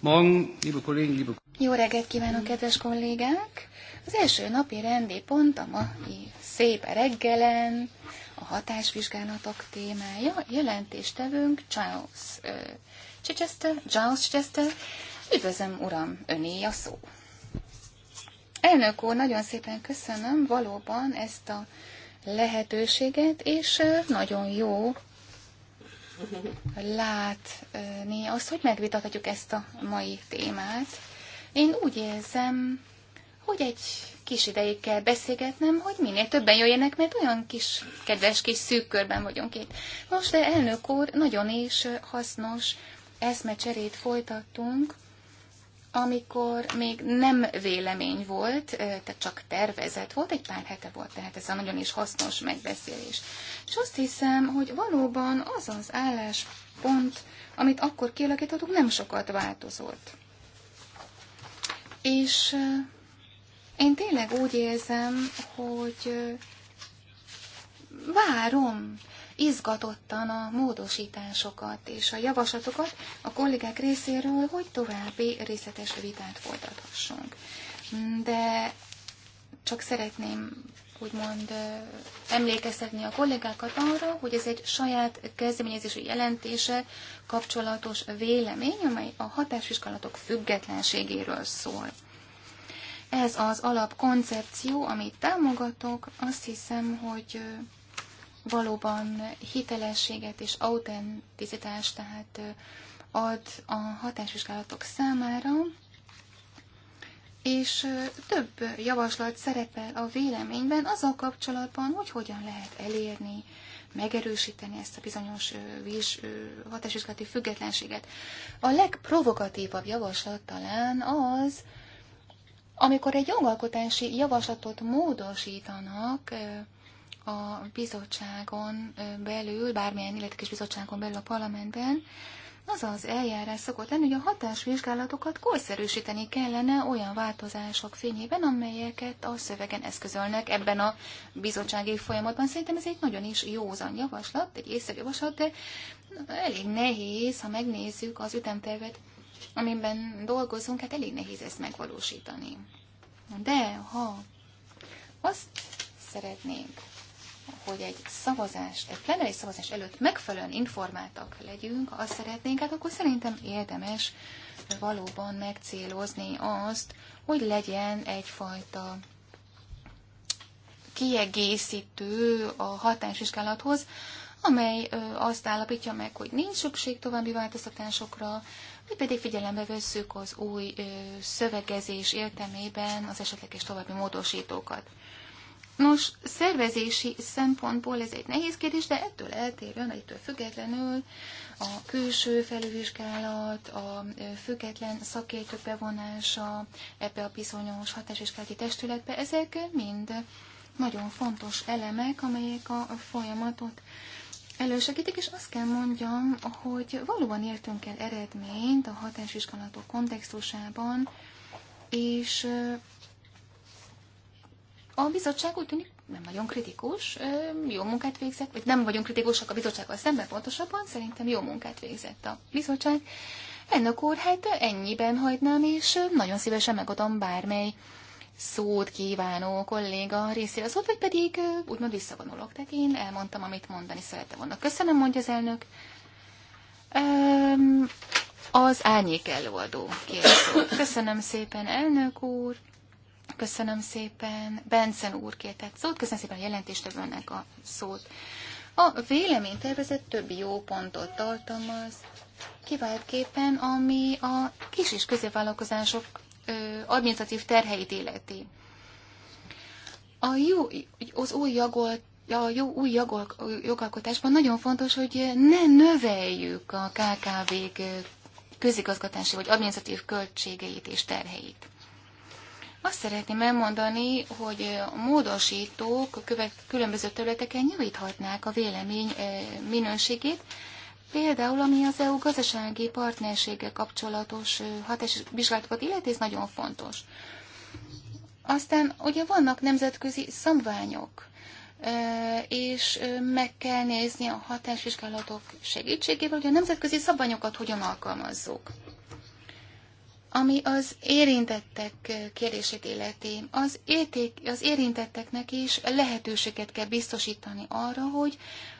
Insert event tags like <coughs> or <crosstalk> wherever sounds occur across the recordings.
Morgen, liebe Kollegen, liebe Jó reggelt kívánok, kedves kollégák! Az első napi rendi pont a mai szép reggelen, a hatásvizsgálatok témája, jelentéstevőnk Charles Chichester, Charles Chichester. Üdvözlöm, uram, öné a szó. Elnök úr, nagyon szépen köszönöm valóban ezt a lehetőséget, és nagyon jó látni azt, hogy megvitathatjuk ezt a mai témát. Én úgy érzem, hogy egy kis ideig kell beszélgetnem, hogy minél többen jöjjenek, mert olyan kis, kedves kis szűk körben vagyunk itt. Most de elnök úr, nagyon is hasznos eszmecserét folytattunk amikor még nem vélemény volt, tehát csak tervezet volt, egy pár hete volt, tehát ez a nagyon is hasznos megbeszélés. És azt hiszem, hogy valóban az az álláspont, amit akkor kialakítottuk, nem sokat változott. És én tényleg úgy érzem, hogy várom, izgatottan a módosításokat és a javaslatokat a kollégák részéről, hogy további részletes vitát folytathassunk. De csak szeretném úgymond emlékeztetni a kollégákat arra, hogy ez egy saját kezdeményezési jelentése kapcsolatos vélemény, amely a hatásvizsgálatok függetlenségéről szól. Ez az alapkoncepció, amit támogatok, azt hiszem, hogy valóban hitelességet és autenticitást tehát ad a hatásvizsgálatok számára, és több javaslat szerepel a véleményben azzal kapcsolatban, hogy hogyan lehet elérni, megerősíteni ezt a bizonyos hatásvizsgálati függetlenséget. A legprovokatívabb javaslat talán az, amikor egy jogalkotási javaslatot módosítanak, a bizottságon belül, bármilyen illetékes bizottságon belül a parlamentben, az az eljárás szokott lenni, hogy a hatásvizsgálatokat korszerűsíteni kellene olyan változások fényében, amelyeket a szövegen eszközölnek ebben a bizottsági folyamatban. Szerintem ez egy nagyon is józan javaslat, egy észszerű javaslat, de elég nehéz, ha megnézzük az ütemtervet, amiben dolgozunk, hát elég nehéz ezt megvalósítani. De ha azt szeretnénk, hogy egy szavazás, egy plenáris szavazás előtt megfelelően informáltak legyünk, ha azt szeretnénk, hát akkor szerintem érdemes valóban megcélozni azt, hogy legyen egyfajta kiegészítő a hatásvizsgálathoz, amely azt állapítja meg, hogy nincs szükség további változtatásokra, vagy pedig figyelembe vesszük az új szövegezés értelmében az esetleges további módosítókat. Nos, szervezési szempontból ez egy nehéz kérdés, de ettől eltérően, ettől függetlenül a külső felülvizsgálat, a független szakértők bevonása ebbe a bizonyos hatás és testületbe, ezek mind nagyon fontos elemek, amelyek a folyamatot elősegítik, és azt kell mondjam, hogy valóban értünk el eredményt a hatásvizsgálatok kontextusában, és a bizottság úgy tűnik nem nagyon kritikus, jó munkát végzett, vagy nem vagyunk kritikusak a bizottsággal szemben pontosabban, szerintem jó munkát végzett a bizottság. Ennek úr, hát ennyiben hagynám, és nagyon szívesen megadom bármely szót kívánó kolléga részére szót, szóval, vagy pedig úgymond visszavonulok. Tehát én elmondtam, amit mondani szerettem volna. Köszönöm, mondja az elnök. az árnyék előadó kérdés. Köszönöm szépen, elnök úr. Köszönöm szépen. Bencen úr kértett szót. Köszönöm szépen a jelentéstevőnek a szót. A véleménytervezet több jó pontot tartalmaz, kiváltképpen ami a kis és középvállalkozások administratív terheit életi. A jó, az új jagolt a jó új jagol, jogalkotásban nagyon fontos, hogy ne növeljük a KKV-k közigazgatási vagy administratív költségeit és terheit. Azt szeretném elmondani, hogy a módosítók különböző területeken javíthatnák a vélemény minőségét, Például, ami az EU gazdasági partnerséggel kapcsolatos hatás vizsgálatokat illeti, ez nagyon fontos. Aztán ugye vannak nemzetközi szabványok, és meg kell nézni a hatásvizsgálatok segítségével, hogy a nemzetközi szabványokat hogyan alkalmazzuk. Ami az érintettek kérdését illeti, az, érték, az érintetteknek is lehetőséget kell biztosítani arra, hogy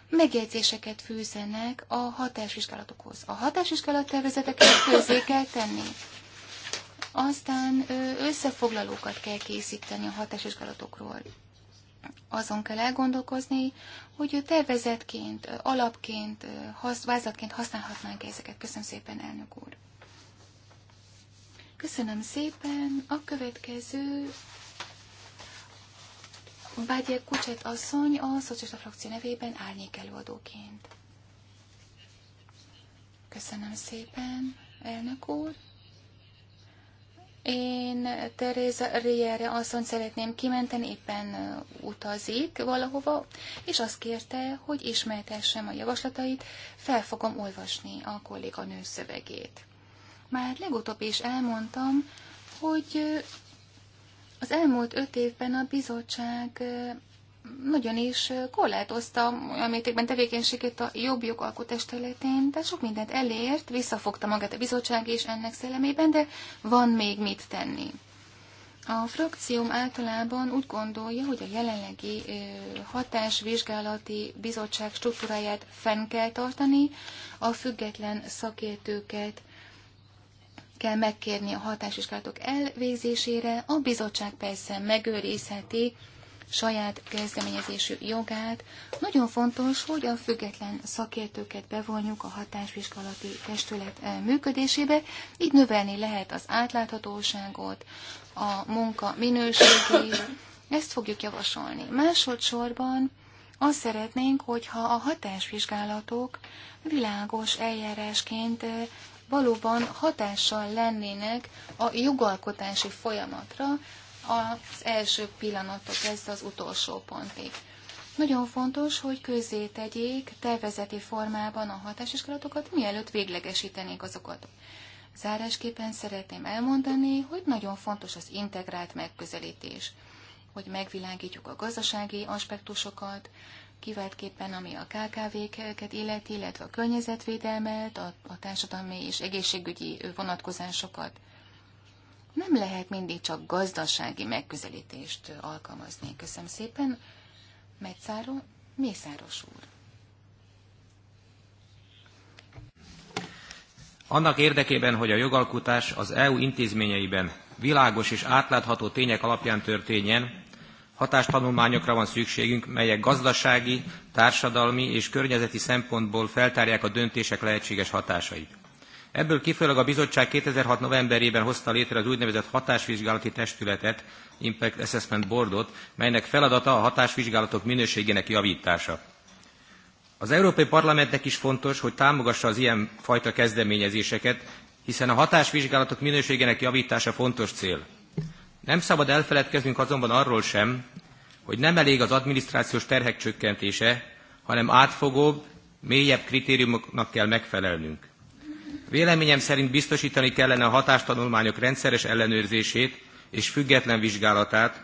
megjegyzéseket fűzenek a hatásvizsgálatokhoz. A hatásvizsgálat tervezeteket közé kell tenni. Aztán összefoglalókat kell készíteni a hatásvizsgálatokról. Azon kell elgondolkozni, hogy tervezetként, alapként, vázlatként használhatnánk ezeket. Köszönöm szépen, elnök úr! Köszönöm szépen. A következő Bágyek Kucset asszony a szocialista frakció nevében árnyék előadóként. Köszönöm szépen, elnök úr. Én Teréza Riere asszony szeretném kimenteni, éppen uh, utazik valahova, és azt kérte, hogy ismertessem a javaslatait, fel fogom olvasni a kolléganő szövegét. Már legutóbb is elmondtam, hogy az elmúlt öt évben a bizottság nagyon is korlátozta olyan mértékben tevékenységét a jobb jogalkotás területén, de sok mindent elért, visszafogta magát a bizottság és ennek szellemében, de van még mit tenni. A frakcióm általában úgy gondolja, hogy a jelenlegi hatásvizsgálati bizottság struktúráját fenn kell tartani, a független szakértőket kell megkérni a hatásvizsgálatok elvégzésére, a bizottság persze megőrizheti saját kezdeményezésű jogát. Nagyon fontos, hogy a független szakértőket bevonjuk a hatásvizsgálati testület eh, működésébe, így növelni lehet az átláthatóságot, a munka minőségét, ezt fogjuk javasolni. Másodszorban azt szeretnénk, hogyha a hatásvizsgálatok világos eljárásként eh, valóban hatással lennének a jogalkotási folyamatra az első pillanatok kezdve az utolsó pontig. Nagyon fontos, hogy közzé tegyék tervezeti formában a hatásiskolatokat, mielőtt véglegesítenék azokat. Zárásképpen szeretném elmondani, hogy nagyon fontos az integrált megközelítés, hogy megvilágítjuk a gazdasági aspektusokat, kiváltképpen ami a KKV-ket illeti, illetve a környezetvédelmet, a, a társadalmi és egészségügyi vonatkozásokat. Nem lehet mindig csak gazdasági megközelítést alkalmazni. Köszönöm szépen. Metszáró, Mészáros úr. Annak érdekében, hogy a jogalkotás az EU intézményeiben világos és átlátható tények alapján történjen, hatástanulmányokra van szükségünk, melyek gazdasági, társadalmi és környezeti szempontból feltárják a döntések lehetséges hatásait. Ebből kifolyólag a bizottság 2006. novemberében hozta létre az úgynevezett hatásvizsgálati testületet, Impact Assessment Boardot, melynek feladata a hatásvizsgálatok minőségének javítása. Az Európai Parlamentnek is fontos, hogy támogassa az ilyen fajta kezdeményezéseket, hiszen a hatásvizsgálatok minőségének javítása fontos cél. Nem szabad elfeledkeznünk azonban arról sem, hogy nem elég az adminisztrációs terhek csökkentése, hanem átfogóbb, mélyebb kritériumoknak kell megfelelnünk. Véleményem szerint biztosítani kellene a hatástanulmányok rendszeres ellenőrzését és független vizsgálatát,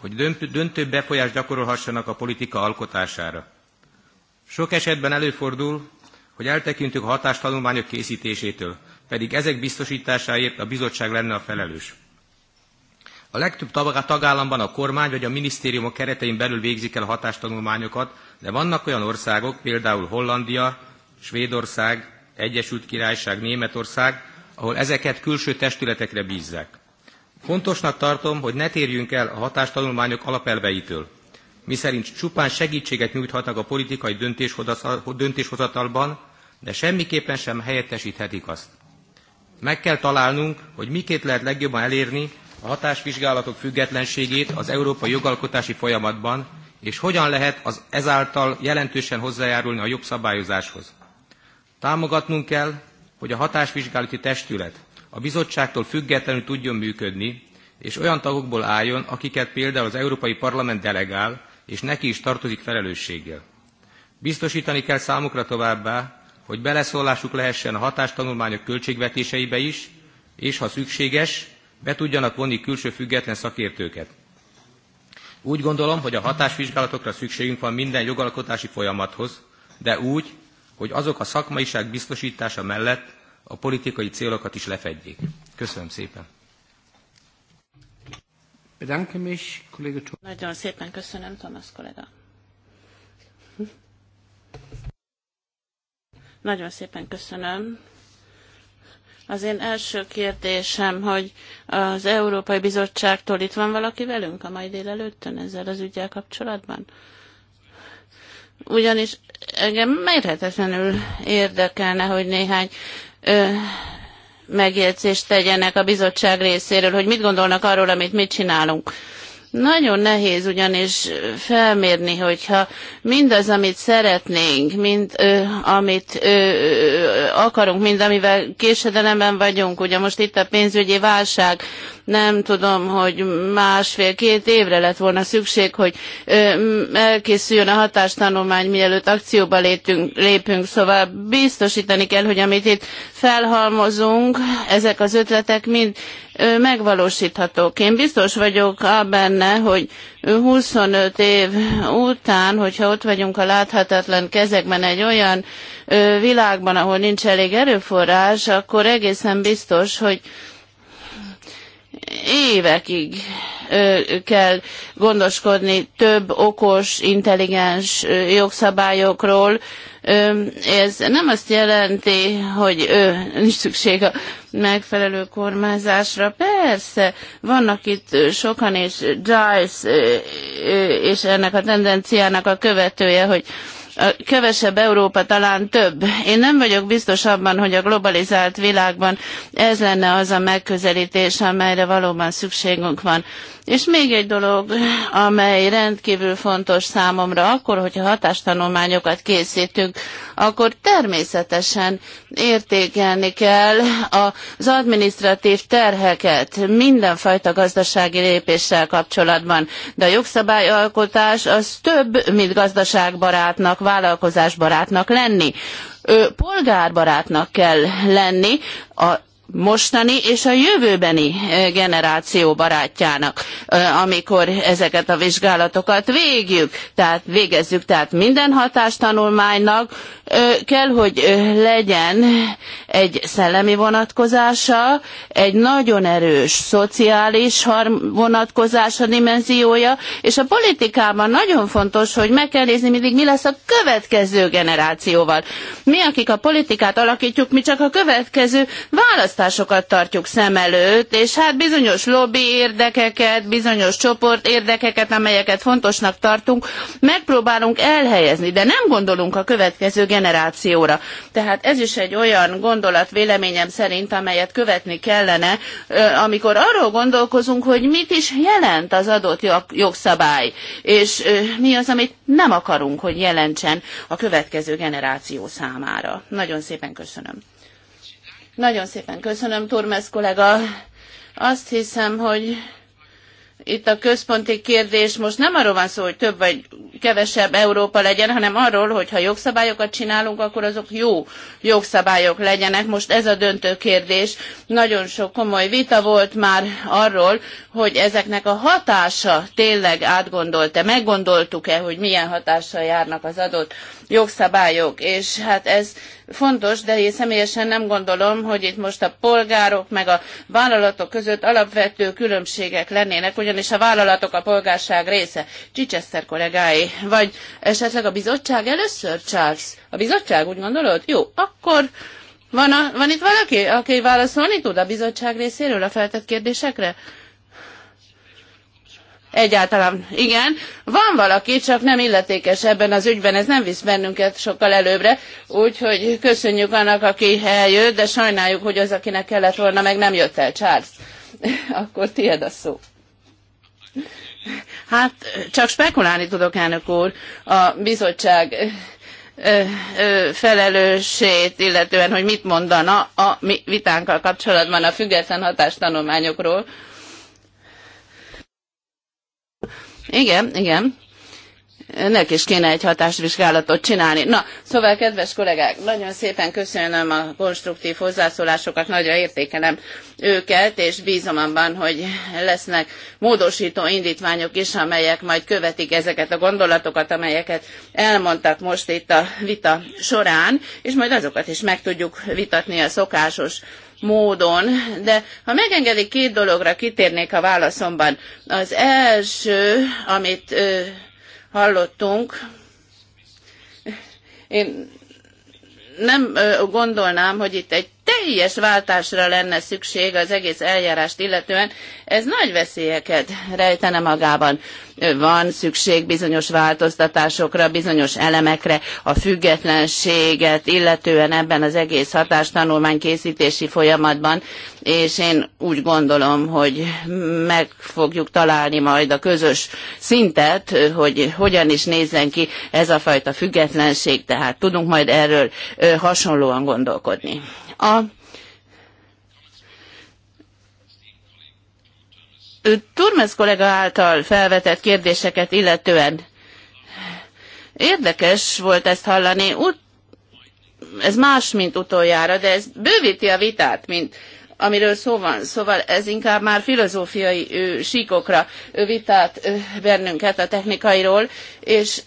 hogy döntőbb befolyást gyakorolhassanak a politika alkotására. Sok esetben előfordul, hogy eltekintünk a hatástanulmányok készítésétől, pedig ezek biztosításáért a bizottság lenne a felelős. A legtöbb tagállamban a kormány vagy a minisztériumok keretein belül végzik el a hatástanulmányokat, de vannak olyan országok, például Hollandia, Svédország, Egyesült Királyság, Németország, ahol ezeket külső testületekre bízzák. Fontosnak tartom, hogy ne térjünk el a hatástanulmányok alapelveitől, miszerint csupán segítséget nyújthatnak a politikai döntéshozatalban, de semmiképpen sem helyettesíthetik azt. Meg kell találnunk, hogy miként lehet legjobban elérni, a hatásvizsgálatok függetlenségét az európai jogalkotási folyamatban, és hogyan lehet az ezáltal jelentősen hozzájárulni a jobb szabályozáshoz. Támogatnunk kell, hogy a hatásvizsgálati testület a bizottságtól függetlenül tudjon működni, és olyan tagokból álljon, akiket például az Európai Parlament delegál, és neki is tartozik felelősséggel. Biztosítani kell számukra továbbá, hogy beleszólásuk lehessen a hatástanulmányok költségvetéseibe is, és ha szükséges, be tudjanak vonni külső független szakértőket. Úgy gondolom, hogy a hatásvizsgálatokra szükségünk van minden jogalkotási folyamathoz, de úgy, hogy azok a szakmaiság biztosítása mellett a politikai célokat is lefedjék. Köszönöm szépen. Nagyon szépen köszönöm, Thomas kollega. Nagyon szépen köszönöm. Az én első kérdésem, hogy az Európai Bizottságtól itt van valaki velünk a mai délelőttön ezzel az ügyel kapcsolatban? Ugyanis engem mérhetetlenül érdekelne, hogy néhány ö, megjegyzést tegyenek a bizottság részéről, hogy mit gondolnak arról, amit mi csinálunk nagyon nehéz ugyanis felmérni, hogyha mindaz, amit szeretnénk, mind ö, amit ö, ö, akarunk, mind amivel késedelemben vagyunk, ugye most itt a pénzügyi válság, nem tudom, hogy másfél-két évre lett volna szükség, hogy elkészüljön a hatástanulmány, mielőtt akcióba lépünk, lépünk. Szóval biztosítani kell, hogy amit itt felhalmozunk, ezek az ötletek mind megvalósíthatók. Én biztos vagyok benne, hogy 25 év után, hogyha ott vagyunk a láthatatlan kezekben egy olyan világban, ahol nincs elég erőforrás, akkor egészen biztos, hogy évekig kell gondoskodni több okos, intelligens jogszabályokról. Ez nem azt jelenti, hogy nincs szükség a megfelelő kormányzásra. Persze, vannak itt sokan, és Giles és ennek a tendenciának a követője, hogy kevesebb Európa talán több. Én nem vagyok biztos abban, hogy a globalizált világban ez lenne az a megközelítés, amelyre valóban szükségünk van. És még egy dolog, amely rendkívül fontos számomra, akkor, hogyha hatástanulmányokat készítünk, akkor természetesen értékelni kell az adminisztratív terheket mindenfajta gazdasági lépéssel kapcsolatban. De a jogszabályalkotás az több, mint gazdaságbarátnak vállalkozásbarátnak lenni polgárbarátnak kell lenni, a mostani és a jövőbeni generáció barátjának, amikor ezeket a vizsgálatokat végjük, tehát végezzük, tehát minden hatástanulmánynak kell, hogy legyen egy szellemi vonatkozása, egy nagyon erős szociális vonatkozása, dimenziója, és a politikában nagyon fontos, hogy meg kell nézni mindig, mi lesz a következő generációval. Mi, akik a politikát alakítjuk, mi csak a következő választ választásokat tartjuk szem előtt, és hát bizonyos lobby érdekeket, bizonyos csoport érdekeket, amelyeket fontosnak tartunk, megpróbálunk elhelyezni, de nem gondolunk a következő generációra. Tehát ez is egy olyan gondolat véleményem szerint, amelyet követni kellene, amikor arról gondolkozunk, hogy mit is jelent az adott jogszabály, és mi az, amit nem akarunk, hogy jelentsen a következő generáció számára. Nagyon szépen köszönöm. Nagyon szépen köszönöm, Turmes kollega. Azt hiszem, hogy itt a központi kérdés most nem arról van szó, hogy több vagy kevesebb Európa legyen, hanem arról, hogy ha jogszabályokat csinálunk, akkor azok jó jogszabályok legyenek. Most ez a döntő kérdés. Nagyon sok komoly vita volt már arról, hogy ezeknek a hatása tényleg átgondolt-e, meggondoltuk-e, hogy milyen hatással járnak az adott jogszabályok, és hát ez fontos, de én személyesen nem gondolom, hogy itt most a polgárok meg a vállalatok között alapvető különbségek lennének, ugyanis a vállalatok a polgárság része. Chichester kollégái, vagy esetleg a bizottság először, Charles? A bizottság, úgy gondolod? Jó, akkor van, a, van itt valaki, aki válaszolni tud a bizottság részéről a feltett kérdésekre? Egyáltalán igen. Van valaki, csak nem illetékes ebben az ügyben, ez nem visz bennünket sokkal előbbre, úgyhogy köszönjük annak, aki eljött, de sajnáljuk, hogy az, akinek kellett volna, meg nem jött el, Charles. <laughs> Akkor tiéd a szó. Hát csak spekulálni tudok, elnök úr, a bizottság felelősét, illetően, hogy mit mondana a mi vitánkkal kapcsolatban a független hatástanulmányokról. tanulmányokról Igen, igen. Nek is kéne egy hatásvizsgálatot csinálni. Na, szóval, kedves kollégák, nagyon szépen köszönöm a konstruktív hozzászólásokat, nagyra értékelem őket, és bízom abban, hogy lesznek módosító indítványok is, amelyek majd követik ezeket a gondolatokat, amelyeket elmondtak most itt a vita során, és majd azokat is meg tudjuk vitatni a szokásos módon, de ha megengedik, két dologra kitérnék a válaszomban. Az első, amit ö, hallottunk, én nem gondolnám, hogy itt egy teljes váltásra lenne szükség az egész eljárást illetően, ez nagy veszélyeket rejtene magában. Van szükség bizonyos változtatásokra, bizonyos elemekre, a függetlenséget, illetően ebben az egész hatástanulmány készítési folyamatban, és én úgy gondolom, hogy meg fogjuk találni majd a közös szintet, hogy hogyan is nézzen ki ez a fajta függetlenség, tehát tudunk majd erről hasonlóan gondolkodni. A Turmes kollega által felvetett kérdéseket illetően érdekes volt ezt hallani. Ut- ez más, mint utoljára, de ez bővíti a vitát, mint amiről szó van. Szóval ez inkább már filozófiai ő, síkokra ő, vitát ő, bennünket a technikairól, és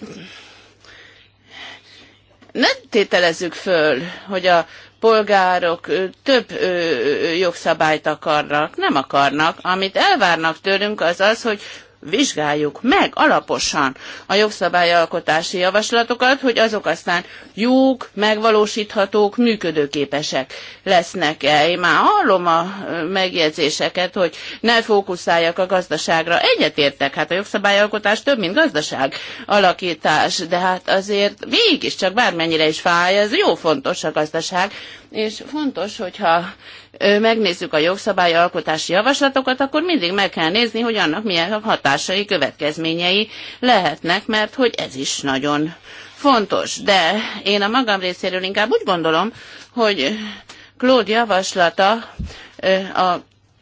ne tételezzük föl, hogy a polgárok több jogszabályt akarnak, nem akarnak. Amit elvárnak tőlünk az az, hogy vizsgáljuk meg alaposan a jogszabályalkotási javaslatokat, hogy azok aztán jók, megvalósíthatók, működőképesek lesznek-e. Én már hallom a megjegyzéseket, hogy ne fókuszáljak a gazdaságra. Egyetértek, hát a jogszabályalkotás több, mint gazdaság alakítás, de hát azért mégiscsak bármennyire is fáj, ez jó fontos a gazdaság, és fontos, hogyha megnézzük a jogszabályalkotási javaslatokat, akkor mindig meg kell nézni, hogy annak milyen hatásai, következményei lehetnek, mert hogy ez is nagyon fontos. De én a magam részéről inkább úgy gondolom, hogy Claude javaslata a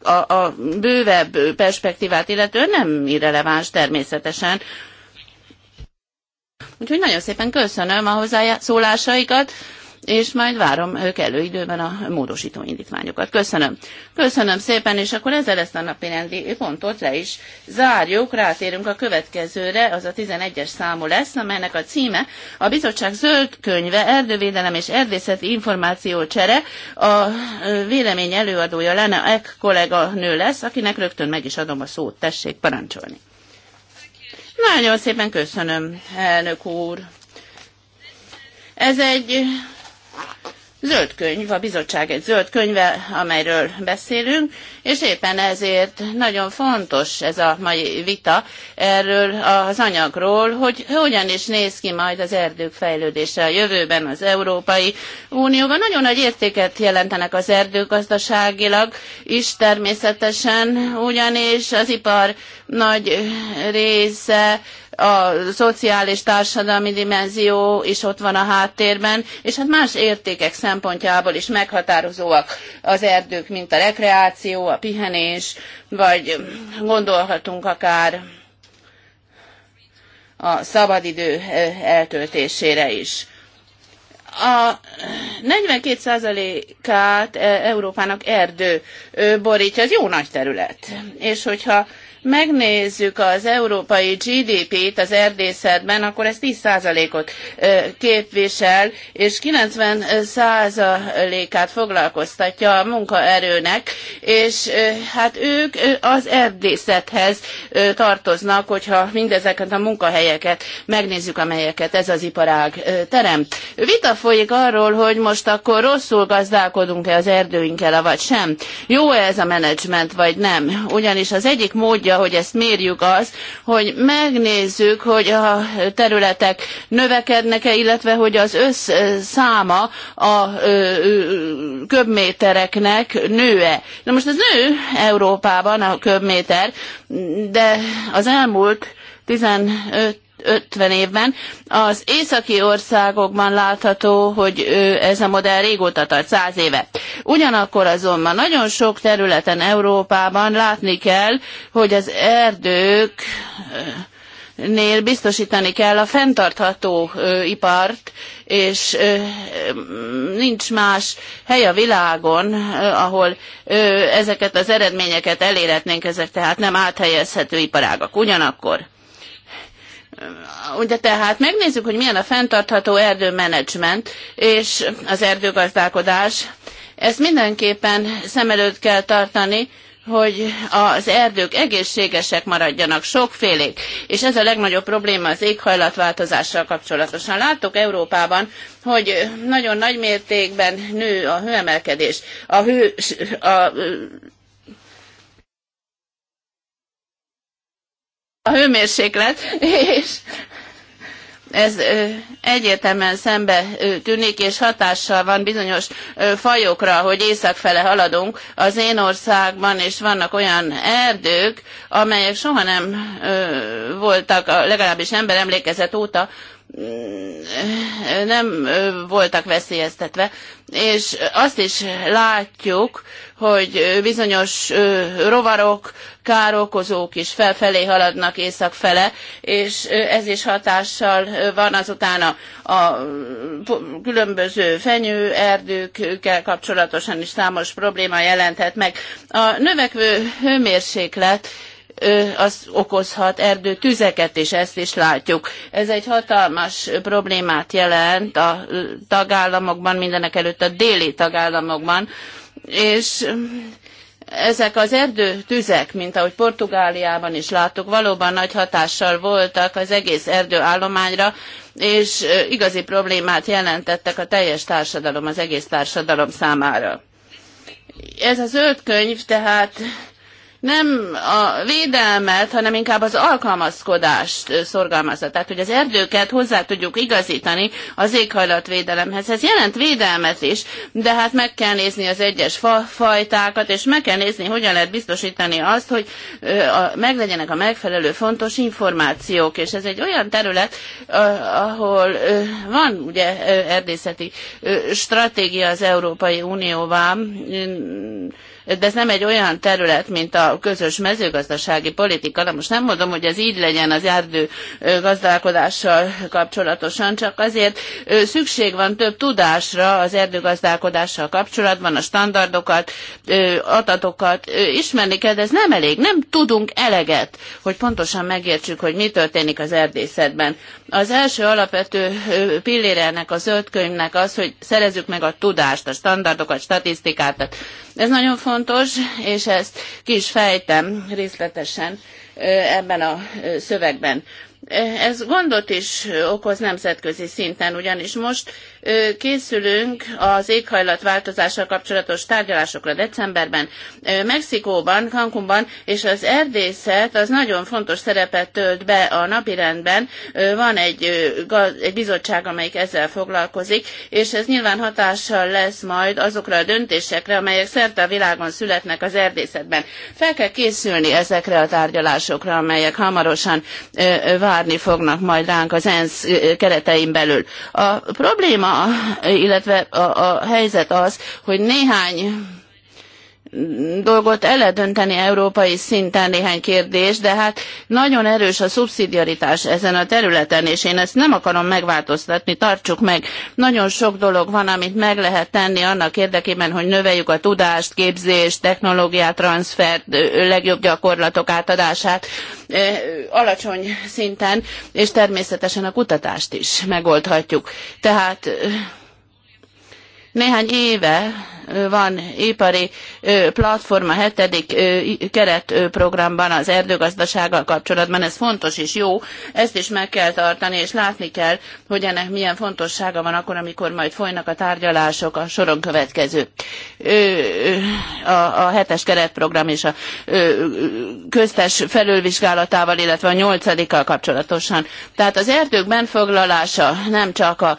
a, a bővebb perspektívát illetően nem irreleváns természetesen. Úgyhogy nagyon szépen köszönöm a hozzászólásaikat és majd várom elő időben a módosító indítványokat. Köszönöm. Köszönöm szépen, és akkor ezzel ezt a napi rendi pontot le is zárjuk. Rátérünk a következőre, az a 11-es számú lesz, amelynek a címe a bizottság zöld könyve, erdővédelem és erdészeti információ csere. A vélemény előadója lenne Ek kollega nő lesz, akinek rögtön meg is adom a szót. Tessék parancsolni. Nagyon szépen köszönöm, elnök úr. Ez egy zöld könyv, a bizottság egy zöld könyve, amelyről beszélünk, és éppen ezért nagyon fontos ez a mai vita erről az anyagról, hogy hogyan is néz ki majd az erdők fejlődése a jövőben az Európai Unióban. Nagyon nagy értéket jelentenek az erdők gazdaságilag is természetesen, ugyanis az ipar nagy része a szociális társadalmi dimenzió is ott van a háttérben, és hát más értékek szempontjából is meghatározóak az erdők, mint a rekreáció, a pihenés, vagy gondolhatunk akár a szabadidő e, eltöltésére is. A 42%-át e, Európának erdő borítja, az jó nagy terület. És hogyha megnézzük az európai GDP-t az erdészetben, akkor ez 10%-ot képvisel, és 90%-át foglalkoztatja a munkaerőnek, és hát ők az erdészethez tartoznak, hogyha mindezeket a munkahelyeket megnézzük, amelyeket ez az iparág teremt. Vita folyik arról, hogy most akkor rosszul gazdálkodunk-e az erdőinkkel, vagy sem. Jó-e ez a menedzsment, vagy nem? Ugyanis az egyik módja módja, hogy ezt mérjük az, hogy megnézzük, hogy a területek növekednek-e, illetve hogy az összszáma a köbmétereknek nő-e. Na most ez nő Európában a köbméter, de az elmúlt 15 50 évben. Az északi országokban látható, hogy ez a modell régóta tart, 100 éve. Ugyanakkor azonban nagyon sok területen Európában látni kell, hogy az erdők nél biztosítani kell a fenntartható ö, ipart, és ö, nincs más hely a világon, ö, ahol ezeket az eredményeket elérhetnénk, ezek tehát nem áthelyezhető iparágak. Ugyanakkor Ugye tehát megnézzük, hogy milyen a fenntartható erdőmenedzsment és az erdőgazdálkodás, ezt mindenképpen szem előtt kell tartani, hogy az erdők egészségesek maradjanak, sokfélék, és ez a legnagyobb probléma az éghajlatváltozással kapcsolatosan. Láttuk Európában, hogy nagyon nagy mértékben nő a hőemelkedés, a hő, a, a hőmérséklet, és ez egyértelműen szembe tűnik, és hatással van bizonyos fajokra, hogy északfele haladunk. Az én országban is vannak olyan erdők, amelyek soha nem voltak, legalábbis ember emlékezet óta, Mm, nem voltak veszélyeztetve, és azt is látjuk, hogy bizonyos rovarok, károkozók is felfelé haladnak észak fele, és ez is hatással van azután a, a különböző fenyőerdőkkel kapcsolatosan is számos probléma jelenthet meg. A növekvő hőmérséklet az okozhat erdő tüzeket is, ezt is látjuk. Ez egy hatalmas problémát jelent a tagállamokban, mindenek előtt a déli tagállamokban, és ezek az erdőtüzek, mint ahogy Portugáliában is láttuk, valóban nagy hatással voltak az egész erdőállományra, és igazi problémát jelentettek a teljes társadalom, az egész társadalom számára. Ez a zöld könyv tehát nem a védelmet, hanem inkább az alkalmazkodást szorgalmazza. Tehát, hogy az erdőket hozzá tudjuk igazítani az éghajlatvédelemhez. Ez jelent védelmet is, de hát meg kell nézni az egyes fa, fajtákat, és meg kell nézni, hogyan lehet biztosítani azt, hogy meglegyenek a megfelelő fontos információk. És ez egy olyan terület, ahol van ugye erdészeti stratégia az Európai Unióban, de ez nem egy olyan terület, mint a közös mezőgazdasági politika. De most nem mondom, hogy ez így legyen az erdő gazdálkodással kapcsolatosan, csak azért szükség van több tudásra az erdőgazdálkodással kapcsolatban, a standardokat, adatokat ismerni kell, de ez nem elég. Nem tudunk eleget, hogy pontosan megértsük, hogy mi történik az erdészetben. Az első alapvető pillére ennek a zöld könyvnek az, hogy szerezzük meg a tudást, a standardokat, statisztikát. Ez nagyon fontos, és ezt ki is fejtem részletesen ebben a szövegben. Ez gondot is okoz nemzetközi szinten, ugyanis most készülünk az éghajlatváltozással kapcsolatos tárgyalásokra decemberben. Mexikóban, Cancúnban, és az erdészet az nagyon fontos szerepet tölt be a napirendben. Van egy, egy bizottság, amelyik ezzel foglalkozik, és ez nyilván hatással lesz majd azokra a döntésekre, amelyek szerte a világon születnek az erdészetben. Fel kell készülni ezekre a tárgyalásokra, amelyek hamarosan vár várni fognak majd ránk az ENSZ keretein belül. A probléma, illetve a, a helyzet az, hogy néhány dolgot el lehet dönteni európai szinten néhány kérdés, de hát nagyon erős a szubszidiaritás ezen a területen, és én ezt nem akarom megváltoztatni, tartsuk meg. Nagyon sok dolog van, amit meg lehet tenni annak érdekében, hogy növeljük a tudást, képzést, technológiát, transfert, legjobb gyakorlatok átadását eh, alacsony szinten, és természetesen a kutatást is megoldhatjuk. Tehát eh, néhány éve van ipari platforma hetedik keretprogramban az erdőgazdasággal kapcsolatban. Ez fontos és jó, ezt is meg kell tartani, és látni kell, hogy ennek milyen fontossága van akkor, amikor majd folynak a tárgyalások a soron következő. A, hetes keretprogram és a köztes felülvizsgálatával, illetve a nyolcadikkal kapcsolatosan. Tehát az erdők foglalása nem csak a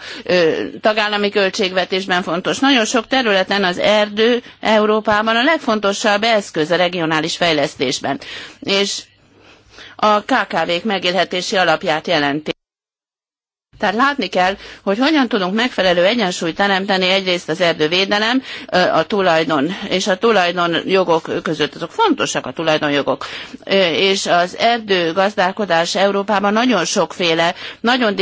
tagállami költségvetésben fontos. Nagyon sok területen az az erdő Európában a legfontosabb eszköz a regionális fejlesztésben, és a KKV-k megélhetési alapját jelenti. Tehát látni kell, hogy hogyan tudunk megfelelő egyensúlyt teremteni egyrészt az erdővédelem, a tulajdon és a tulajdonjogok között, azok fontosak a tulajdonjogok. És az erdőgazdálkodás Európában nagyon sokféle, nagyon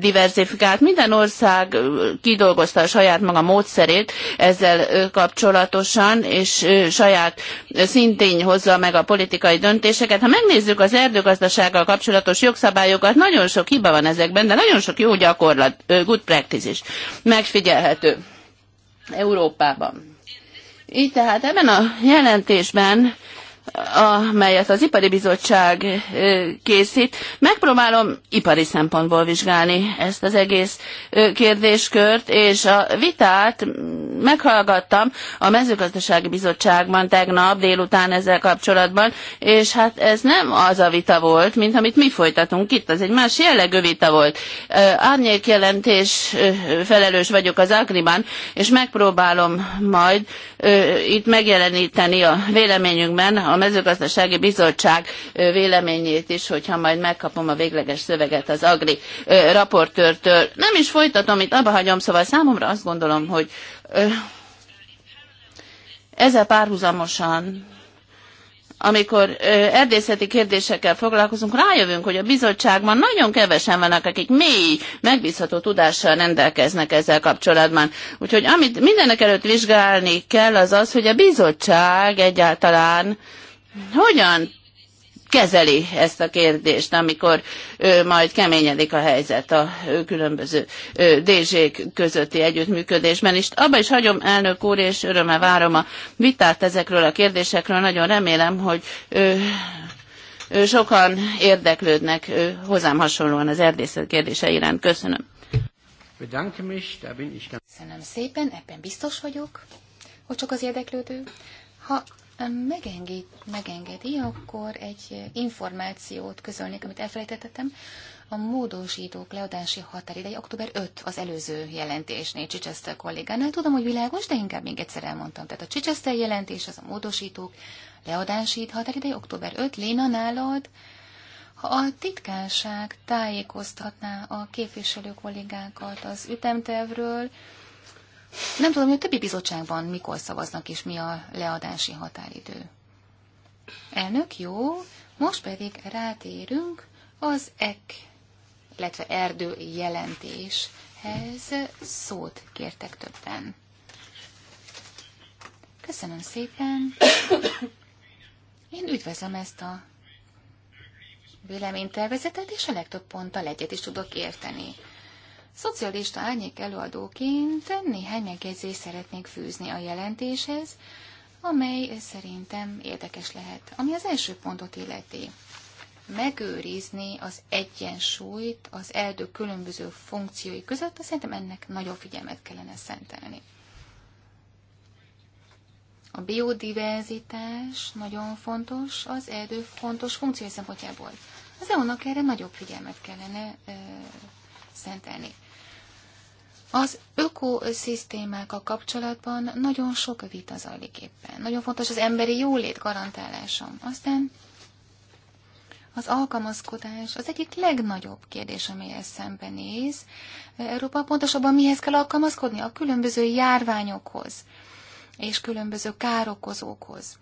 diversifikált, minden ország kidolgozta a saját maga módszerét ezzel kapcsolatosan, és saját szintén hozza meg a politikai döntéseket. Ha megnézzük az erdőgazdasággal kapcsolatos jogszabályokat, nagyon sok hiba van ezekben, de nagyon sok csak jó gyakorlat, good practice is megfigyelhető Európában. Így tehát ebben a jelentésben amelyet az Ipari Bizottság készít. Megpróbálom ipari szempontból vizsgálni ezt az egész kérdéskört, és a vitát meghallgattam a mezőgazdasági bizottságban tegnap délután ezzel kapcsolatban, és hát ez nem az a vita volt, mint amit mi folytatunk itt, az egy más jellegű vita volt. Árnyék jelentés felelős vagyok az Agriban, és megpróbálom majd itt megjeleníteni a véleményünkben a mezőgazdasági bizottság véleményét is, hogyha majd megkapom a végleges szöveget az Agri raportőrtől. Nem is folytatom, itt abba hagyom, szóval számomra azt gondolom, hogy ezzel párhuzamosan amikor erdészeti kérdésekkel foglalkozunk, rájövünk, hogy a bizottságban nagyon kevesen vannak, akik mély, megbízható tudással rendelkeznek ezzel kapcsolatban. Úgyhogy amit mindenek előtt vizsgálni kell, az az, hogy a bizottság egyáltalán hogyan kezeli ezt a kérdést, amikor ö, majd keményedik a helyzet a ö, különböző dz közötti együttműködésben. És abba is hagyom, elnök úr, és örömmel várom a vitát ezekről a kérdésekről. Nagyon remélem, hogy ö, ö, sokan érdeklődnek ö, hozzám hasonlóan az erdészet kérdése iránt. Köszönöm. Köszönöm szépen, ebben biztos vagyok, hogy csak az érdeklődő. Ha megengedi, megengedi, akkor egy információt közölnék, amit elfelejtettem. A módosítók leadási határideje október 5 az előző jelentésnél Csicseszter kollégánál. Tudom, hogy világos, de inkább még egyszer elmondtam. Tehát a Csicseszter jelentés az a módosítók leadási határideje október 5. Léna nálad, ha a titkárság tájékoztatná a képviselő kollégákat az ütemtervről, nem tudom, hogy a többi bizottságban mikor szavaznak, és mi a leadási határidő. Elnök, jó. Most pedig rátérünk az EK, illetve erdő jelentéshez szót kértek többen. Köszönöm szépen. Én üdvözlöm ezt a véleménytervezetet, és a legtöbb ponttal egyet is tudok érteni. Szocialista árnyék előadóként néhány megjegyzést szeretnék fűzni a jelentéshez, amely szerintem érdekes lehet, ami az első pontot illeti. Megőrizni az egyensúlyt az erdő különböző funkciói között, szerintem ennek nagyobb figyelmet kellene szentelni. A biodiverzitás nagyon fontos, az erdő fontos funkciói szempontjából. Az EU-nak erre nagyobb figyelmet kellene ö, szentelni. Az ökoszisztémákkal kapcsolatban nagyon sok vita zajlik éppen. Nagyon fontos az emberi jólét garantálása. Aztán az alkalmazkodás az egyik legnagyobb kérdés, amelyel szembenéz Európa. Pontosabban mihez kell alkalmazkodni? A különböző járványokhoz és különböző károkozókhoz.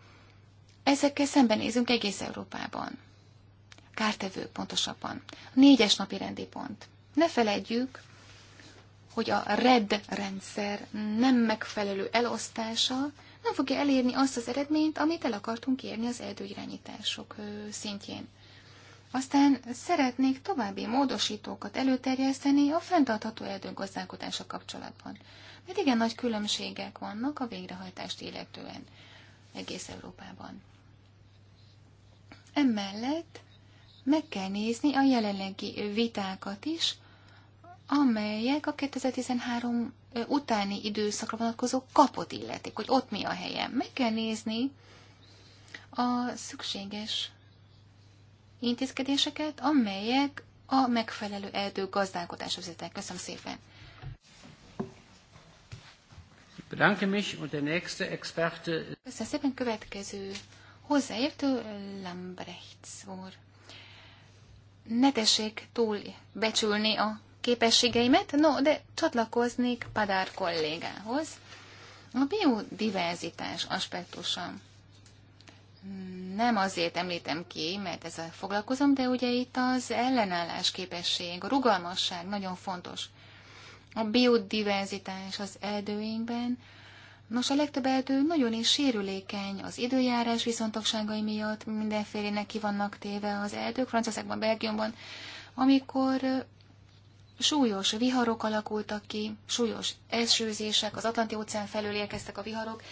Ezekkel szembenézünk egész Európában. Kártevő pontosabban. A négyes napi rendi pont. Ne feledjük, hogy a RED rendszer nem megfelelő elosztása nem fogja elérni azt az eredményt, amit el akartunk érni az erdőirányítások szintjén. Aztán szeretnék további módosítókat előterjeszteni a fenntartható erdőgazdálkodása kapcsolatban, mert igen nagy különbségek vannak a végrehajtást illetően egész Európában. Emellett meg kell nézni a jelenlegi vitákat is amelyek a 2013 utáni időszakra vonatkozó kapot illetik, hogy ott mi a helye. Meg kell nézni a szükséges intézkedéseket, amelyek a megfelelő erdő gazdálkodás vezetek. Köszönöm szépen! Köszönöm szépen következő hozzáértő Lambrechts úr. Ne tessék túl becsülni a képességeimet, no, de csatlakoznék Padár kollégához. A biodiverzitás aspektusa. Nem azért említem ki, mert ezzel foglalkozom, de ugye itt az ellenállás képesség, a rugalmasság nagyon fontos. A biodiverzitás az erdőinkben, Nos, a legtöbb erdő nagyon is sérülékeny, az időjárás viszontagságai miatt mindenfélének ki vannak téve az erdők, Franciaországban, Belgiumban, amikor súlyos viharok alakultak ki, súlyos esőzések, az Atlanti-óceán felől érkeztek a viharok.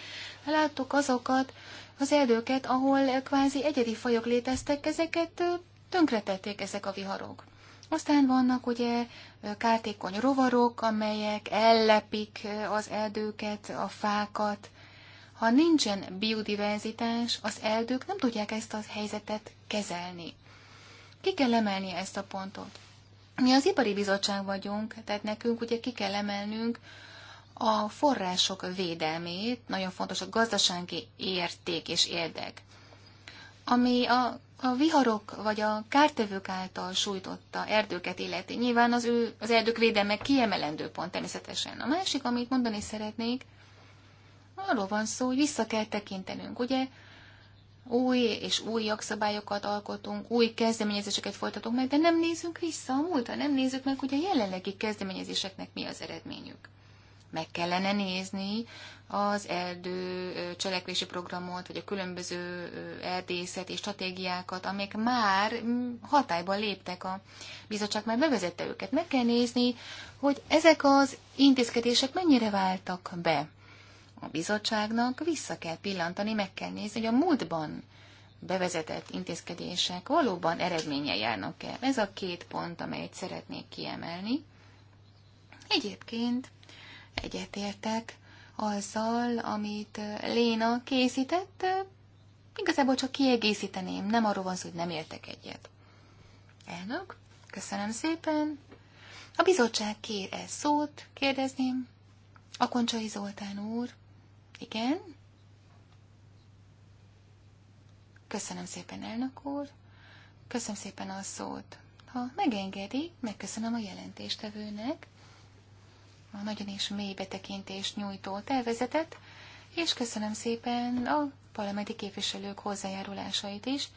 Láttuk azokat az erdőket, ahol kvázi egyedi fajok léteztek, ezeket tönkretették ezek a viharok. Aztán vannak ugye kártékony rovarok, amelyek ellepik az erdőket, a fákat. Ha nincsen biodiverzitás, az erdők nem tudják ezt a helyzetet kezelni. Ki kell emelni ezt a pontot. Mi az ipari bizottság vagyunk, tehát nekünk ugye ki kell emelnünk a források védelmét, nagyon fontos a gazdasági érték és érdek, ami a, a viharok vagy a kártevők által sújtotta erdőket illeti. Nyilván az, ő, az erdők védelme kiemelendő pont természetesen. A másik, amit mondani szeretnék, arról van szó, hogy vissza kell tekintenünk. Ugye új és új jogszabályokat alkotunk, új kezdeményezéseket folytatunk meg, de nem nézünk vissza a múltra, nem nézzük meg, hogy a jelenlegi kezdeményezéseknek mi az eredményük. Meg kellene nézni az erdő cselekvési programot, vagy a különböző erdészeti stratégiákat, amelyek már hatályban léptek, a bizottság már bevezette őket. Meg kell nézni, hogy ezek az intézkedések mennyire váltak be a bizottságnak vissza kell pillantani, meg kell nézni, hogy a múltban bevezetett intézkedések valóban eredménye járnak el. Ez a két pont, amelyet szeretnék kiemelni. Egyébként egyetértek azzal, amit Léna készített, igazából csak kiegészíteném, nem arról van szó, hogy nem értek egyet. Elnök, köszönöm szépen. A bizottság kér el szót, kérdezném. A Koncsai Zoltán úr. Igen. Köszönöm szépen, elnök úr. Köszönöm szépen a szót. Ha megengedi, megköszönöm a jelentéstevőnek a nagyon is mély betekintést nyújtó tervezetet, és köszönöm szépen a parlamenti képviselők hozzájárulásait is.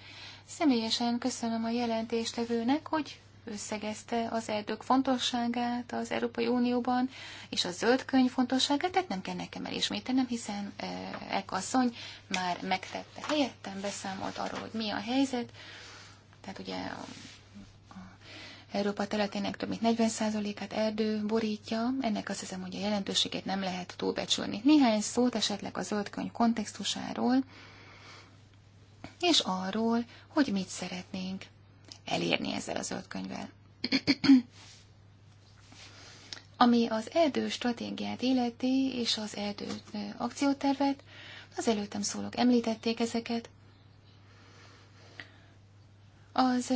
Személyesen köszönöm a jelentéstevőnek, hogy összegezte az erdők fontosságát az Európai Unióban, és a zöld könyv fontosságát, tehát nem kell nekem elismételnem, hiszen e, Ek asszony már megtette helyettem, beszámolt arról, hogy mi a helyzet. Tehát ugye a, a Európa területének több mint 40%-át erdő borítja, ennek azt hiszem, hogy a jelentőségét nem lehet túlbecsülni. Néhány szót esetleg a zöld könyv kontextusáról, és arról, hogy mit szeretnénk elérni ezzel a zöld könyvvel. <clears throat> Ami az erdő stratégiát illeti, és az erdő akciótervet, az előttem szólók említették ezeket. Az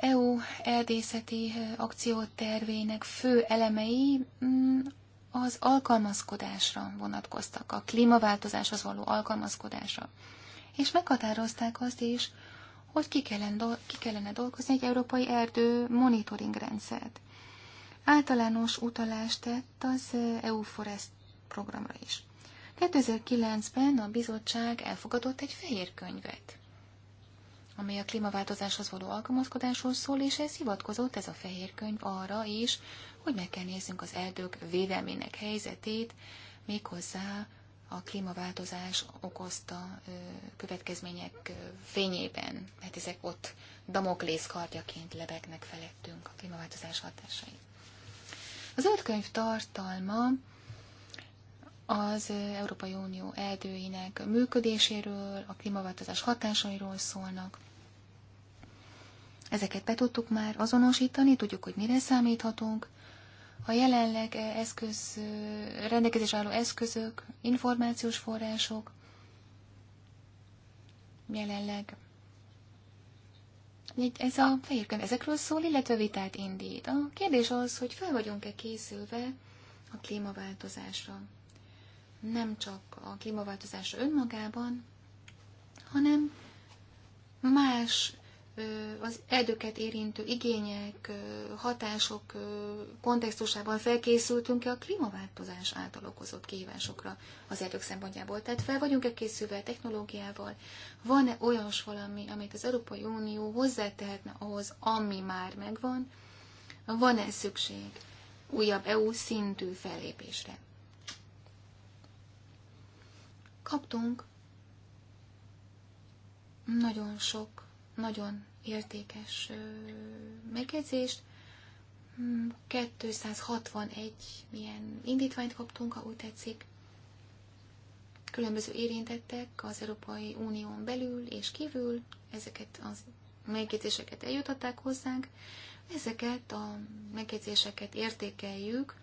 EU erdészeti akciótervének fő elemei mm, az alkalmazkodásra vonatkoztak, a klímaváltozáshoz való alkalmazkodásra. És meghatározták azt is, hogy ki kellene, ki kellene dolgozni egy európai erdő monitoring rendszert. Általános utalást tett az EU Forest programra is. 2009-ben a bizottság elfogadott egy fehér könyvet, amely a klímaváltozáshoz való alkalmazkodásról szól, és ez hivatkozott ez a fehér könyv arra is, hogy meg kell néznünk az erdők védelmének helyzetét, méghozzá a klímaváltozás okozta következmények fényében, mert hát ezek ott damoklész kardjaként lebegnek felettünk a klímaváltozás hatásai. Az zöld könyv tartalma az Európai Unió erdőinek működéséről, a klímaváltozás hatásairól szólnak. Ezeket be tudtuk már azonosítani, tudjuk, hogy mire számíthatunk, a jelenleg eh, eszköz, eh, rendelkezés álló eszközök, információs források jelenleg ez a fehér könyv ezekről szól, illetve vitát indít. A kérdés az, hogy fel vagyunk-e készülve a klímaváltozásra. Nem csak a klímaváltozásra önmagában, hanem más az erdőket érintő igények, hatások kontextusában felkészültünk-e a klímaváltozás által okozott kihívásokra az erdők szempontjából? Tehát fel vagyunk-e készülve technológiával? Van-e olyas valami, amit az Európai Unió hozzátehetne ahhoz, ami már megvan? Van-e szükség újabb EU szintű fellépésre? Kaptunk nagyon sok nagyon értékes megjegyzést. 261 mm, ilyen indítványt kaptunk, ha úgy tetszik. Különböző érintettek az Európai Unión belül és kívül, ezeket az megjegyzéseket eljutották hozzánk. Ezeket a megjegyzéseket értékeljük.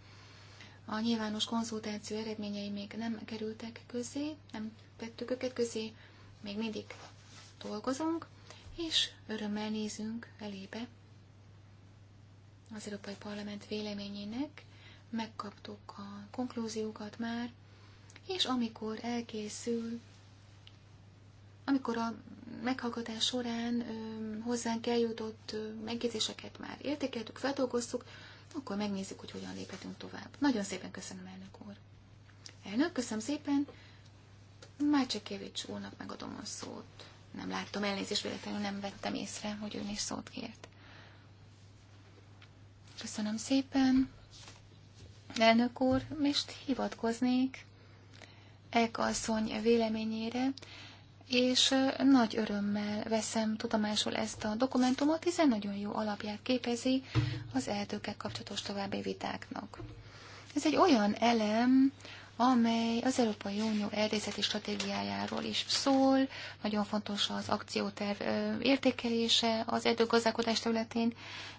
A nyilvános konzultáció eredményei még nem kerültek közé, nem tettük őket közé, még mindig dolgozunk és örömmel nézünk elébe az Európai Parlament véleményének, megkaptuk a konklúziókat már, és amikor elkészül, amikor a meghallgatás során ö, hozzánk eljutott ö, megjegyzéseket már értékeltük, feldolgoztuk, akkor megnézzük, hogy hogyan léphetünk tovább. Nagyon szépen köszönöm, elnök úr. Elnök, köszönöm szépen. Mácsekevics úrnak megadom a szót. Nem láttam, elnézést véletlenül nem vettem észre, hogy ön is szót kért. Köszönöm szépen. Elnök úr, most hivatkoznék Ek asszony véleményére, és nagy örömmel veszem tudomásul ezt a dokumentumot, hiszen nagyon jó alapját képezi az eltőkkel kapcsolatos további vitáknak. Ez egy olyan elem, amely az Európai Unió erdészeti stratégiájáról is szól. Nagyon fontos az akcióterv értékelése az erdőgazdálkodás területén.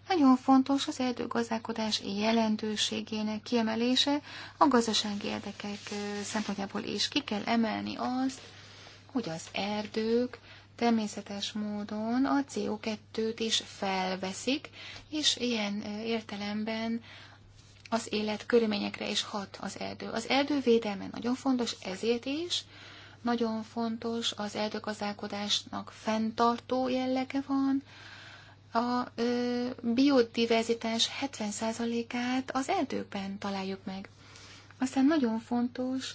Nagyon fontos az erdőgazdálkodás jelentőségének kiemelése a gazdasági érdekek szempontjából is. Ki kell emelni azt, hogy az erdők természetes módon a CO2-t is felveszik, és ilyen értelemben az élet körülményekre is hat az erdő. Az erdő védelme nagyon fontos, ezért is nagyon fontos, az erdőgazdálkodásnak fenntartó jellege van, a ö, biodiverzitás 70%-át az erdőkben találjuk meg. Aztán nagyon fontos,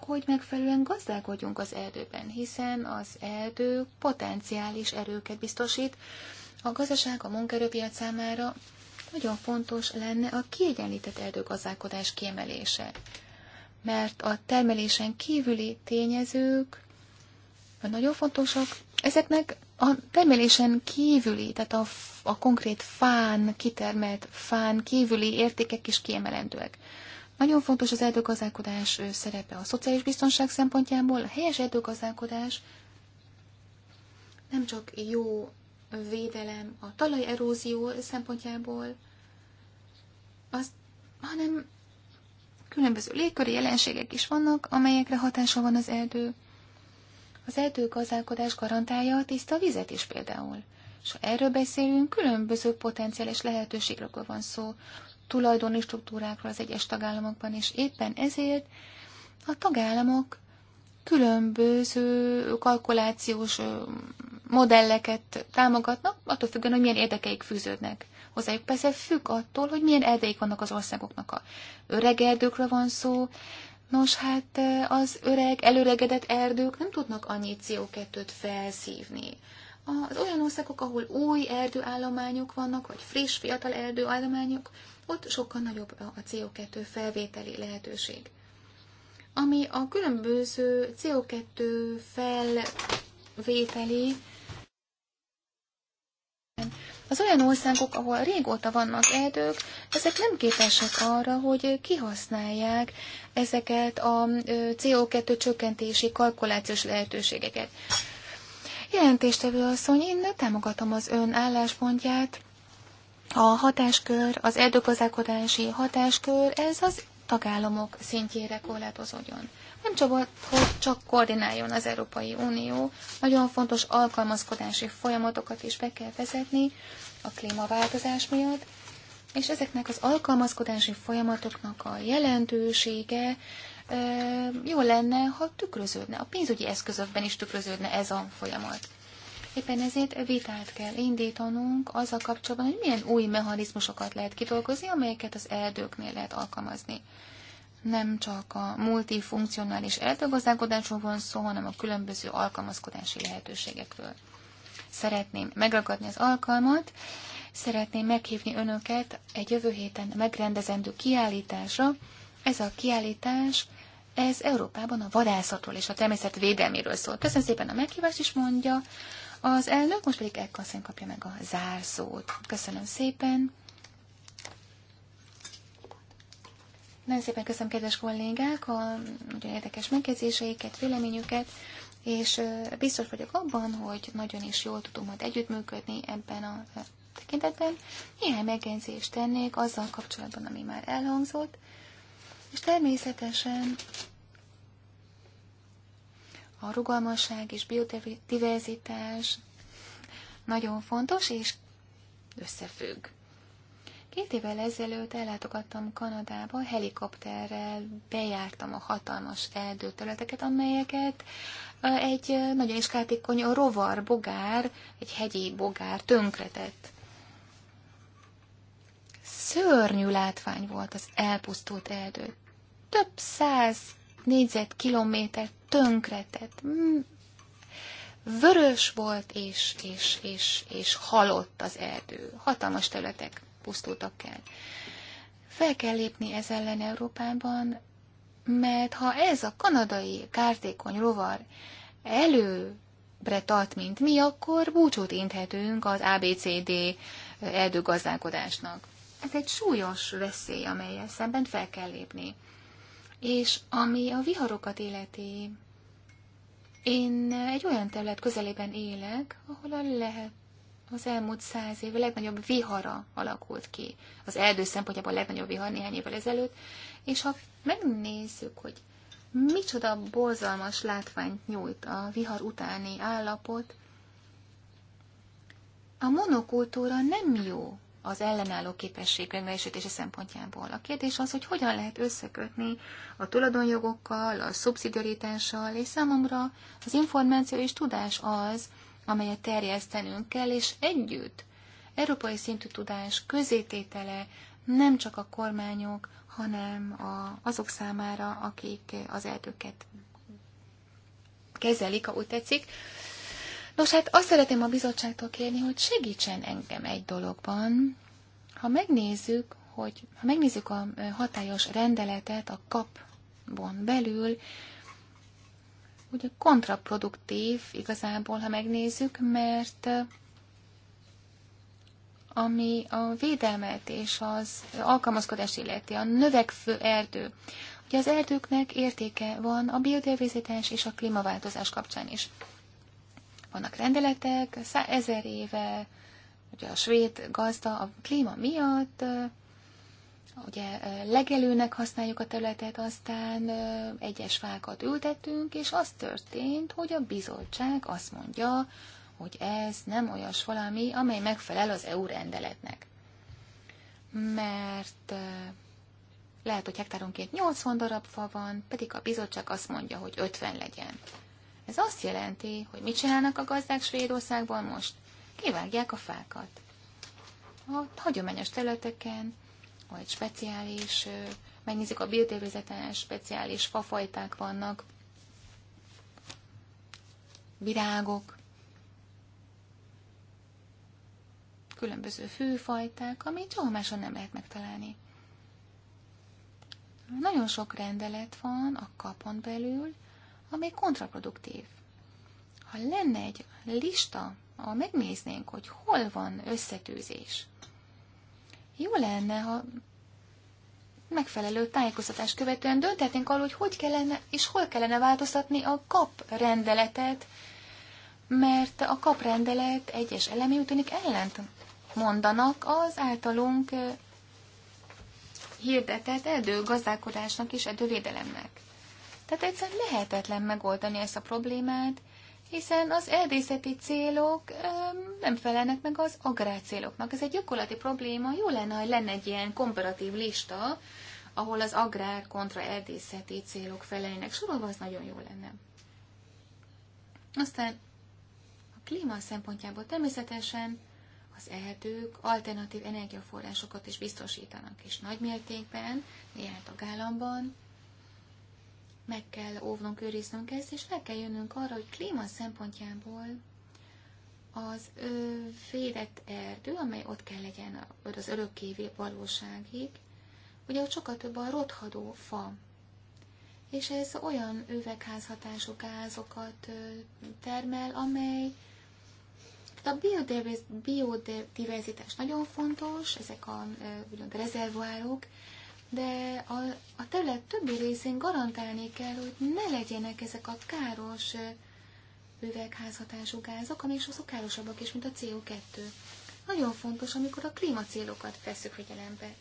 hogy megfelelően gazdálkodjunk az erdőben, hiszen az erdő potenciális erőket biztosít a gazdaság, a munkerőpiac számára, nagyon fontos lenne a kiegyenlített erdőgazdálkodás kiemelése, mert a termelésen kívüli tényezők nagyon fontosak. Ezeknek a termelésen kívüli, tehát a, a konkrét fán, kitermelt fán kívüli értékek is kiemelendőek. Nagyon fontos az erdőgazdálkodás szerepe a szociális biztonság szempontjából. A helyes erdőgazdálkodás nem csak jó védelem a talajerózió szempontjából, az, hanem különböző légköri jelenségek is vannak, amelyekre hatása van az erdő. Az erdőgazdálkodás garantálja a tiszta vizet is például. És ha erről beszélünk, különböző potenciális lehetőségekről van szó, tulajdoni struktúrákról az egyes tagállamokban, és éppen ezért a tagállamok különböző kalkulációs modelleket támogatnak, attól függően, hogy milyen érdekeik fűződnek hozzájuk persze függ attól, hogy milyen erdeik vannak az országoknak. A öreg erdőkről van szó, Nos, hát az öreg, előregedett erdők nem tudnak annyi CO2-t felszívni. Az olyan országok, ahol új erdőállományok vannak, vagy friss, fiatal erdőállományok, ott sokkal nagyobb a CO2 felvételi lehetőség. Ami a különböző CO2 felvételi az olyan országok, ahol régóta vannak erdők, ezek nem képesek arra, hogy kihasználják ezeket a CO2 csökkentési kalkulációs lehetőségeket. Jelentéstevő asszony, én támogatom az ön álláspontját. A hatáskör, az erdőgazdálkodási hatáskör, ez az tagállamok szintjére korlátozódjon. Nem csak, hogy csak koordináljon az Európai Unió, nagyon fontos alkalmazkodási folyamatokat is be kell vezetni a klímaváltozás miatt, és ezeknek az alkalmazkodási folyamatoknak a jelentősége jó lenne, ha tükröződne. A pénzügyi eszközökben is tükröződne ez a folyamat. Éppen ezért vitát kell indítanunk azzal kapcsolatban, hogy milyen új mechanizmusokat lehet kidolgozni, amelyeket az erdőknél lehet alkalmazni. Nem csak a multifunkcionális erdőgazdálkodásról van szó, hanem a különböző alkalmazkodási lehetőségekről. Szeretném megragadni az alkalmat, szeretném meghívni önöket egy jövő héten megrendezendő kiállításra. Ez a kiállítás ez Európában a vadászatról és a természet védelméről szól. Köszönöm szépen a meghívást is mondja az elnök, most pedig Ekkanszony kapja meg a zárszót. Köszönöm szépen. Nagyon szépen köszönöm, kedves kollégák, a nagyon érdekes megjegyzéseiket, véleményüket, és biztos vagyok abban, hogy nagyon is jól tudunk majd együttműködni ebben a tekintetben. Néhány megjegyzést tennék azzal kapcsolatban, ami már elhangzott, és természetesen a rugalmasság és biodiverzitás nagyon fontos és összefügg. Két évvel ezelőtt ellátogattam Kanadába, helikopterrel bejártam a hatalmas erdőterületeket, amelyeket egy nagyon is kártékony rovar bogár, egy hegyi bogár tönkretett. Szörnyű látvány volt az elpusztult erdő. Több száz négyzetkilométer tönkretett, mm. vörös volt és, és, és, és halott az erdő. Hatalmas területek pusztultak el. Fel kell lépni ez ellen Európában, mert ha ez a kanadai kártékony rovar előbre tart, mint mi, akkor búcsút inthetünk az ABCD erdőgazdálkodásnak. Ez egy súlyos veszély, amelyel szemben fel kell lépni. És ami a viharokat életi, én egy olyan terület közelében élek, ahol a lehet az elmúlt száz év legnagyobb vihara alakult ki. Az erdő szempontjából a legnagyobb vihar néhány évvel ezelőtt. És ha megnézzük, hogy micsoda borzalmas látványt nyújt a vihar utáni állapot, a monokultúra nem jó az ellenálló képesség megvalósítása szempontjából. A kérdés az, hogy hogyan lehet összekötni a tulajdonjogokkal, a szubszidiaritással, és számomra az információ és tudás az, amelyet terjesztenünk kell, és együtt európai szintű tudás közététele nem csak a kormányok, hanem a, azok számára, akik az erdőket kezelik, ahogy tetszik, Nos, hát azt szeretném a bizottságtól kérni, hogy segítsen engem egy dologban. Ha megnézzük, hogy ha megnézzük a hatályos rendeletet a kapbon belül, ugye kontraproduktív igazából, ha megnézzük, mert ami a védelmet és az alkalmazkodás illeti, a növekvő erdő. Ugye az erdőknek értéke van a biodiverzitás és a klímaváltozás kapcsán is. Vannak rendeletek, szá- ezer éve, ugye a svéd gazda a klíma miatt, ugye legelőnek használjuk a területet, aztán egyes fákat ültetünk, és az történt, hogy a bizottság azt mondja, hogy ez nem olyas valami, amely megfelel az EU rendeletnek. Mert lehet, hogy hektáronként 80 darab fa van, pedig a bizottság azt mondja, hogy 50 legyen. Ez azt jelenti, hogy mit csinálnak a gazdák Svédországban most? Kivágják a fákat. A hagyományos területeken, vagy speciális, megnézik a biotervezeten, speciális fafajták vannak, virágok, különböző fűfajták, amit jól máson nem lehet megtalálni. Nagyon sok rendelet van a kapon belül, amely kontraproduktív. Ha lenne egy lista, ha megnéznénk, hogy hol van összetűzés, jó lenne, ha megfelelő tájékoztatást követően döntetnénk arról, hogy hogy kellene és hol kellene változtatni a kap rendeletet, mert a rendelet egyes elemi tűnik ellent mondanak az általunk eh, hirdetett erdőgazdálkodásnak és erdővédelemnek. Tehát egyszerűen lehetetlen megoldani ezt a problémát, hiszen az erdészeti célok öm, nem felelnek meg az agrárcéloknak. Ez egy gyakorlati probléma. Jó lenne, ha lenne egy ilyen komparatív lista, ahol az agrár kontra erdészeti célok felelnek. Sorolva szóval az nagyon jó lenne. Aztán a klíma szempontjából természetesen az erdők alternatív energiaforrásokat is biztosítanak, és nagy mértékben, néhány tagállamban, meg kell óvnunk, őriznünk ezt, és meg kell jönnünk arra, hogy klíma szempontjából az ö, védett erdő, amely ott kell legyen az örökké valóságig, ugye ott sokkal több a rothadó fa. És ez olyan üvegházhatású gázokat termel, amely a biodiverzitás nagyon fontos, ezek a úgymond de a, a terület többi részén garantálni kell, hogy ne legyenek ezek a káros üvegházhatású gázok, amik sokszor károsabbak is, mint a CO2. Nagyon fontos, amikor a klímacélokat veszük figyelembe.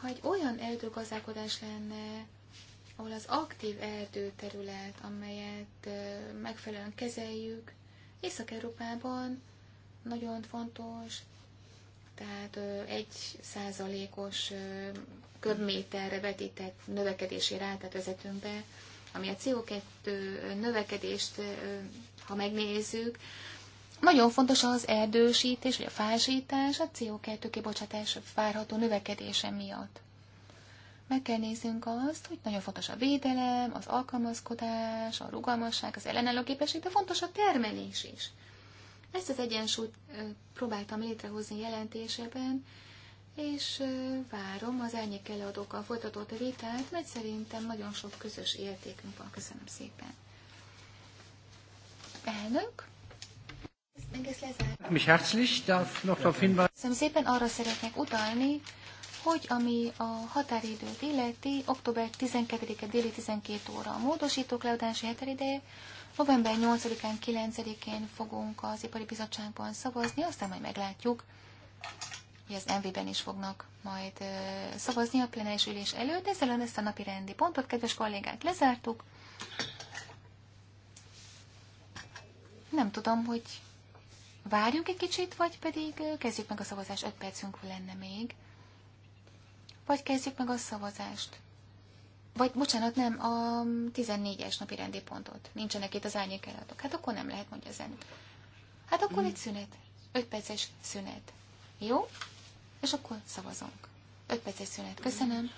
Ha egy olyan erdőgazdálkodás lenne, ahol az aktív erdőterület, amelyet megfelelően kezeljük, Észak-Európában nagyon fontos tehát egy százalékos köbméterre vetített növekedési rátát vezetünk be, ami a CO2 növekedést, ha megnézzük, nagyon fontos az erdősítés, vagy a fásítás, a CO2 kibocsátás várható növekedése miatt. Meg kell néznünk azt, hogy nagyon fontos a védelem, az alkalmazkodás, a rugalmasság, az ellenálló képesség, de fontos a termelés is. Ezt az egyensúlyt próbáltam létrehozni jelentésében, és várom az elnyék előadókkal folytatott vitát, mert szerintem nagyon sok közös értékünk van. Köszönöm szépen. Elnök? Köszönöm szépen arra szeretnék utalni, hogy ami a határidőt illeti, október 12-e déli 12 óra a módosítók leadási határideje, November 8-án, 9-én fogunk az Ipari Bizottságban szavazni, aztán majd meglátjuk, hogy az MV-ben is fognak majd szavazni a plenáris ülés előtt. Ezzel ezt a napi rendi pontot, kedves kollégák, lezártuk. Nem tudom, hogy várjunk egy kicsit, vagy pedig kezdjük meg a szavazást, 5 percünk lenne még. Vagy kezdjük meg a szavazást. Vagy, bocsánat, nem, a 14-es napi rendi pontot. Nincsenek itt az árnyék Hát akkor nem lehet, mondja az elnök. Hát akkor egy szünet. 5 perces szünet. Jó? És akkor szavazunk. 5 perces szünet. Köszönöm.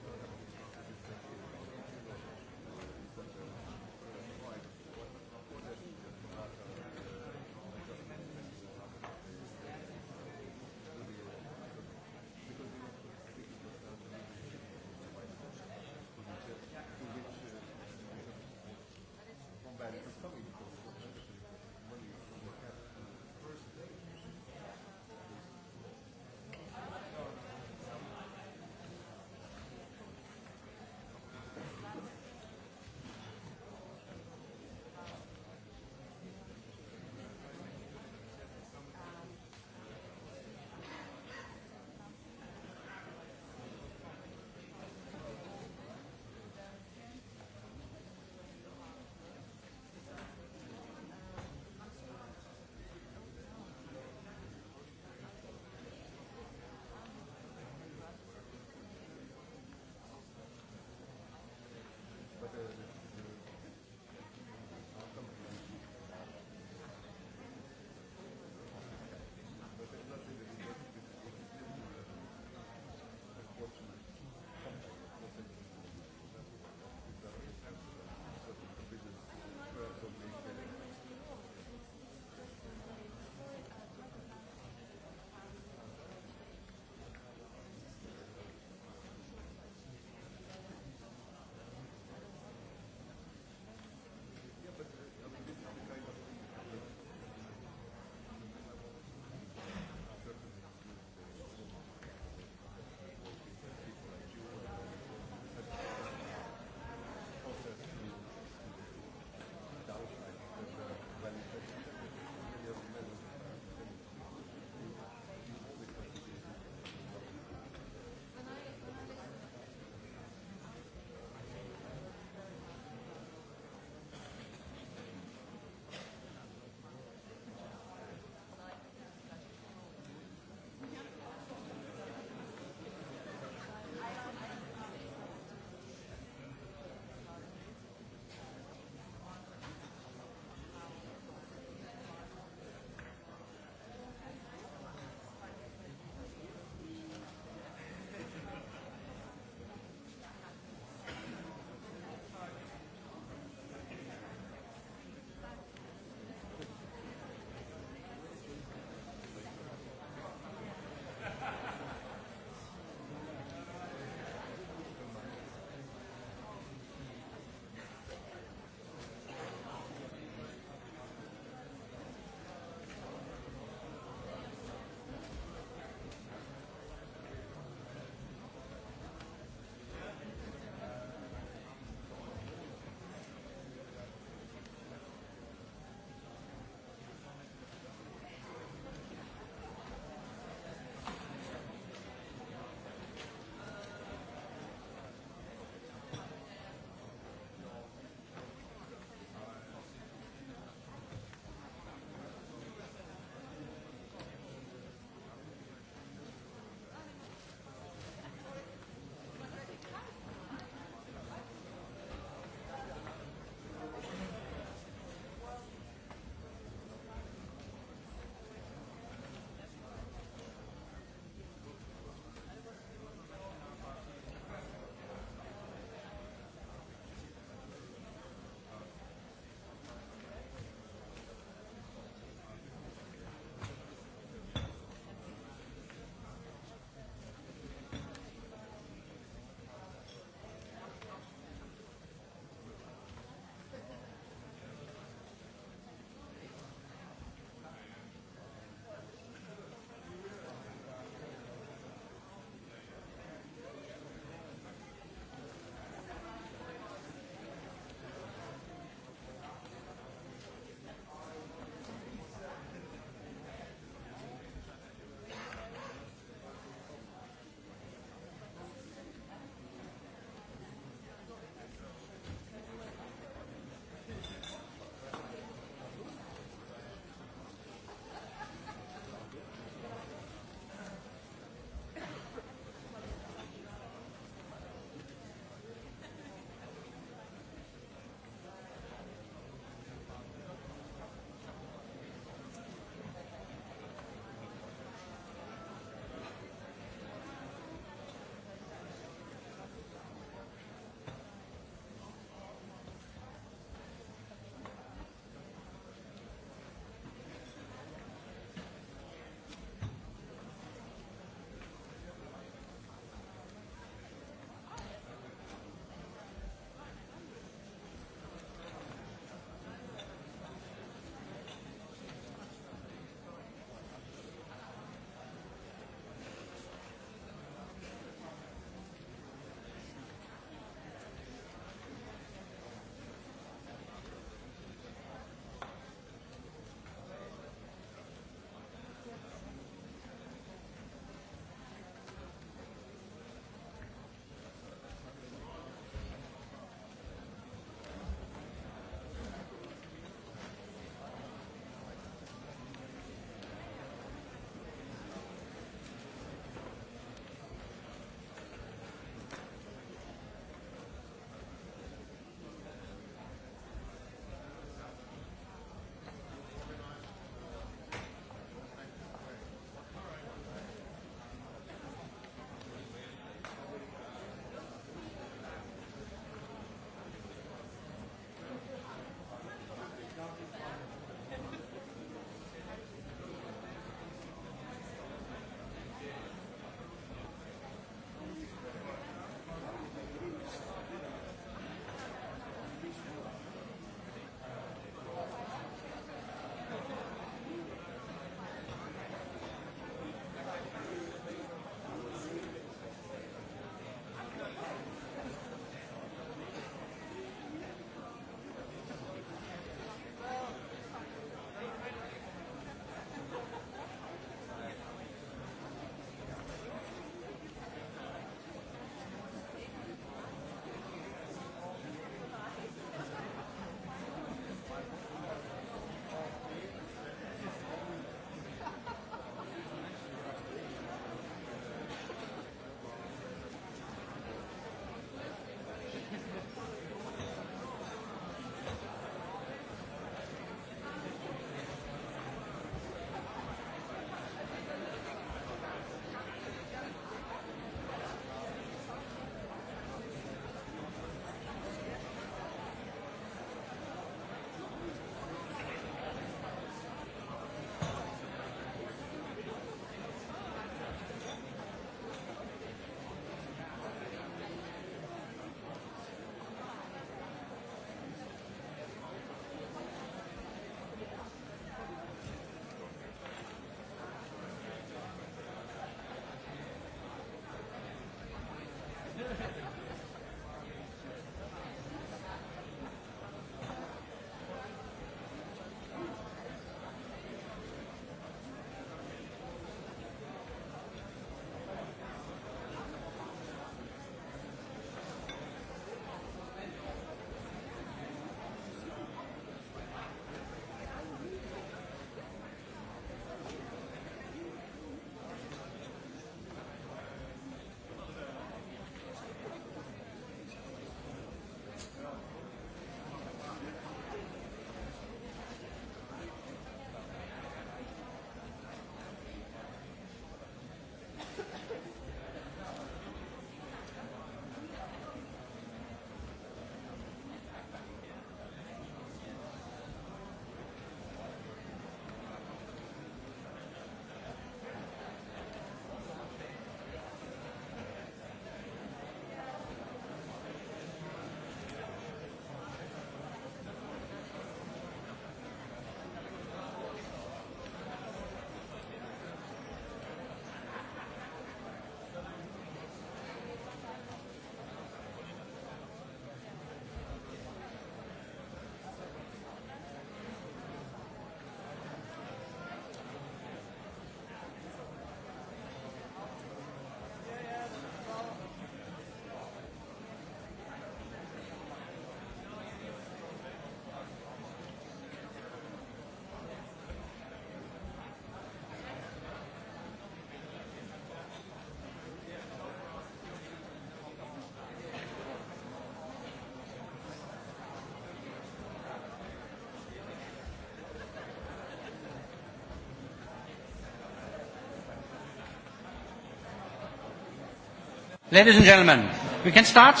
Ladies and gentlemen, we can start.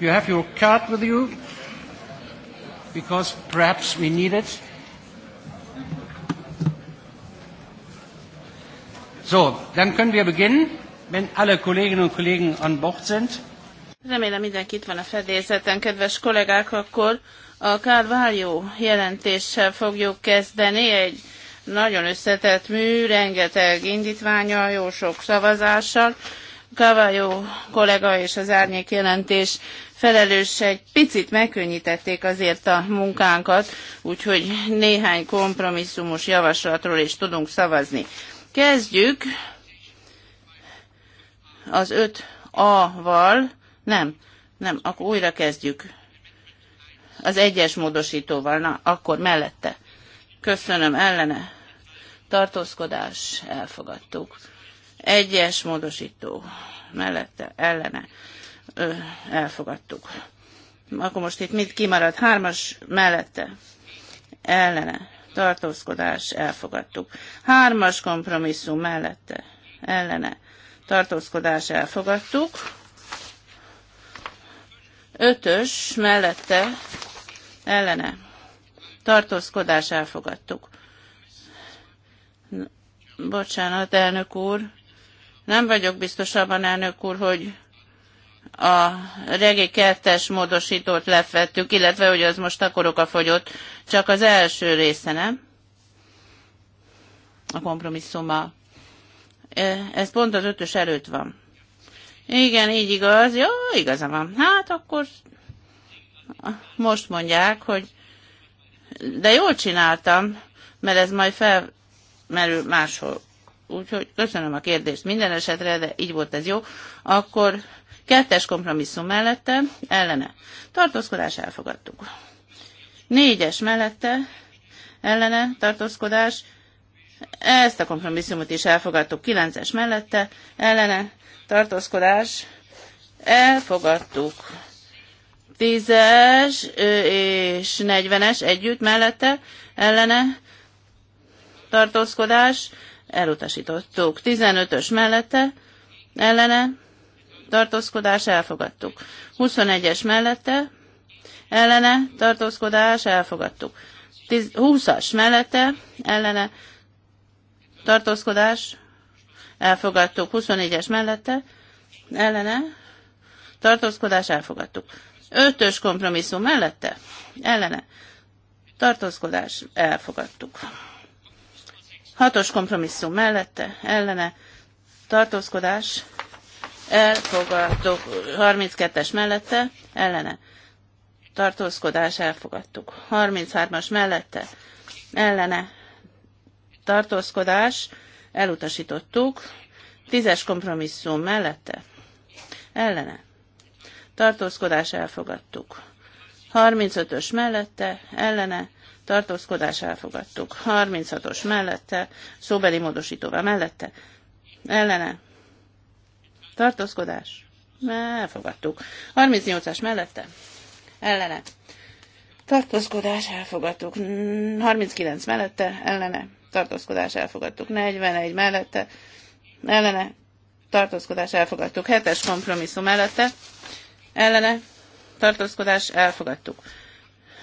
You have your card with you because perhaps we need it. So, dann können wir beginnen, wenn alle Kolleginnen und Kollegen an Bord sind. Remélem mindenki itt van a fedélzeten, kedves kollégák, akkor a Kárváljó jelentéssel fogjuk kezdeni, egy nagyon összetett mű, rengeteg indítványa, jó sok szavazással. Kavajó kollega és az árnyék jelentés felelős egy picit megkönnyítették azért a munkánkat, úgyhogy néhány kompromisszumos javaslatról is tudunk szavazni. Kezdjük az 5A-val, nem, nem, akkor újra kezdjük. Az egyes módosítóval, na, akkor mellette. Köszönöm, ellene tartózkodás, elfogadtuk. Egyes módosító mellette, ellene, ö, elfogadtuk. Akkor most itt mit kimaradt? Hármas mellette, ellene, tartózkodás, elfogadtuk. Hármas kompromisszum mellette, ellene, tartózkodás, elfogadtuk. Ötös mellette, ellene, tartózkodás, elfogadtuk. Bocsánat, elnök úr. Nem vagyok biztos abban, elnök úr, hogy a regi kertes módosítót lefettük, illetve hogy az most akkor fogyott, csak az első része, nem? A kompromisszuma. E, ez pont az ötös előtt van. Igen, így igaz. Jó, igaza van. Hát akkor most mondják, hogy de jól csináltam, mert ez majd fel merül máshol. Úgyhogy köszönöm a kérdést minden esetre, de így volt ez jó. Akkor kettes kompromisszum mellette, ellene. Tartózkodás elfogadtuk. Négyes mellette, ellene, tartózkodás. Ezt a kompromisszumot is elfogadtuk. Kilences mellette, ellene, tartózkodás. Elfogadtuk. Tízes és negyvenes együtt mellette, ellene, tartózkodás, elutasítottuk. 15-ös mellette, ellene, tartózkodás, elfogadtuk. 21-es mellette, ellene, tartózkodás, elfogadtuk. 20-as mellette, ellene, tartózkodás, elfogadtuk. 24-es mellette, ellene, tartózkodás, elfogadtuk. 5-ös kompromisszum mellette, ellene, tartózkodás, elfogadtuk. Hatos kompromisszum mellette, ellene, tartózkodás, elfogadtuk. 32-es mellette, ellene, tartózkodás, elfogadtuk. 33-as mellette, ellene, tartózkodás, elutasítottuk. 10-es kompromisszum mellette, ellene, tartózkodás, elfogadtuk. 35-ös mellette, ellene, tartózkodás elfogadtuk. 36-os mellette, szóbeli módosítóval mellette, ellene, tartózkodás, elfogadtuk. 38-as mellette, ellene, tartózkodás, elfogadtuk. 39 mellette, ellene, tartózkodás, elfogadtuk. 41 mellette, ellene, tartózkodás, elfogadtuk. 7-es kompromisszum mellette, ellene, tartózkodás, elfogadtuk.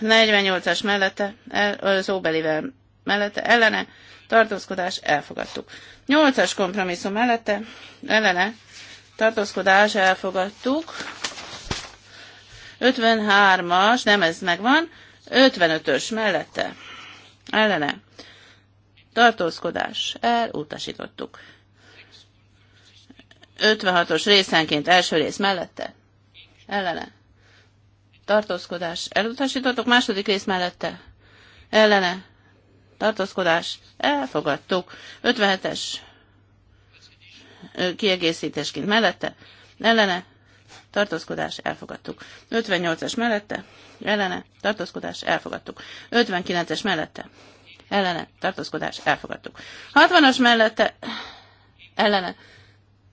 48-as mellette, el, szóbelivel mellette, ellene, tartózkodás, elfogadtuk. 8-as kompromisszum mellette, ellene, tartózkodás, elfogadtuk. 53-as, nem ez megvan, 55-ös mellette, ellene, tartózkodás, elutasítottuk. 56-os részenként első rész mellette, ellene, tartózkodás elutasítottuk, második rész mellette ellene tartózkodás elfogadtuk, 57-es kiegészítésként mellette ellene tartózkodás elfogadtuk, 58-es mellette ellene tartózkodás elfogadtuk, 59-es mellette ellene tartózkodás elfogadtuk, 60-as mellette ellene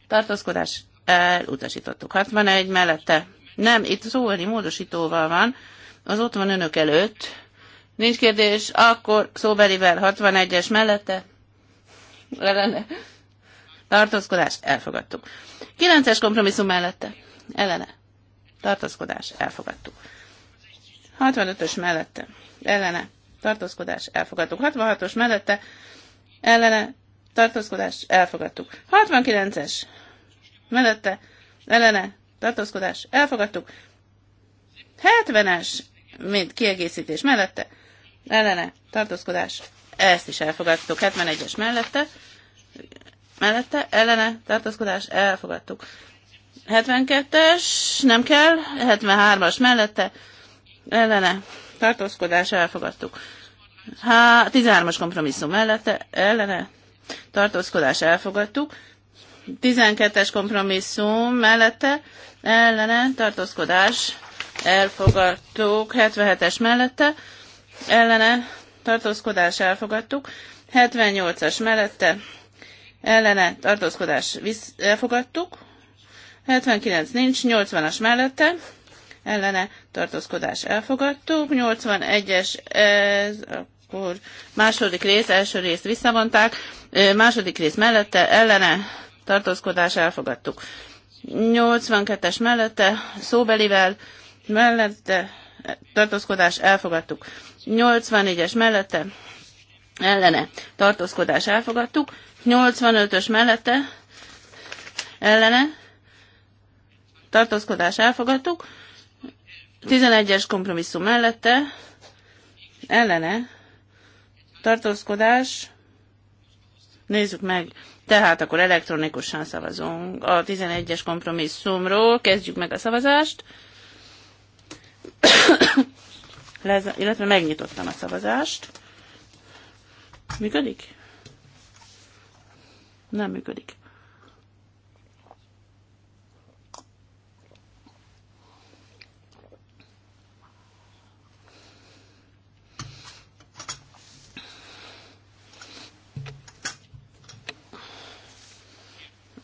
tartózkodás elutasítottuk, 61 mellette nem, itt szóvali módosítóval van, az ott van önök előtt. Nincs kérdés, akkor szóbelivel 61-es mellette lenne. Tartózkodás, elfogadtuk. 9-es kompromisszum mellette ellene. Tartózkodás, elfogadtuk. 65-ös mellette ellene. Tartózkodás, elfogadtuk. 66-os mellette ellene. Tartózkodás, elfogadtuk. 69-es mellette ellene tartózkodás, elfogadtuk. 70-es, mint kiegészítés mellette, ellene, tartózkodás, ezt is elfogadtuk. 71-es mellette, mellette, ellene, tartózkodás, elfogadtuk. 72-es, nem kell, 73-as mellette, ellene, tartózkodás, elfogadtuk. Há, 13-as kompromisszum mellette, ellene, tartózkodás, elfogadtuk. 12-es kompromisszum mellette ellene tartózkodás elfogadtuk, 77-es mellette ellene tartózkodás elfogadtuk, 78-as mellette ellene tartózkodás elfogadtuk, 79 nincs, 80-as mellette ellene tartózkodás elfogadtuk, 81-es ez akkor második rész, első részt visszavonták, második rész mellette ellene tartózkodás elfogadtuk. 82-es mellette szóbelivel mellette tartózkodás elfogadtuk. 84-es mellette ellene tartózkodás elfogadtuk. 85-ös mellette ellene tartózkodás elfogadtuk. 11-es kompromisszum mellette ellene tartózkodás nézzük meg tehát akkor elektronikusan szavazunk a 11-es kompromisszumról. Kezdjük meg a szavazást. <coughs> Leza, illetve megnyitottam a szavazást. Működik? Nem működik.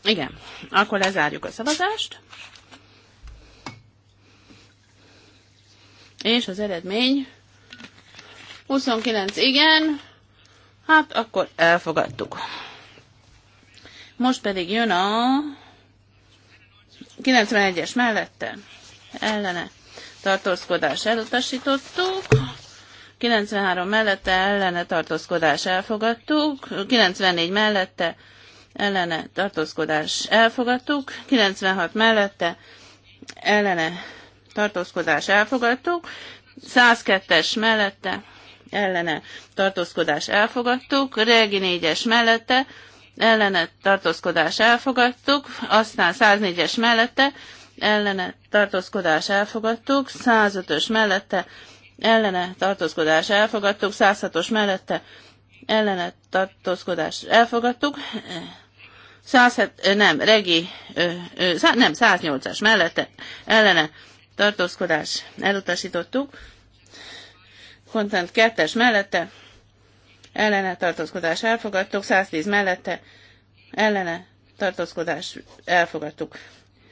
Igen, akkor lezárjuk a szavazást. És az eredmény 29 igen, hát akkor elfogadtuk. Most pedig jön a 91-es mellette ellene tartózkodás elutasítottuk, 93 mellette ellene tartózkodás elfogadtuk, 94 mellette ellene tartózkodás elfogadtuk, 96 mellette ellene tartózkodás elfogadtuk, 102-es mellette ellene tartózkodás elfogadtuk, Regi 4-es mellette ellene tartózkodás elfogadtuk, aztán 104-es mellette ellene tartózkodás elfogadtuk, 105-ös mellette ellene tartózkodás elfogadtuk, 106-os mellette ellene tartózkodás elfogadtuk, 107, nem, regi, nem, 108-as mellette, ellene, tartózkodás, elutasítottuk. Content 2-es mellette, ellene, tartózkodás, elfogadtuk. 110 mellette, ellene, tartózkodás, elfogadtuk.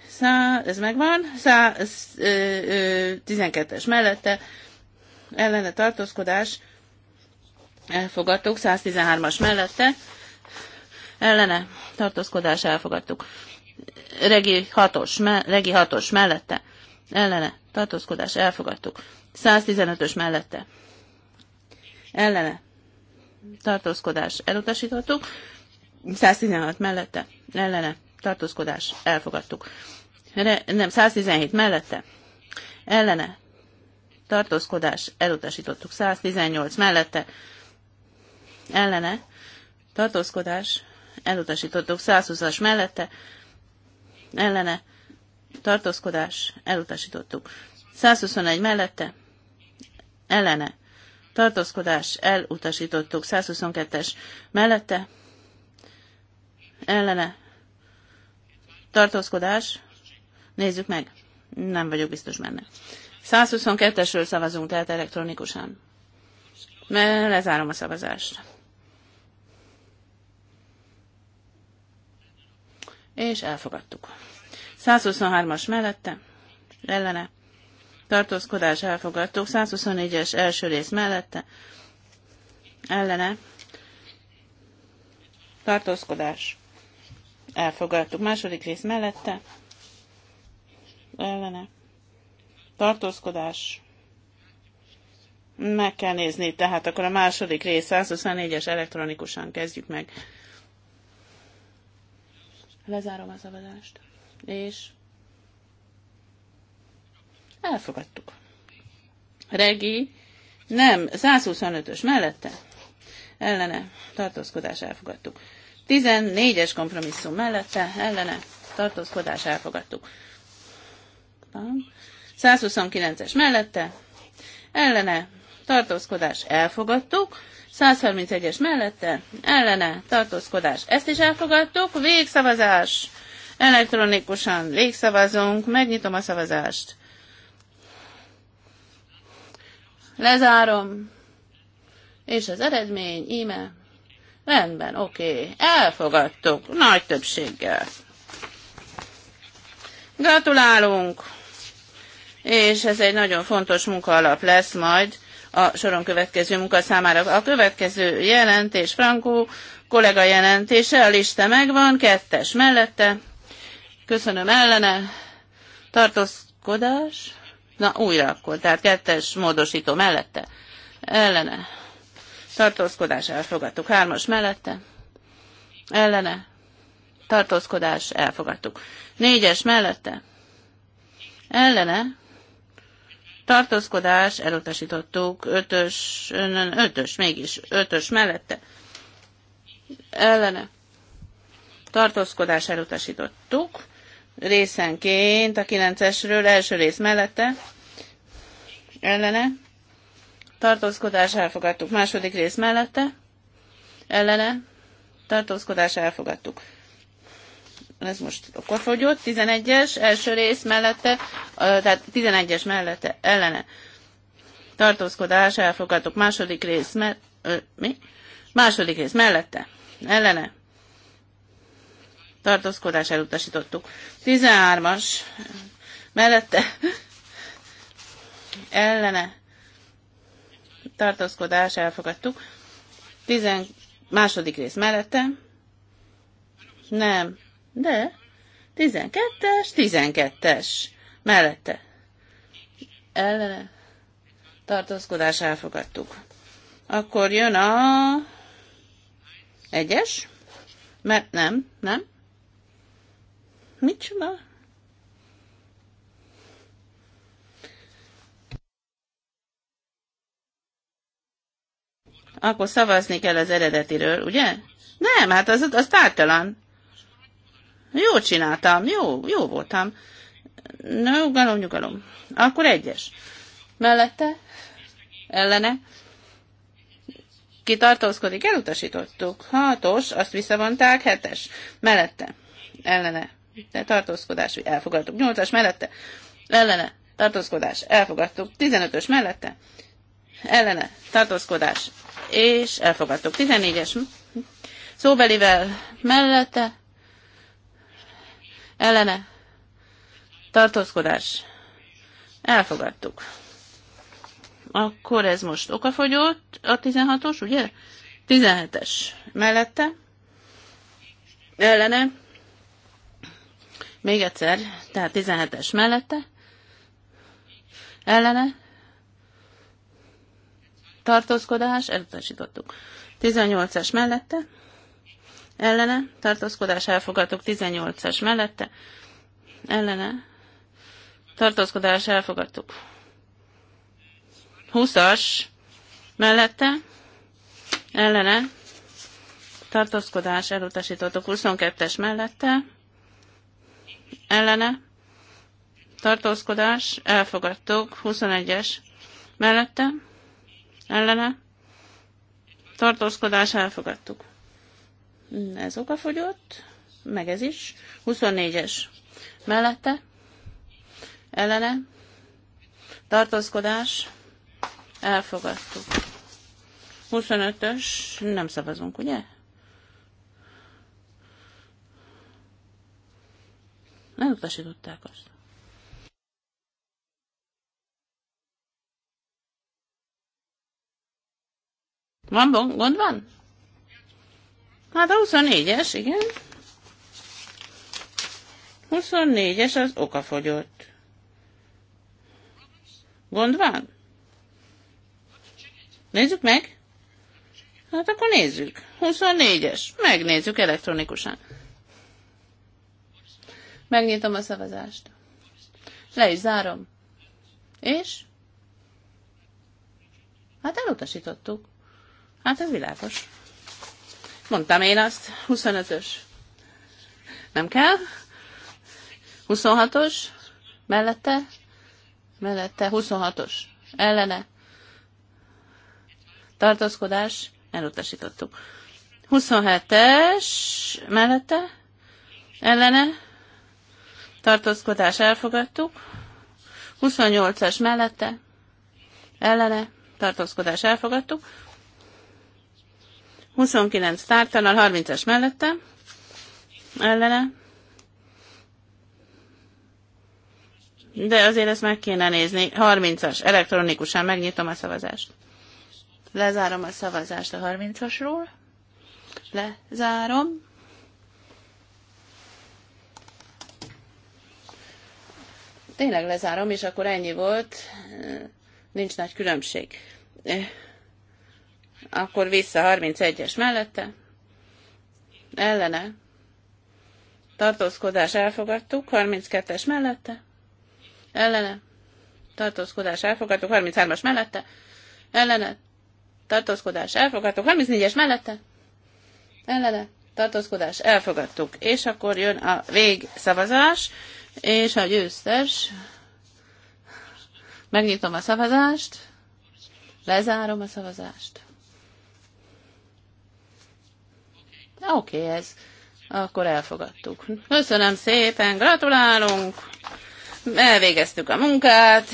Szá, ez megvan, 112-es mellette, ellene, tartózkodás, elfogadtuk. 113-as mellette, ellene tartózkodás elfogadtuk. Regi 6-os, me, Regi hatos mellette ellene tartózkodás elfogadtuk. 115-ös mellette ellene tartózkodás elutasítottuk. 116 mellette ellene tartózkodás elfogadtuk. Re, nem, 117 mellette ellene tartózkodás elutasítottuk. 118 mellette ellene tartózkodás elutasítottuk 120-as mellette, ellene, tartózkodás, elutasítottuk. 121 mellette, ellene, tartózkodás, elutasítottuk. 122-es mellette, ellene, tartózkodás, nézzük meg, nem vagyok biztos benne. 122-esről szavazunk, tehát elektronikusan. Lezárom a szavazást. és elfogadtuk. 123-as mellette, ellene, tartózkodás elfogadtuk, 124-es első rész mellette, ellene, tartózkodás elfogadtuk, második rész mellette, ellene, tartózkodás meg kell nézni, tehát akkor a második rész 124-es elektronikusan kezdjük meg. Lezárom a szavazást. És elfogadtuk. Regi, nem, 125-ös mellette. Ellene, tartózkodás elfogadtuk. 14-es kompromisszum mellette, ellene, tartózkodás elfogadtuk. 129-es mellette, ellene, tartózkodás elfogadtuk. 131-es mellette, ellene, tartózkodás. Ezt is elfogadtuk, végszavazás. Elektronikusan végszavazunk, megnyitom a szavazást. Lezárom. És az eredmény, íme. Rendben, oké. Okay. Elfogadtuk, nagy többséggel. Gratulálunk! És ez egy nagyon fontos munkaalap lesz majd a soron következő munka számára. A következő jelentés, Frankó kollega jelentése, a lista megvan, kettes mellette. Köszönöm ellene. Tartózkodás. Na, újra akkor, tehát kettes módosító mellette. Ellene. Tartózkodás elfogadtuk. Hármas mellette. Ellene. Tartózkodás elfogadtuk. Négyes mellette. Ellene tartózkodás, elutasítottuk, ötös, ötös, mégis, ötös mellette, ellene, tartózkodás, elutasítottuk, részenként a kilencesről első rész mellette, ellene, tartózkodás, elfogadtuk, második rész mellette, ellene, tartózkodás, elfogadtuk ez most akkor fogyott, 11-es első rész mellette, tehát 11-es mellette ellene tartózkodás, elfogadok második rész, mert, mi? Második rész mellette, ellene tartózkodás elutasítottuk. 13-as mellette, ellene tartózkodás elfogadtuk. 10 második rész mellette, nem, de tizenkettes tizenkettes Mellette. Ellene. Tartózkodás elfogadtuk. Akkor jön a... Egyes? Mert nem, nem. Mit csinál? Akkor szavazni kell az eredetiről, ugye? Nem, hát az, az tártalan. Jó csináltam, jó, jó voltam. Na, nyugalom, nyugalom. Akkor egyes. Mellette? Ellene? Ki tartózkodik? Elutasítottuk. Hatos, azt visszavonták, hetes. Mellette? Ellene. De tartózkodás, elfogadtuk. Nyolcas mellette? Ellene. Tartózkodás, elfogadtuk. Tizenötös mellette? Ellene. Tartózkodás. És elfogadtuk. Tizennégyes szóbelivel mellette ellene tartózkodás elfogadtuk. Akkor ez most okafogyott, a 16-os, ugye? 17-es mellette ellene még egyszer, tehát 17-es mellette ellene tartózkodás, elutasítottuk. 18-es mellette ellene, tartózkodás elfogadtuk 18-as mellette, ellene, tartózkodás elfogadtuk 20-as mellette, ellene, tartózkodás elutasítottuk 22-es mellette, ellene, tartózkodás elfogadtuk 21-es mellette, ellene, tartózkodás elfogadtuk. Ez okafogyott, meg ez is. 24-es mellette, ellene, tartózkodás, elfogadtuk. 25-ös, nem szavazunk, ugye? Nem utasították azt. Van gond van? Hát a 24-es, igen. 24-es az okafogyott. Gond van? Nézzük meg. Hát akkor nézzük. 24-es. Megnézzük elektronikusan. Megnyitom a szavazást. Le is zárom. És? Hát elutasítottuk. Hát ez világos. Mondtam én azt. 25-ös. Nem kell. 26-os. Mellette. Mellette. 26-os. Ellene. Tartózkodás. Elutasítottuk. 27-es. Mellette. Ellene. Tartózkodás. Elfogadtuk. 28-as mellette. Ellene. Tartózkodás. Elfogadtuk. 29 tártanal, 30 es mellette, ellene. De azért ezt meg kéne nézni. 30-as, elektronikusan megnyitom a szavazást. Lezárom a szavazást a 30-asról. Lezárom. Tényleg lezárom, és akkor ennyi volt. Nincs nagy különbség. Eh, akkor vissza 31-es mellette. Ellene. Tartózkodás elfogadtuk. 32-es mellette. Ellene. Tartózkodás elfogadtuk. 33-as mellette. Ellene. Tartózkodás elfogadtuk. 34-es mellette. Ellene. Tartózkodás elfogadtuk. És akkor jön a végszavazás. És a győztes. Megnyitom a szavazást. Lezárom a szavazást. Oké okay, ez. Akkor elfogadtuk. Köszönöm szépen, gratulálunk. Elvégeztük a munkát.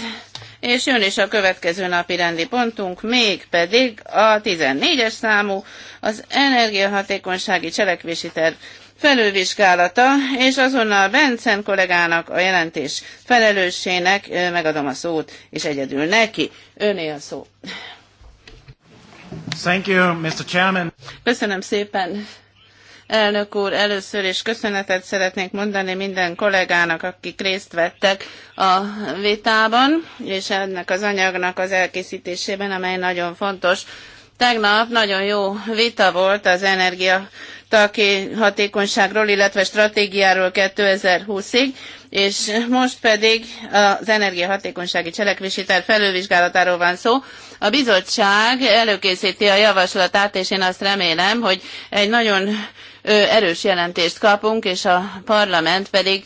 És jön is a következő napi rendi pontunk, mégpedig a 14-es számú, az energiahatékonysági cselekvési terv felülvizsgálata, és azonnal Bencen kollégának, a jelentés felelőssének megadom a szót, és egyedül neki. Öné a szó. Thank you, Mr. Chairman. Köszönöm szépen, Elnök úr, először is köszönetet szeretnék mondani minden kollégának, akik részt vettek a vitában, és ennek az anyagnak az elkészítésében, amely nagyon fontos. Tegnap nagyon jó vita volt az energia taki hatékonyságról, illetve stratégiáról 2020-ig, és most pedig az energiahatékonysági cselekvési terv felülvizsgálatáról van szó. A bizottság előkészíti a javaslatát, és én azt remélem, hogy egy nagyon erős jelentést kapunk, és a parlament pedig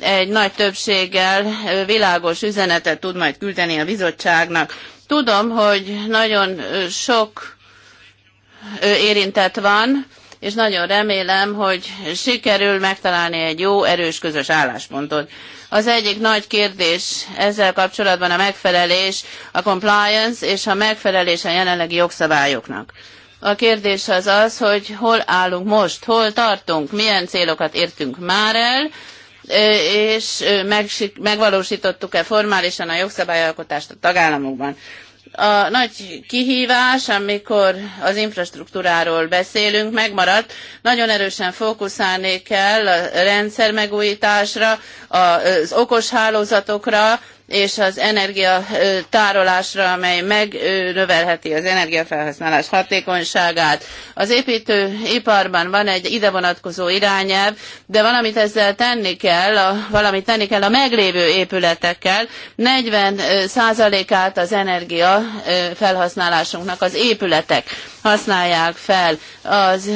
egy nagy többséggel világos üzenetet tud majd küldeni a bizottságnak. Tudom, hogy nagyon sok érintett van, és nagyon remélem, hogy sikerül megtalálni egy jó, erős, közös álláspontot. Az egyik nagy kérdés ezzel kapcsolatban a megfelelés, a compliance és a megfelelés a jelenlegi jogszabályoknak. A kérdés az az, hogy hol állunk most, hol tartunk, milyen célokat értünk már el, és megvalósítottuk-e formálisan a jogszabályalkotást a tagállamokban. A nagy kihívás, amikor az infrastruktúráról beszélünk, megmaradt. Nagyon erősen fókuszálni kell a rendszer megújításra, az okos hálózatokra, és az energiatárolásra, amely megnövelheti az energiafelhasználás hatékonyságát. Az építőiparban van egy ide vonatkozó irányelv, de valamit ezzel tenni kell, a, valamit tenni kell a meglévő épületekkel. 40 százalékát az energia felhasználásunknak az épületek használják fel. Az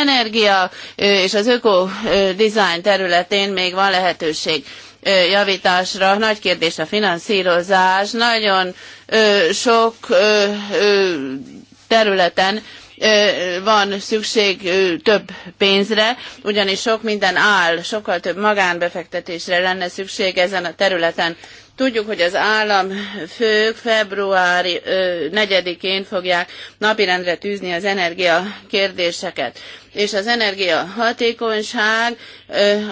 energia és az ökodizájn területén még van lehetőség javításra. Nagy kérdés a finanszírozás. Nagyon sok területen van szükség több pénzre, ugyanis sok minden áll, sokkal több magánbefektetésre lenne szükség ezen a területen. Tudjuk, hogy az államfők februári 4-én fogják napirendre tűzni az energia kérdéseket. És az energia hatékonyság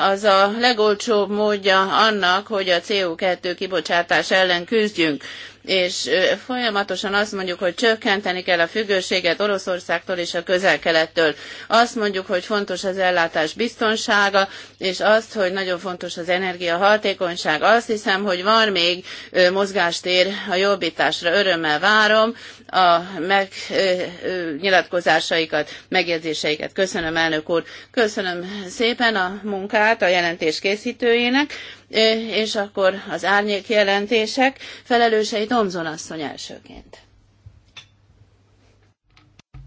az a legolcsóbb módja annak, hogy a CO2 kibocsátás ellen küzdjünk és folyamatosan azt mondjuk, hogy csökkenteni kell a függőséget Oroszországtól és a közel-kelettől. Azt mondjuk, hogy fontos az ellátás biztonsága, és azt, hogy nagyon fontos az energiahatékonyság. Azt hiszem, hogy van még mozgástér a jobbításra. Örömmel várom a megnyilatkozásaikat, megjegyzéseiket. Köszönöm, elnök úr. Köszönöm szépen a munkát a jelentés készítőjének és akkor az árnyék jelentések felelősei Tomzon asszony elsőként.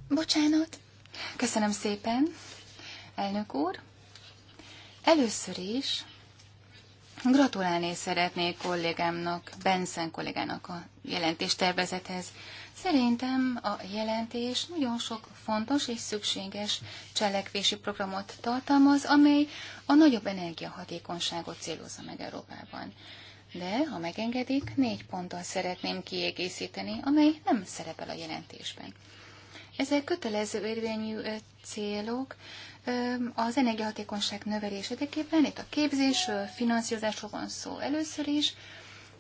Bocsánat. Köszönöm szépen, elnök úr. Először is gratulálni szeretnék kollégámnak, Benszen kollégának a jelentéstervezethez. tervezethez. Szerintem a jelentés nagyon sok fontos és szükséges cselekvési programot tartalmaz, amely a nagyobb energiahatékonyságot célozza meg Európában. De, ha megengedik, négy ponttal szeretném kiegészíteni, amely nem szerepel a jelentésben. Ezek kötelező érvényű célok az energiahatékonyság növelés érdekében, itt a képzésről, finanszírozásról van szó először is,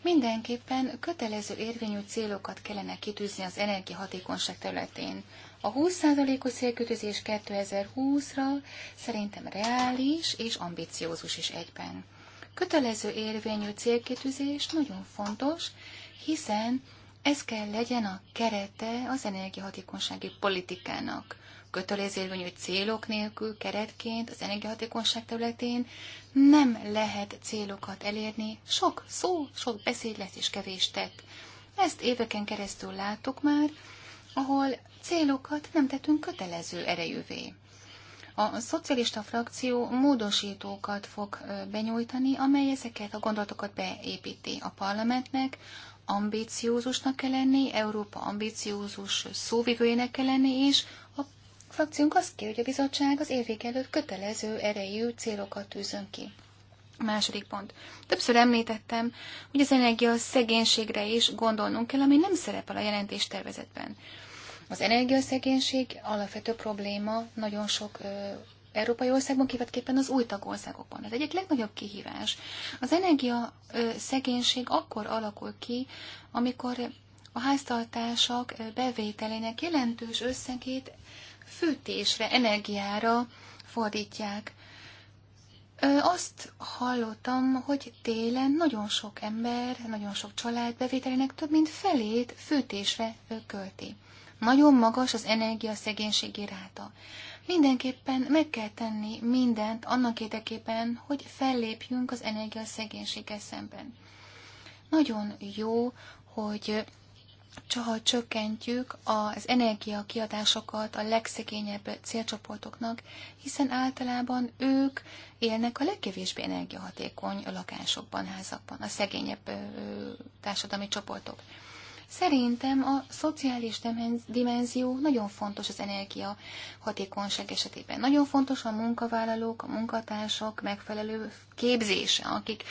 Mindenképpen kötelező érvényű célokat kellene kitűzni az energiahatékonyság területén. A 20%-os célkötözés 2020-ra szerintem reális és ambiciózus is egyben. Kötelező érvényű célkitűzés nagyon fontos, hiszen ez kell legyen a kerete az energiahatékonysági politikának kötelezérvényű célok nélkül keretként az energiahatékonyság területén nem lehet célokat elérni, sok szó, sok beszéd lesz és kevés tett. Ezt éveken keresztül láttuk már, ahol célokat nem tettünk kötelező erejűvé. A szocialista frakció módosítókat fog benyújtani, amely ezeket a gondolatokat beépíti a parlamentnek, ambíciózusnak kell lenni, Európa ambíciózus szóvivőjének kell lenni, és frakciónk azt kér, hogy a bizottság az évvég előtt kötelező erejű célokat tűzön ki. A második pont. Többször említettem, hogy az energia szegénységre is gondolnunk kell, ami nem szerepel a jelentés tervezetben. Az energiaszegénység alapvető probléma nagyon sok ö, európai országban, kivetképpen az új tagországokban. Az egyik legnagyobb kihívás. Az energia ö, szegénység akkor alakul ki, amikor a háztartások bevételének jelentős összegét fűtésre, energiára fordítják. Ö, azt hallottam, hogy télen nagyon sok ember, nagyon sok család bevételének több mint felét fűtésre költi. Nagyon magas az energia szegénységi ráta. Mindenképpen meg kell tenni mindent annak érdekében, hogy fellépjünk az energia szegénységgel szemben. Nagyon jó, hogy ha csökkentjük az energiakiadásokat a legszegényebb célcsoportoknak, hiszen általában ők élnek a legkevésbé energiahatékony lakásokban, házakban, a szegényebb társadalmi csoportok. Szerintem a szociális dimenzió nagyon fontos az energia hatékonyság esetében. Nagyon fontos a munkavállalók, a munkatársak megfelelő képzése, akik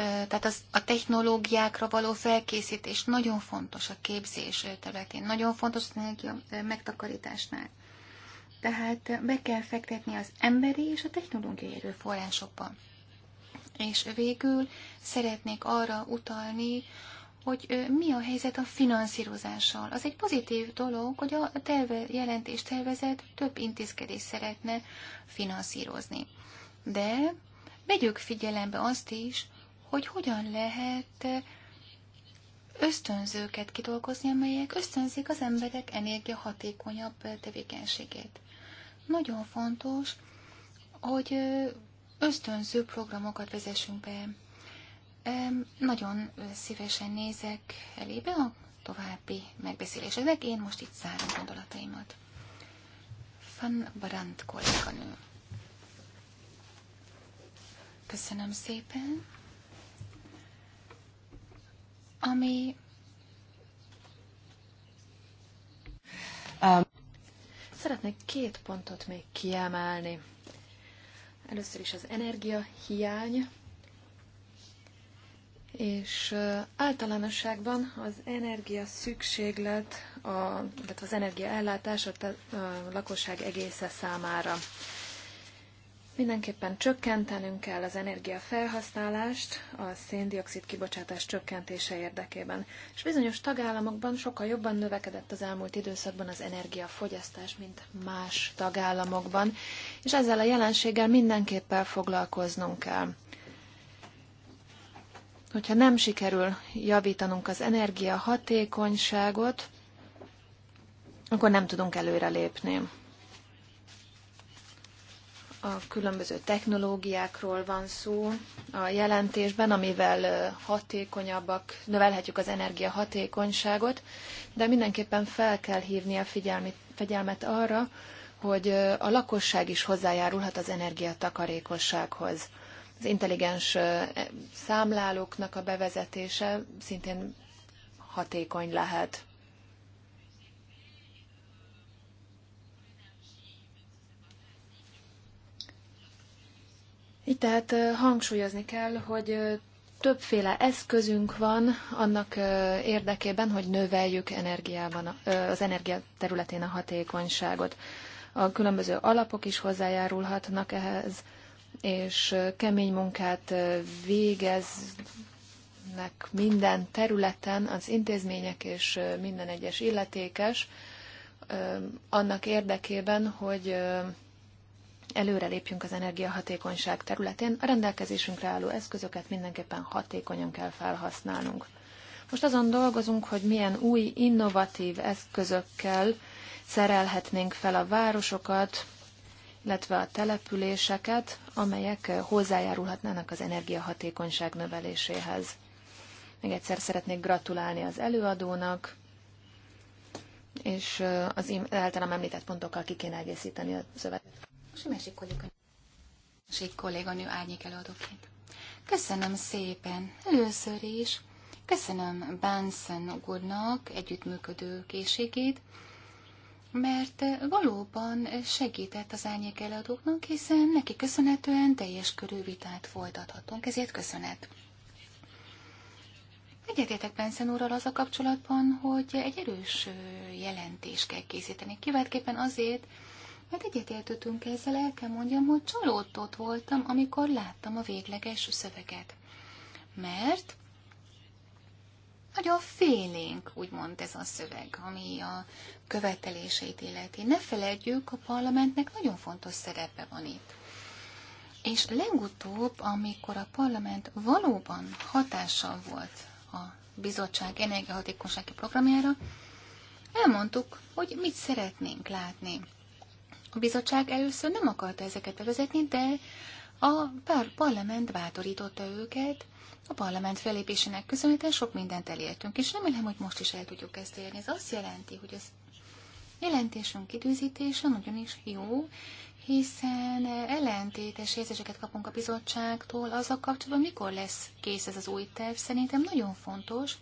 tehát az, a technológiákra való felkészítés nagyon fontos a képzés területén, nagyon fontos az energia megtakarításnál. Tehát be kell fektetni az emberi és a technológiai erőforrásokba. És végül szeretnék arra utalni, hogy mi a helyzet a finanszírozással. Az egy pozitív dolog, hogy a terve, jelentés tervezet több intézkedést szeretne finanszírozni. De vegyük figyelembe azt is, hogy hogyan lehet ösztönzőket kidolgozni, amelyek ösztönzik az emberek energiahatékonyabb tevékenységét. Nagyon fontos, hogy ösztönző programokat vezessünk be. Nagyon szívesen nézek elébe a további megbeszéléseknek. Én most itt zárom gondolataimat. Van Brandt kolléganő. Köszönöm szépen ami um. Szeretnék két pontot még kiemelni. Először is az energia hiány, és általánosságban az energia szükséglet, a, tehát az ellátás a, a lakosság egésze számára. Mindenképpen csökkentenünk kell az energiafelhasználást a széndiokszid kibocsátás csökkentése érdekében. És bizonyos tagállamokban sokkal jobban növekedett az elmúlt időszakban az energiafogyasztás, mint más tagállamokban, és ezzel a jelenséggel mindenképpen foglalkoznunk kell. Hogyha nem sikerül javítanunk az energiahatékonyságot, akkor nem tudunk előrelépni a különböző technológiákról van szó a jelentésben, amivel hatékonyabbak, növelhetjük az energia hatékonyságot, de mindenképpen fel kell hívni a figyelmi, figyelmet arra, hogy a lakosság is hozzájárulhat az energiatakarékossághoz. Az intelligens e, számlálóknak a bevezetése szintén hatékony lehet. Itt tehát hangsúlyozni kell, hogy többféle eszközünk van annak érdekében, hogy növeljük energiában, az energia területén a hatékonyságot. A különböző alapok is hozzájárulhatnak ehhez, és kemény munkát végeznek minden területen az intézmények és minden egyes illetékes annak érdekében, hogy előrelépjünk az energiahatékonyság területén, a rendelkezésünkre álló eszközöket mindenképpen hatékonyan kell felhasználnunk. Most azon dolgozunk, hogy milyen új, innovatív eszközökkel szerelhetnénk fel a városokat, illetve a településeket, amelyek hozzájárulhatnának az energiahatékonyság növeléséhez. Még egyszer szeretnék gratulálni az előadónak, és az általam említett pontokkal ki kéne egészíteni a szövetet és a másik kolléganő, másik kolléganő árnyék előadóként. Köszönöm szépen. Először is köszönöm Benson úrnak együttműködő készségét, mert valóban segített az árnyék előadóknak, hiszen neki köszönhetően teljes körű vitát folytathatunk, ezért köszönet. Egyetértek Benson úrral az a kapcsolatban, hogy egy erős jelentést kell készíteni, kiváltképpen azért, meg hát egyetértettünk ezzel, el kell mondjam, hogy csalódott voltam, amikor láttam a végleges szöveget. Mert nagyon félénk, úgymond ez a szöveg, ami a követeléseit illeti. Ne felejtjük, a parlamentnek nagyon fontos szerepe van itt. És legutóbb, amikor a parlament valóban hatással volt a bizottság energiahatékonysági programjára, elmondtuk, hogy mit szeretnénk látni. A bizottság először nem akarta ezeket bevezetni, de a pár parlament bátorította őket, a parlament felépésének köszönhetően sok mindent elértünk, és remélem, hogy most is el tudjuk ezt érni. Ez azt jelenti, hogy az jelentésünk időzítése nagyon is jó, hiszen ellentétes érzéseket kapunk a bizottságtól Az a kapcsolatban, mikor lesz kész ez az új terv. Szerintem nagyon fontos,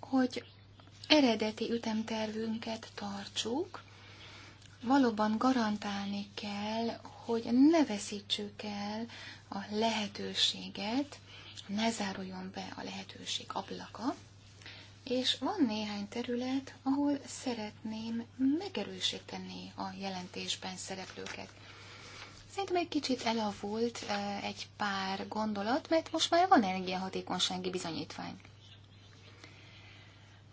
hogy eredeti ütemtervünket tartsuk, valóban garantálni kell, hogy ne veszítsük el a lehetőséget, ne záruljon be a lehetőség ablaka, és van néhány terület, ahol szeretném megerősíteni a jelentésben szereplőket. Szerintem egy kicsit elavult eh, egy pár gondolat, mert most már van energiahatékonysági bizonyítvány.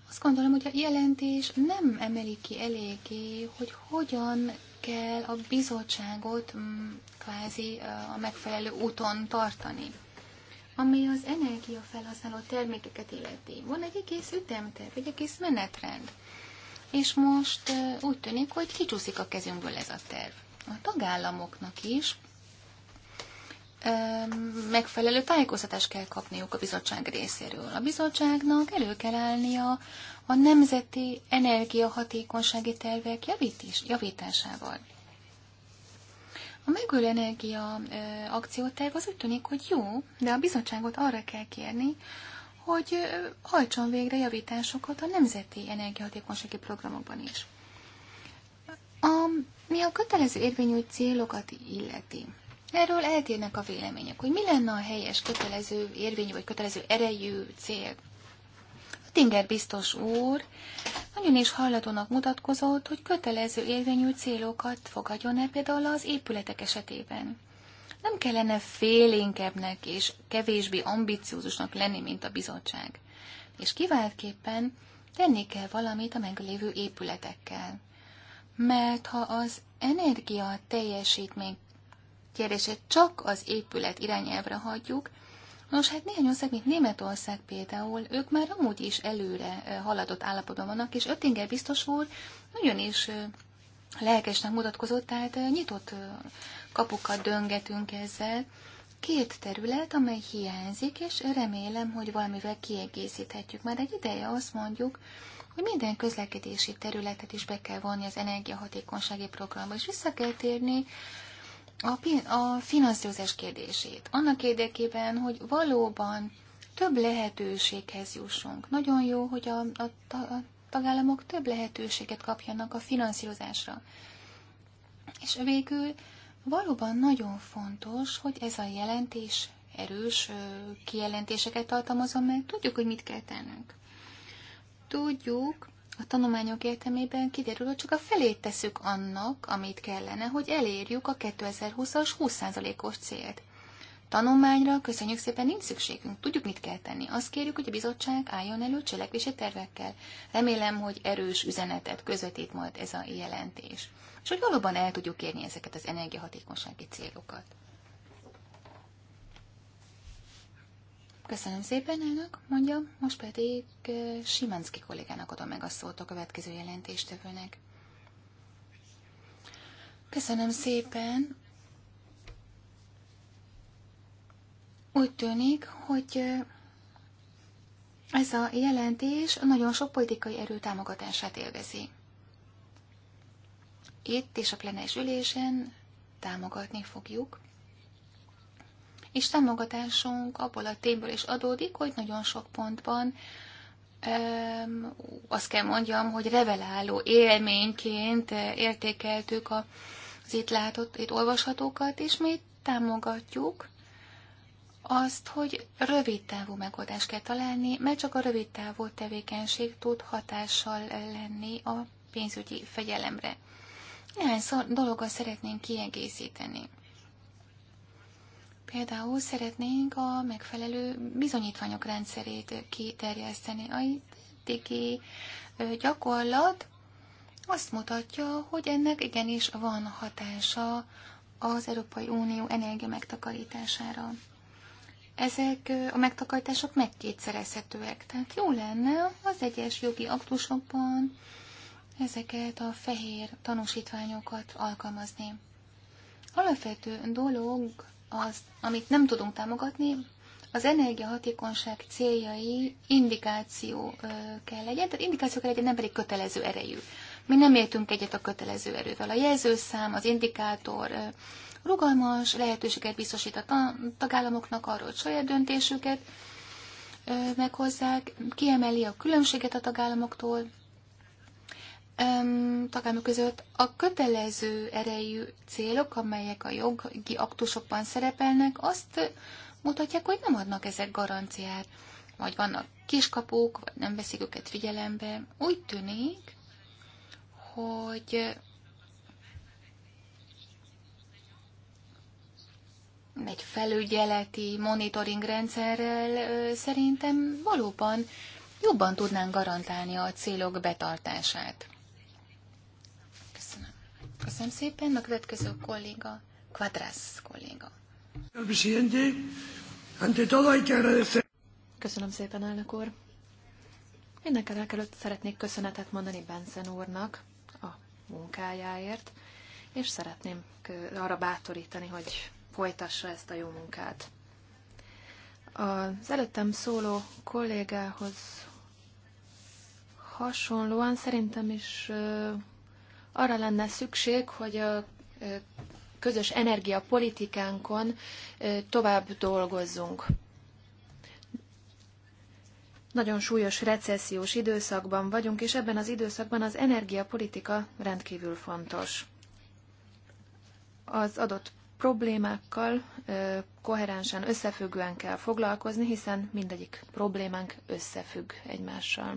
Azt gondolom, hogy a jelentés nem emeli ki eléggé, hogy hogyan kell a bizottságot mm, kvázi a megfelelő úton tartani. Ami az energiafelhasználó termékeket illeti. Van egy egész ütemterv, egy egész menetrend. És most úgy tűnik, hogy kicsúszik a kezünkből ez a terv. A tagállamoknak is megfelelő tájékoztatást kell kapniuk a bizottság részéről. A bizottságnak elő kell állnia a nemzeti energiahatékonysági tervek javítés, javításával. A megülő energia ö, akcióterv az úgy tűnik, hogy jó, de a bizottságot arra kell kérni, hogy hajtson végre javításokat a nemzeti energiahatékonysági programokban is. A, mi a kötelező érvényű célokat illeti, Erről eltérnek a vélemények, hogy mi lenne a helyes kötelező érvényű vagy kötelező erejű cél. A Tinger biztos úr nagyon is hallatónak mutatkozott, hogy kötelező érvényű célokat fogadjon el például az épületek esetében. Nem kellene félénkebbnek és kevésbé ambiciózusnak lenni, mint a bizottság. És kiváltképpen tenni kell valamit a meglévő épületekkel. Mert ha az energia teljesítmény kérdését csak az épület irányelvre hagyjuk, Nos, hát néhány ország, mint Németország például, ők már amúgy is előre haladott állapotban vannak, és Öttinger biztos úr nagyon is lelkesnek mutatkozott, tehát nyitott kapukat döngetünk ezzel. Két terület, amely hiányzik, és remélem, hogy valamivel kiegészíthetjük. Már egy ideje azt mondjuk, hogy minden közlekedési területet is be kell vonni az energiahatékonysági programba, és vissza kell térni a, a finanszírozás kérdését. Annak érdekében, hogy valóban több lehetőséghez jussunk. Nagyon jó, hogy a, a, a tagállamok több lehetőséget kapjanak a finanszírozásra. És végül valóban nagyon fontos, hogy ez a jelentés erős kijelentéseket tartalmazom, mert tudjuk, hogy mit kell tennünk. Tudjuk, a tanulmányok értelmében kiderül, hogy csak a felét tesszük annak, amit kellene, hogy elérjük a 2020-as 20%-os célt. Tanulmányra köszönjük szépen nincs szükségünk, tudjuk mit kell tenni. Azt kérjük, hogy a bizottság álljon elő cselekvési tervekkel. Remélem, hogy erős üzenetet közvetít majd ez a jelentés, és hogy valóban el tudjuk érni ezeket az energiahatékonysági célokat. Köszönöm szépen, elnök, mondja, most pedig Simanski kollégának adom meg a szót a következő jelentéstevőnek. Köszönöm szépen. Úgy tűnik, hogy ez a jelentés nagyon sok politikai erő támogatását élvezi. Itt és a plenáris ülésen támogatni fogjuk és támogatásunk abból a tényből is adódik, hogy nagyon sok pontban öm, azt kell mondjam, hogy reveláló élményként eh, értékeltük az itt látott, itt olvashatókat, és mi támogatjuk azt, hogy rövid távú megoldást kell találni, mert csak a rövid távú tevékenység tud hatással lenni a pénzügyi fegyelemre. Néhány dologgal szeretnénk kiegészíteni. Például szeretnénk a megfelelő bizonyítványok rendszerét kiterjeszteni. A eddigi gyakorlat azt mutatja, hogy ennek igenis van hatása az Európai Unió energia megtakarítására. Ezek a megtakarítások megkétszerezhetőek, tehát jó lenne az egyes jogi aktusokban ezeket a fehér tanúsítványokat alkalmazni. Alapvető dolog az, amit nem tudunk támogatni, az energiahatékonyság céljai indikáció kell legyen, tehát indikáció kell legyen, nem pedig kötelező erejű. Mi nem értünk egyet a kötelező erővel. A jelzőszám, az indikátor rugalmas lehetőséget biztosít a tagállamoknak arról, hogy saját döntésüket meghozzák, kiemeli a különbséget a tagállamoktól, tagállamok között a kötelező erejű célok, amelyek a jogi aktusokban szerepelnek, azt mutatják, hogy nem adnak ezek garanciát, vagy vannak kiskapuk, vagy nem veszik őket figyelembe. Úgy tűnik, hogy egy felügyeleti monitoring rendszerrel szerintem valóban jobban tudnánk garantálni a célok betartását. Köszönöm szépen. A következő kolléga, Quadras kolléga. Köszönöm szépen, elnök úr. Mindenek előtt szeretnék köszönetet mondani Benson úrnak a munkájáért, és szeretném arra bátorítani, hogy folytassa ezt a jó munkát. Az előttem szóló kollégához hasonlóan szerintem is arra lenne szükség, hogy a közös energiapolitikánkon tovább dolgozzunk. Nagyon súlyos recessziós időszakban vagyunk, és ebben az időszakban az energiapolitika rendkívül fontos. Az adott problémákkal koherensen, összefüggően kell foglalkozni, hiszen mindegyik problémánk összefügg egymással.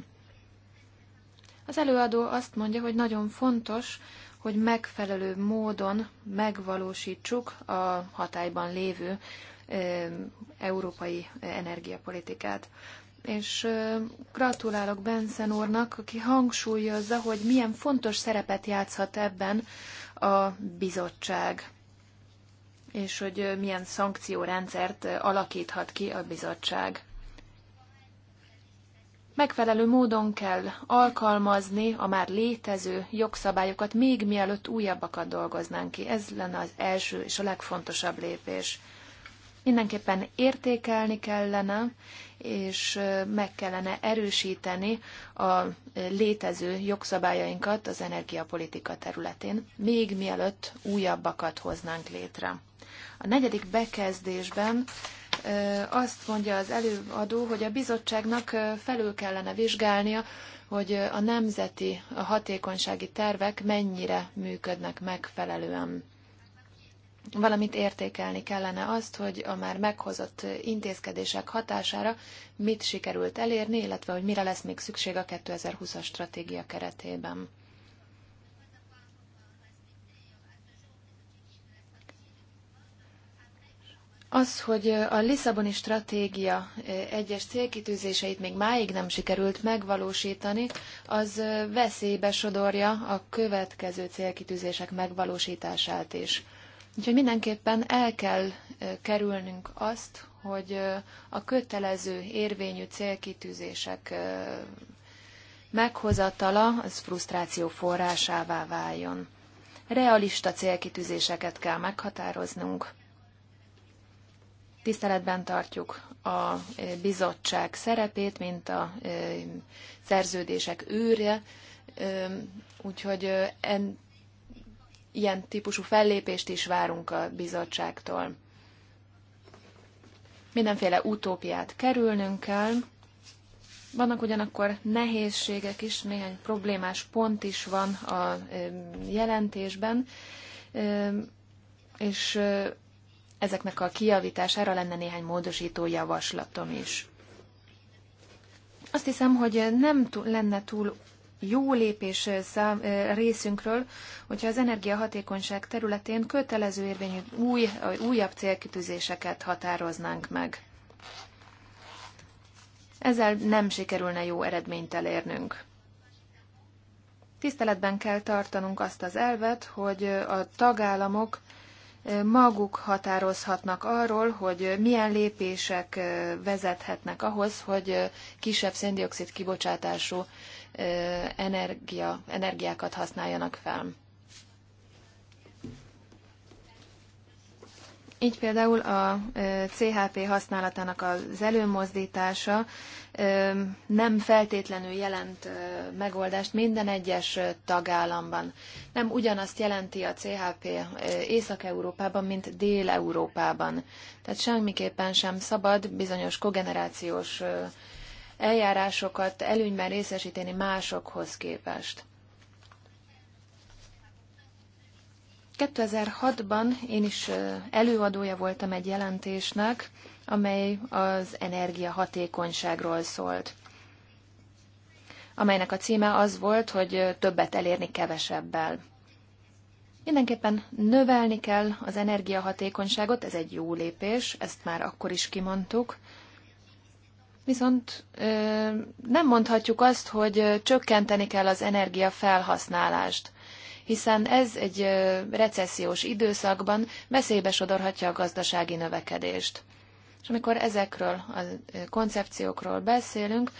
Az előadó azt mondja, hogy nagyon fontos, hogy megfelelő módon megvalósítsuk a hatályban lévő európai energiapolitikát. És gratulálok Benszen úrnak, aki hangsúlyozza, hogy milyen fontos szerepet játszhat ebben a bizottság, és hogy milyen szankciórendszert alakíthat ki a bizottság. Megfelelő módon kell alkalmazni a már létező jogszabályokat, még mielőtt újabbakat dolgoznánk ki. Ez lenne az első és a legfontosabb lépés. Mindenképpen értékelni kellene, és meg kellene erősíteni a létező jogszabályainkat az energiapolitika területén, még mielőtt újabbakat hoznánk létre. A negyedik bekezdésben azt mondja az előadó, hogy a bizottságnak felül kellene vizsgálnia, hogy a nemzeti a hatékonysági tervek mennyire működnek megfelelően. Valamit értékelni kellene azt, hogy a már meghozott intézkedések hatására mit sikerült elérni, illetve hogy mire lesz még szükség a 2020-as stratégia keretében. Az, hogy a Lisszaboni stratégia egyes célkitűzéseit még máig nem sikerült megvalósítani, az veszélybe sodorja a következő célkitűzések megvalósítását is. Úgyhogy mindenképpen el kell kerülnünk azt, hogy a kötelező érvényű célkitűzések meghozatala az frusztráció forrásává váljon. Realista célkitűzéseket kell meghatároznunk Tiszteletben tartjuk a e, bizottság szerepét, mint a e, szerződések őrje, e, úgyhogy en, ilyen típusú fellépést is várunk a bizottságtól. Mindenféle utópiát kerülnünk kell. Vannak ugyanakkor nehézségek is, néhány problémás pont is van a jelentésben, és ezeknek a kijavítására lenne néhány módosító javaslatom is. Azt hiszem, hogy nem lenne túl jó lépés szám, részünkről, hogyha az energiahatékonyság területén kötelező érvényű új, újabb célkitűzéseket határoznánk meg. Ezzel nem sikerülne jó eredményt elérnünk. Tiszteletben kell tartanunk azt az elvet, hogy a tagállamok maguk határozhatnak arról, hogy milyen lépések vezethetnek ahhoz, hogy kisebb széndiokszid kibocsátású energia, energiákat használjanak fel. Így például a CHP használatának az előmozdítása nem feltétlenül jelent megoldást minden egyes tagállamban. Nem ugyanazt jelenti a CHP Észak-Európában, mint Dél-Európában. Tehát semmiképpen sem szabad bizonyos kogenerációs eljárásokat előnyben részesíteni másokhoz képest. 2006-ban én is előadója voltam egy jelentésnek, amely az energiahatékonyságról szólt, amelynek a címe az volt, hogy többet elérni kevesebbel. Mindenképpen növelni kell az energiahatékonyságot, ez egy jó lépés, ezt már akkor is kimondtuk, Viszont nem mondhatjuk azt, hogy csökkenteni kell az energiafelhasználást hiszen ez egy recessziós időszakban veszélybe sodorhatja a gazdasági növekedést. És amikor ezekről a koncepciókról beszélünk,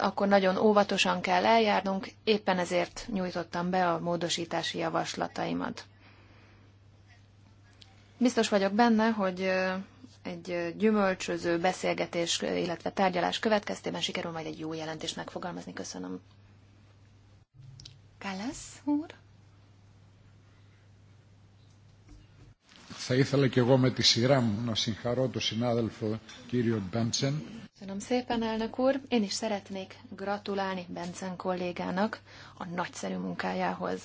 akkor nagyon óvatosan kell eljárnunk, éppen ezért nyújtottam be a módosítási javaslataimat. Biztos vagyok benne, hogy egy gyümölcsöző beszélgetés, illetve tárgyalás következtében sikerül majd egy jó jelentést megfogalmazni. Köszönöm. Kálasz úr? Θα ήθελα και εγώ με τη σειρά μου να συγχαρώ τον συνάδελφο κύριο Μπέντσεν. Köszönöm szépen, elnök úr! Én is szeretnék gratulálni Benson kollégának a nagyszerű munkájához.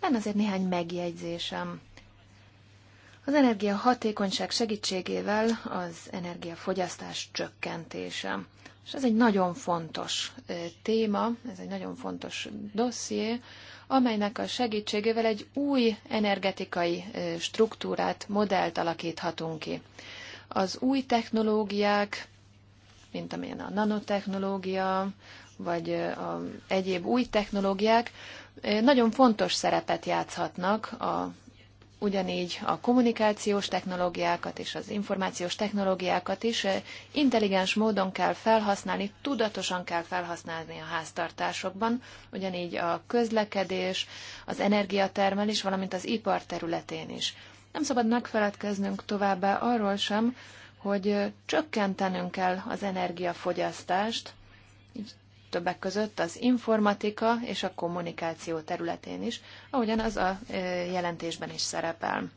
Lenne azért néhány megjegyzésem. Az energia hatékonyság segítségével az energiafogyasztás csökkentése. És ez egy nagyon fontos téma, ez egy nagyon fontos dosszié, amelynek a segítségével egy új energetikai struktúrát, modellt alakíthatunk ki. Az új technológiák, mint amilyen a nanotechnológia, vagy a egyéb új technológiák, nagyon fontos szerepet játszhatnak a ugyanígy a kommunikációs technológiákat és az információs technológiákat is eh, intelligens módon kell felhasználni, tudatosan kell felhasználni a háztartásokban, ugyanígy a közlekedés, az energiatermelés, valamint az ipar területén is. Nem szabad megfeledkeznünk továbbá arról sem, hogy eh, csökkentenünk kell az energiafogyasztást, így többek között az informatika és a kommunikáció területén is, ahogyan az a e, jelentésben is szerepel.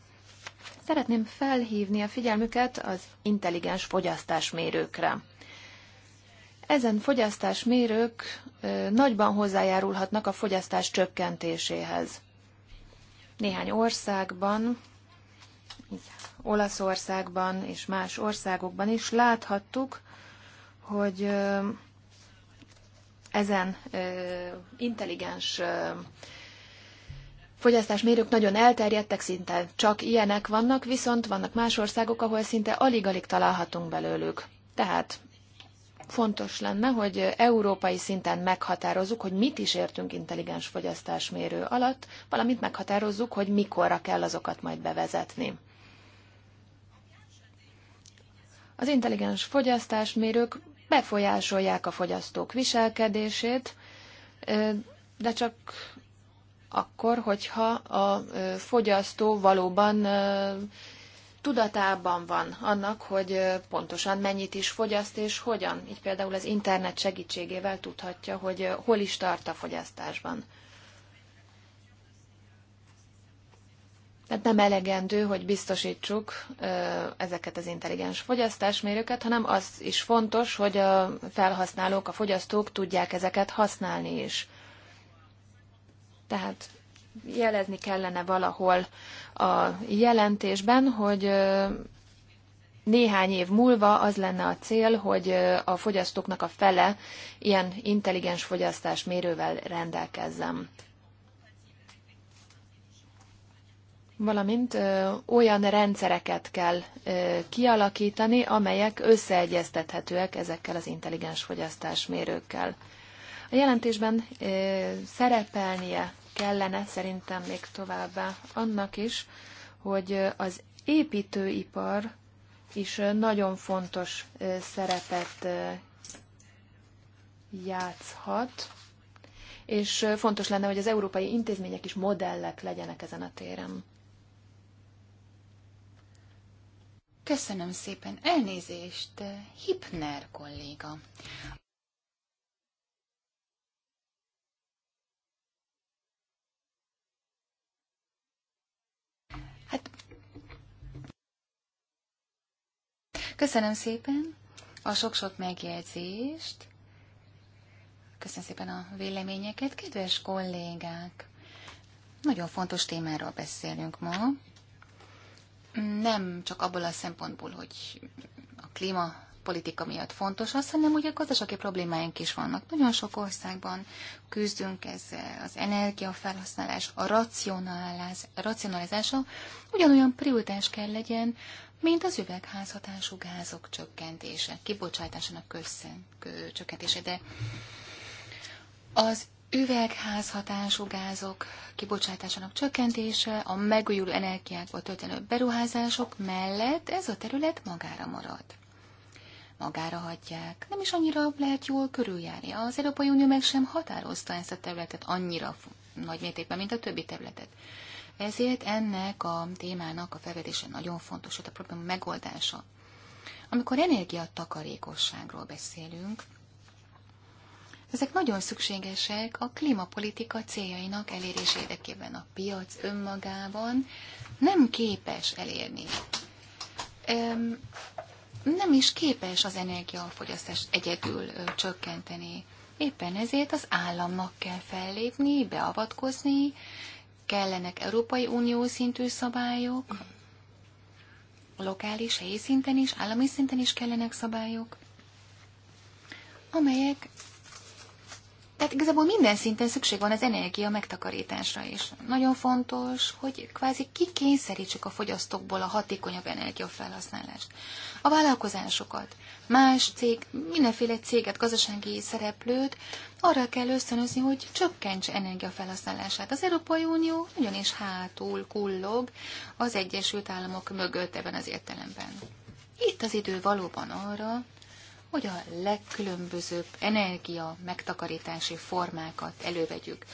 Szeretném felhívni a figyelmüket az intelligens fogyasztásmérőkre. Ezen fogyasztásmérők e, nagyban hozzájárulhatnak a fogyasztás csökkentéséhez. Néhány országban, Olaszországban és más országokban is láthattuk, hogy e, ezen intelligens fogyasztásmérők nagyon elterjedtek, szinte csak ilyenek vannak, viszont vannak más országok, ahol szinte alig-alig találhatunk belőlük. Tehát fontos lenne, hogy európai szinten meghatározzuk, hogy mit is értünk intelligens fogyasztásmérő alatt, valamint meghatározzuk, hogy mikorra kell azokat majd bevezetni. Az intelligens fogyasztásmérők befolyásolják a fogyasztók viselkedését, de csak akkor, hogyha a fogyasztó valóban tudatában van annak, hogy pontosan mennyit is fogyaszt és hogyan. Így például az internet segítségével tudhatja, hogy hol is tart a fogyasztásban. Tehát nem elegendő, hogy biztosítsuk ezeket az intelligens fogyasztásmérőket, hanem az is fontos, hogy a felhasználók, a fogyasztók tudják ezeket használni is. Tehát jelezni kellene valahol a jelentésben, hogy néhány év múlva az lenne a cél, hogy a fogyasztóknak a fele ilyen intelligens fogyasztásmérővel rendelkezzen. valamint olyan rendszereket kell kialakítani, amelyek összeegyeztethetőek ezekkel az intelligens fogyasztásmérőkkel. A jelentésben szerepelnie kellene szerintem még továbbá annak is, hogy az építőipar is nagyon fontos szerepet játszhat, és fontos lenne, hogy az európai intézmények is modellek legyenek ezen a téren. Köszönöm szépen. Elnézést, eh, Hipner kolléga. Hát, köszönöm szépen a sok-sok megjegyzést. Köszönöm szépen a véleményeket, kedves kollégák! Nagyon fontos témáról beszélünk ma nem csak abból a szempontból, hogy a klíma politika miatt fontos az, hanem ugye gazdasági problémáink is vannak. Nagyon sok országban küzdünk ezzel az energiafelhasználás, a racionaliz racionalizása ugyanolyan prioritás kell legyen, mint az üvegházhatású gázok csökkentése, kibocsátásának kö csökkentése, de az üvegházhatású gázok kibocsátásának csökkentése, a megújuló energiákba történő beruházások mellett ez a terület magára marad. Magára hagyják. Nem is annyira lehet jól körüljárni. Az Európai Unió meg sem határozta ezt a területet annyira nagy mértékben, mint a többi területet. Ezért ennek a témának a felvetése nagyon fontos, hogy a probléma megoldása. Amikor energiatakarékosságról beszélünk, ezek nagyon szükségesek a klímapolitika céljainak elérés érdekében. A piac önmagában nem képes elérni. nem is képes az energiafogyasztást egyedül csökkenteni. Éppen ezért az államnak kell fellépni, beavatkozni, kellenek Európai Unió szintű szabályok, lokális, helyi szinten is, állami szinten is kellenek szabályok, amelyek tehát igazából minden szinten szükség van az energia megtakarításra is. Nagyon fontos, hogy kvázi kikényszerítsük a fogyasztókból a hatékonyabb energiafelhasználást. A vállalkozásokat, más cég, mindenféle céget, gazdasági szereplőt arra kell ösztönözni, hogy csökkentse energiafelhasználását. Az Európai Unió nagyon is hátul kullog az Egyesült Államok mögött ebben az értelemben. Itt az idő valóban arra, hogy a legkülönbözőbb energia megtakarítási formákat elővegyük.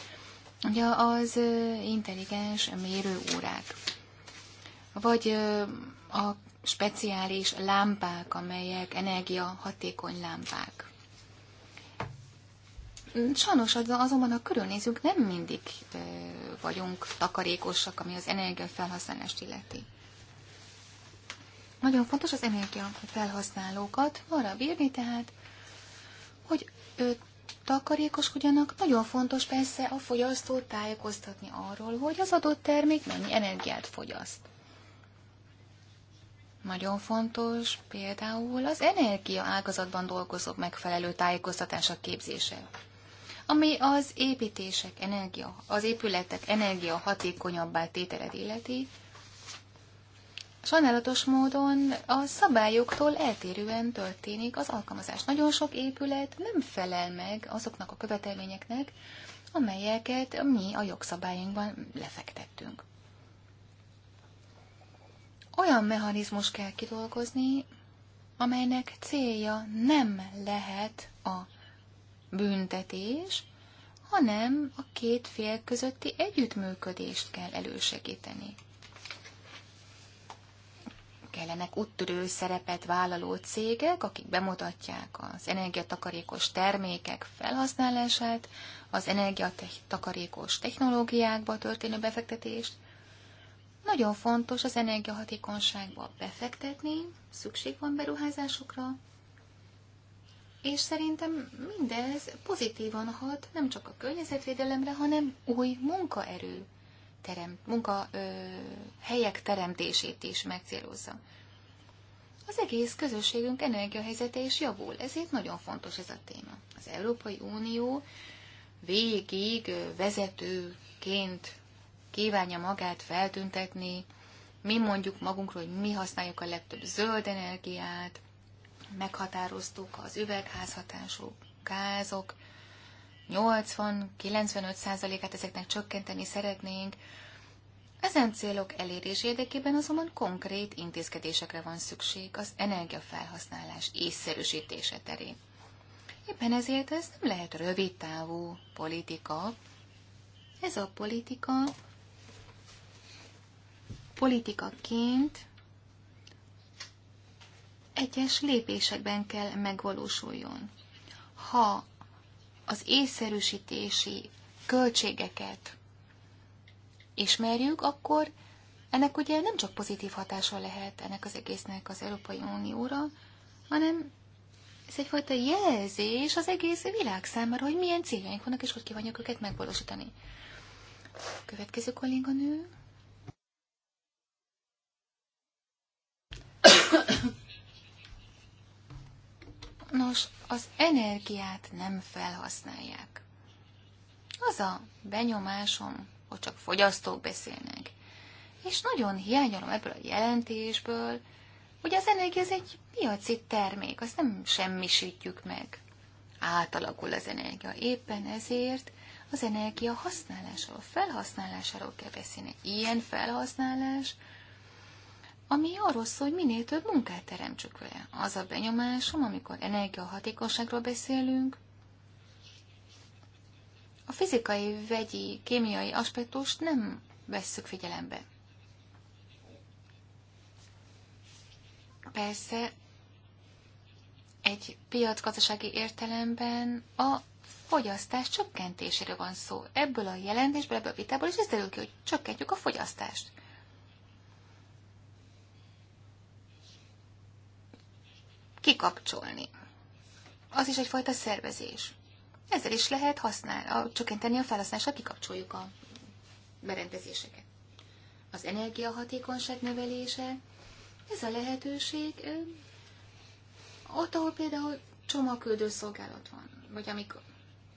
Ugye az intelligens mérőórák, vagy a speciális lámpák, amelyek energiahatékony lámpák. Sajnos azonban, ha körülnézünk, nem mindig vagyunk takarékosak, ami az energiafelhasználást illeti. Nagyon fontos az energia felhasználókat arra bírni tehát, hogy ő takarékoskodjanak. Nagyon fontos persze a fogyasztót tájékoztatni arról, hogy az adott termék mennyi energiát fogyaszt. Nagyon fontos például az energia ágazatban dolgozók megfelelő tájékoztatása képzése, ami az építések energia, az épületek energia hatékonyabbá tételet illeti, sajnálatos módon a szabályoktól eltérően történik az alkalmazás. Nagyon sok épület nem felel meg azoknak a követelményeknek, amelyeket mi a jogszabályunkban lefektettünk. Olyan mechanizmus kell kidolgozni, amelynek célja nem lehet a büntetés, hanem a két fél közötti együttműködést kell elősegíteni kellenek úttörő szerepet vállaló cégek, akik bemutatják az energiatakarékos termékek felhasználását, az energiatakarékos technológiákba történő befektetést. Nagyon fontos az energiahatékonyságba befektetni, szükség van beruházásokra, és szerintem mindez pozitívan hat nem csak a környezetvédelemre, hanem új munkaerő terem, helyek teremtését is megcélozza. Az egész közösségünk energiahelyzete is javul, ezért nagyon fontos ez a téma. Az Európai Unió végig vezetőként kívánja magát feltüntetni, mi mondjuk magunkról, hogy mi használjuk a legtöbb zöld energiát, meghatároztuk az üvegházhatású gázok 80-95%-át ezeknek csökkenteni szeretnénk. Ezen célok elérés érdekében azonban konkrét intézkedésekre van szükség az energiafelhasználás észszerűsítése terén. Éppen ezért ez nem lehet rövidtávú politika. Ez a politika politikaként egyes lépésekben kell megvalósuljon. Ha az észszerűsítési költségeket ismerjük, akkor ennek ugye nem csak pozitív hatása lehet ennek az egésznek az Európai Unióra, hanem ez egyfajta jelzés az egész világ számára, hogy milyen céljaink vannak, és hogy kívánjuk őket megvalósítani. Következő kolléganő. Nos, az energiát nem felhasználják. Az a benyomásom, hogy csak fogyasztók beszélnek. És nagyon hiányolom ebből a jelentésből, hogy az energia az egy piaci termék, azt nem semmisítjük meg. Átalakul az energia. Éppen ezért az energia használásáról, felhasználásáról kell beszélni. Ilyen felhasználás ami arról szól, hogy minél több munkát teremtsük vele. Az a benyomásom, amikor energiahatékonyságról beszélünk, a fizikai, vegyi, kémiai aspektust nem vesszük figyelembe. Persze egy piacgazdasági értelemben a fogyasztás csökkentésére van szó. Ebből a jelentésből, ebből a vitából is ez derül ki, hogy csökkentjük a fogyasztást. kikapcsolni. Az is egyfajta szervezés. Ezzel is lehet használ, a, csökkenteni a felhasználását, kikapcsoljuk a berendezéseket. Az energiahatékonyság növelése, ez a lehetőség ott, ahol például csomagküldőszolgálat van, vagy amikor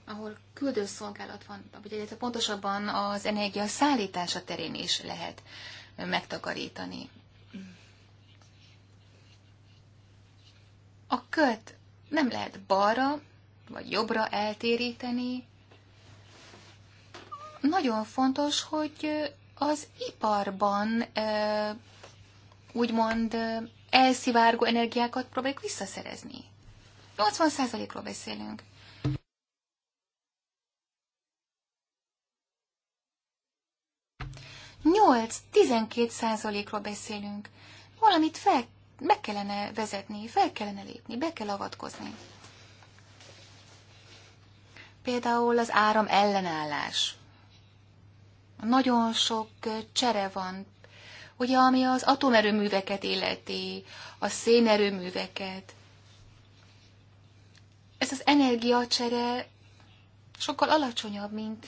ahol küldőszolgálat van, vagy egyébként pontosabban az energia szállítása terén is lehet megtakarítani. a költ nem lehet balra vagy jobbra eltéríteni. Nagyon fontos, hogy az iparban úgymond elszivárgó energiákat próbáljuk visszaszerezni. 80%-ról beszélünk. Nyolc, tizenkét százalékról beszélünk. Valamit fel meg kellene vezetni, fel kellene lépni, be kell avatkozni. Például az áram ellenállás. Nagyon sok csere van, ugye ami az atomerőműveket illeti, a szénerőműveket. Ez az energiacsere sokkal alacsonyabb, mint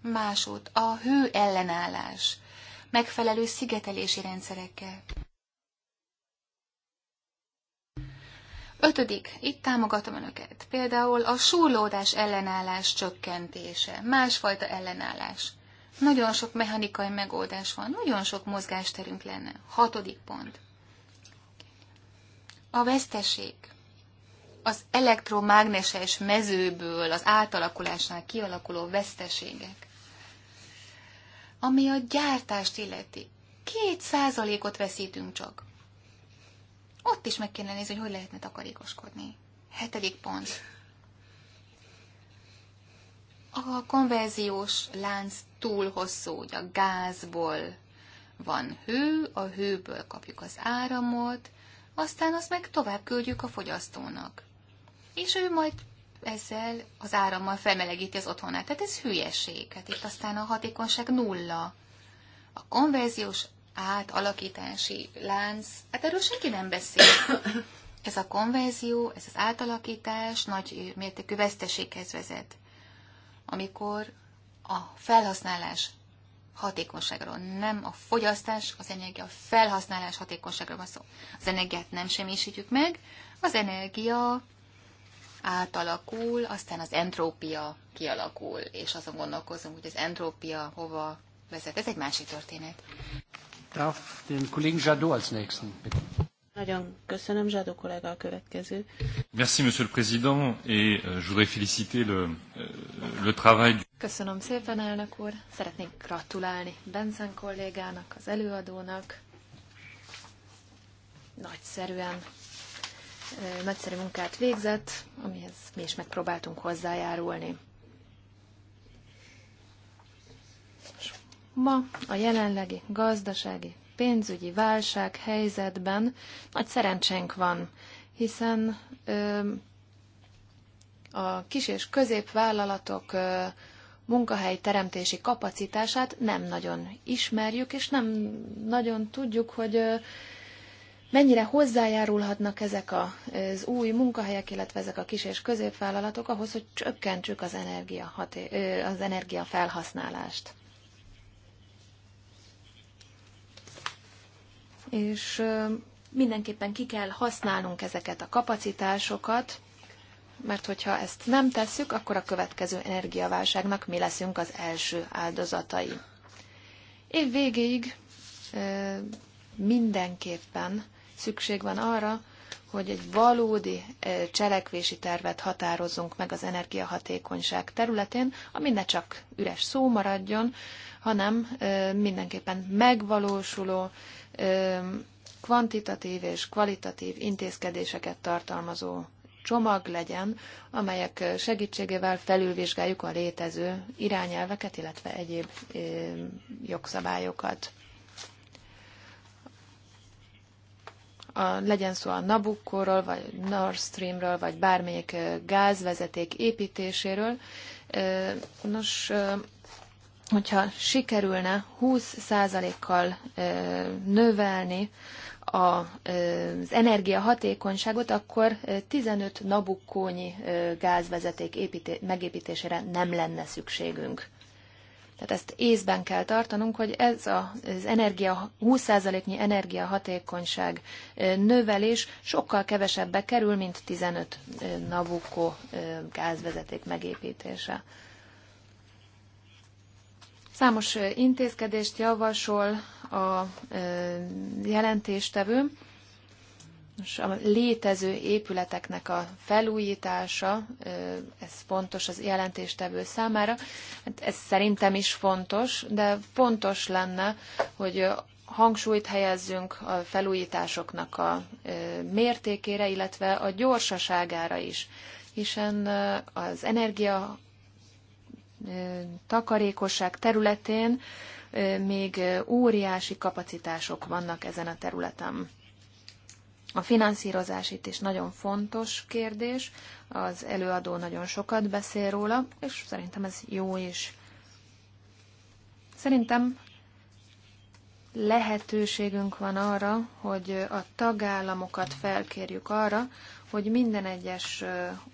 másút, a hő ellenállás, megfelelő szigetelési rendszerekkel. Ötödik, itt támogatom önöket. Például a súrlódás ellenállás csökkentése, másfajta ellenállás. Nagyon sok mechanikai megoldás van, nagyon sok mozgásterünk lenne. Hatodik pont. A veszteség az elektromágneses mezőből, az átalakulásnál kialakuló veszteségek, ami a gyártást illeti. Két százalékot veszítünk csak. Ott is meg kéne nézni, hogy hogy lehetne takarékoskodni. Hetedik pont. A konverziós lánc túl hosszú, hogy a gázból van hő, a hőből kapjuk az áramot, aztán azt meg tovább küldjük a fogyasztónak. És ő majd ezzel az árammal felmelegíti az otthonát. Tehát ez hülyeség. Hát itt aztán a hatékonyság nulla. A konverziós átalakítási lánc, hát erről senki nem beszél. Ez a konverzió, ez az átalakítás nagy mértékű veszteséghez vezet, amikor a felhasználás hatékonyságról, nem a fogyasztás, az energia felhasználás hatékonyságról van szó. Az energiát nem semmisítjük meg, az energia átalakul, aztán az entrópia kialakul, és azon gondolkozunk, hogy az entrópia hova vezet. Ez egy másik történet darf den Kollegen Jadot als nächsten bitten. köszönöm, a következő. Merci, Monsieur le Président, et euh, je voudrais féliciter le, euh, le travail. Köszönöm szépen, elnök úr. Szeretnék gratulálni Benzen kollégának, az előadónak. Nagyszerűen, euh, nagyszerű munkát végzett, amihez mi is megpróbáltunk hozzájárulni. Ma a jelenlegi gazdasági, pénzügyi válság helyzetben nagy szerencsénk van, hiszen ö, a kis és középvállalatok ö, munkahely teremtési kapacitását nem nagyon ismerjük, és nem nagyon tudjuk, hogy ö, mennyire hozzájárulhatnak ezek az új munkahelyek, illetve ezek a kis és középvállalatok ahhoz, hogy csökkentsük az energia, haté- az energia felhasználást. és mindenképpen ki kell használnunk ezeket a kapacitásokat, mert hogyha ezt nem tesszük, akkor a következő energiaválságnak mi leszünk az első áldozatai. Év végéig mindenképpen szükség van arra, hogy egy valódi cselekvési tervet határozzunk meg az energiahatékonyság területén, ami ne csak üres szó maradjon, hanem mindenképpen megvalósuló kvantitatív és kvalitatív intézkedéseket tartalmazó csomag legyen, amelyek segítségével felülvizsgáljuk a létező irányelveket, illetve egyéb jogszabályokat. A, legyen szó a Nabukkóról, vagy Nord Streamről, vagy bármelyik gázvezeték építéséről. Nos, hogyha sikerülne 20%-kal növelni az energiahatékonyságot, akkor 15 nabukkónyi gázvezeték építé- megépítésére nem lenne szükségünk. Tehát ezt észben kell tartanunk, hogy ez az energia, 20%-nyi energiahatékonyság növelés sokkal kevesebbe kerül, mint 15 Nabucco gázvezeték megépítése. Számos intézkedést javasol a jelentéstevő, és a létező épületeknek a felújítása, ez fontos az jelentéstevő számára, hát ez szerintem is fontos, de fontos lenne, hogy hangsúlyt helyezzünk a felújításoknak a mértékére, illetve a gyorsaságára is, hiszen az energia takarékosság területén még óriási kapacitások vannak ezen a területen. A finanszírozás itt is nagyon fontos kérdés, az előadó nagyon sokat beszél róla, és szerintem ez jó is. Szerintem lehetőségünk van arra, hogy a tagállamokat felkérjük arra, hogy minden egyes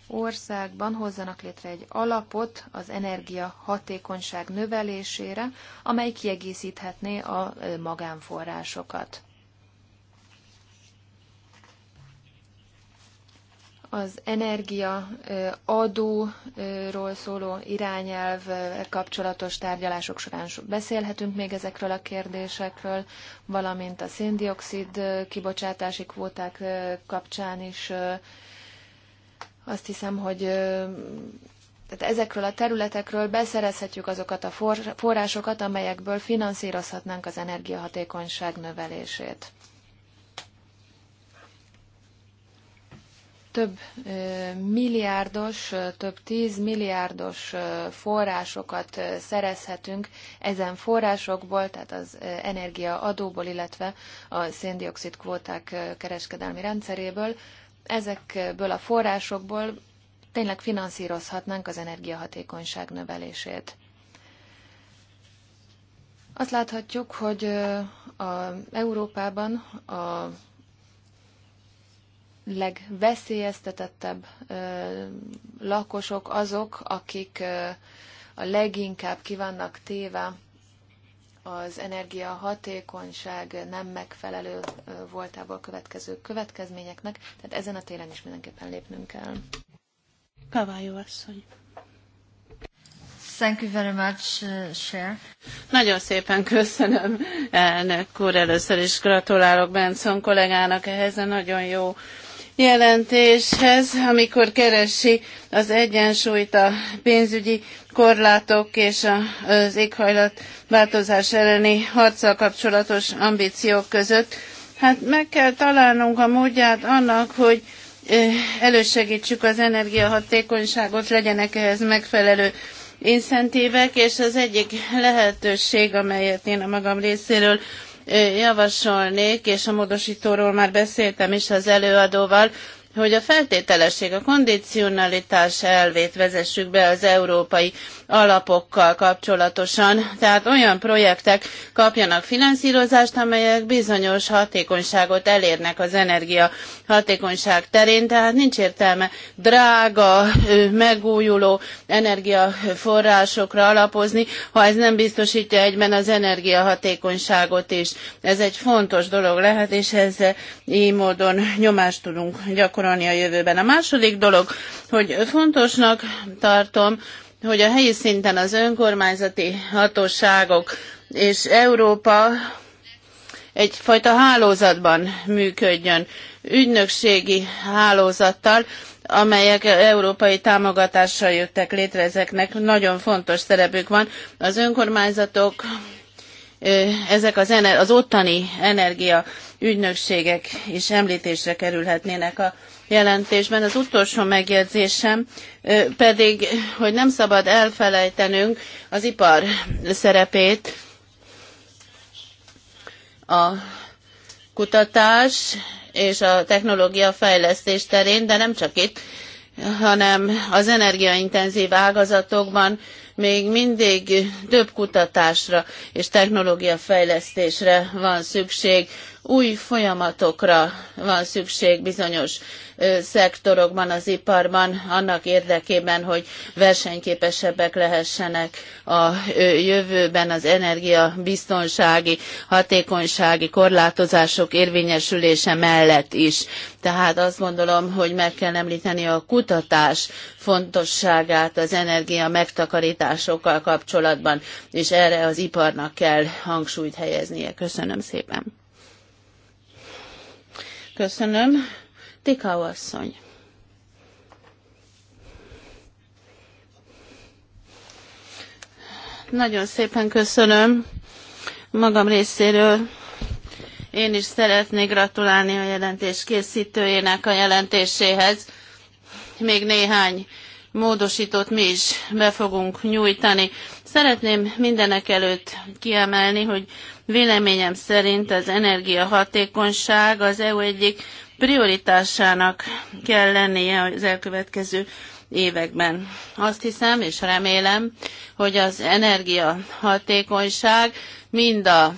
országban hozzanak létre egy alapot az energia hatékonyság növelésére, amely kiegészíthetné a magánforrásokat. az energia adóról szóló irányelv kapcsolatos tárgyalások során beszélhetünk még ezekről a kérdésekről, valamint a széndiokszid kibocsátási kvóták kapcsán is azt hiszem, hogy tehát ezekről a területekről beszerezhetjük azokat a forrásokat, amelyekből finanszírozhatnánk az energiahatékonyság növelését. több milliárdos, több tíz milliárdos forrásokat szerezhetünk ezen forrásokból, tehát az energiaadóból, illetve a széndiokszid kvóták kereskedelmi rendszeréből. Ezekből a forrásokból tényleg finanszírozhatnánk az energiahatékonyság növelését. Azt láthatjuk, hogy a Európában a legveszélyeztetettebb lakosok azok, akik a leginkább kivannak téve az energiahatékonyság nem megfelelő voltából következő következményeknek, tehát ezen a téren is mindenképpen lépnünk kell. Kavályó asszony. Thank you very much, uh, Cher. Nagyon szépen köszönöm, elnök úr. Először is gratulálok Benson kollégának ehhez a nagyon jó jelentéshez, amikor keresi az egyensúlyt a pénzügyi korlátok és az változás elleni harccal kapcsolatos ambíciók között. Hát meg kell találnunk a módját annak, hogy elősegítsük az energiahatékonyságot, legyenek ehhez megfelelő incentívek, és az egyik lehetőség, amelyet én a magam részéről javasolnék, és a módostóról már beszéltem is az előadóval, hogy a feltételesség, a kondicionalitás elvét vezessük be az európai alapokkal kapcsolatosan, tehát olyan projektek kapjanak finanszírozást, amelyek bizonyos hatékonyságot elérnek az energia hatékonyság terén, tehát nincs értelme drága, megújuló energiaforrásokra alapozni, ha ez nem biztosítja egyben az energiahatékonyságot is. Ez egy fontos dolog lehet, és ezzel így módon nyomást tudunk gyakorolni gyakorolni a jövőben. A második dolog, hogy fontosnak tartom, hogy a helyi szinten az önkormányzati hatóságok és Európa egyfajta hálózatban működjön, ügynökségi hálózattal, amelyek európai támogatással jöttek létre, ezeknek nagyon fontos szerepük van. Az önkormányzatok, ezek az, ener, az ottani ügynökségek is említésre kerülhetnének a jelentésben. Az utolsó megjegyzésem pedig, hogy nem szabad elfelejtenünk az ipar szerepét. A kutatás és a technológia fejlesztés terén, de nem csak itt, hanem az energiaintenzív ágazatokban még mindig több kutatásra és technológiafejlesztésre van szükség, új folyamatokra van szükség bizonyos szektorokban, az iparban, annak érdekében, hogy versenyképesebbek lehessenek a jövőben az energiabiztonsági, hatékonysági korlátozások érvényesülése mellett is. Tehát azt gondolom, hogy meg kell említeni a kutatás fontosságát az energia megtakarításokkal kapcsolatban, és erre az iparnak kell hangsúlyt helyeznie. Köszönöm szépen. Köszönöm. Tikau asszony. Nagyon szépen köszönöm magam részéről. Én is szeretnék gratulálni a jelentés készítőjének a jelentéséhez. Még néhány módosítót mi is be fogunk nyújtani. Szeretném mindenek előtt kiemelni, hogy véleményem szerint az energiahatékonyság az EU egyik prioritásának kell lennie az elkövetkező években. Azt hiszem és remélem, hogy az energiahatékonyság mind a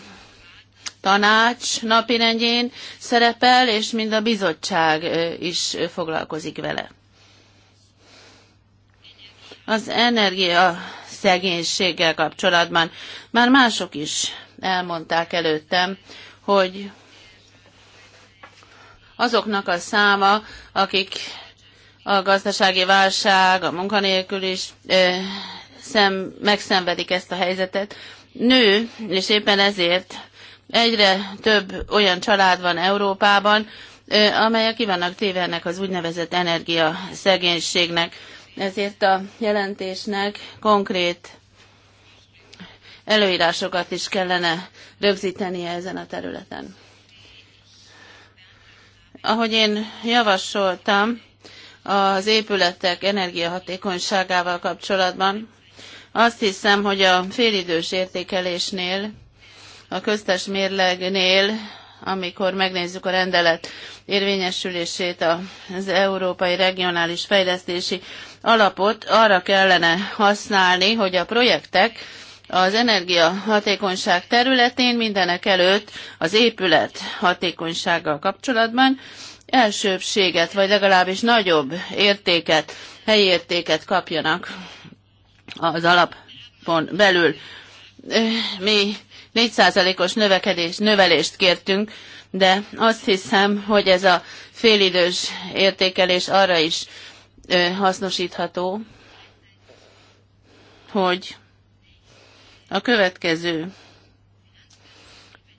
tanács rendjén szerepel, és mind a bizottság is foglalkozik vele. Az energia szegénységgel kapcsolatban már mások is elmondták előttem, hogy azoknak a száma, akik a gazdasági válság, a munkanélkül is szem, megszenvedik ezt a helyzetet, nő, és éppen ezért egyre több olyan család van Európában, amelyek ki vannak téve ennek az úgynevezett energiaszegénységnek. Ezért a jelentésnek konkrét előírásokat is kellene rögzíteni ezen a területen. Ahogy én javasoltam, az épületek energiahatékonyságával kapcsolatban, azt hiszem, hogy a félidős értékelésnél, a köztes mérlegnél, amikor megnézzük a rendelet érvényesülését, az Európai Regionális Fejlesztési Alapot arra kellene használni, hogy a projektek az energiahatékonyság területén mindenek előtt az épület hatékonysággal kapcsolatban elsőbséget, vagy legalábbis nagyobb értéket, helyi értéket kapjanak az alapon belül. Mi 4%-os növekedés, növelést kértünk, de azt hiszem, hogy ez a félidős értékelés arra is hasznosítható, hogy a következő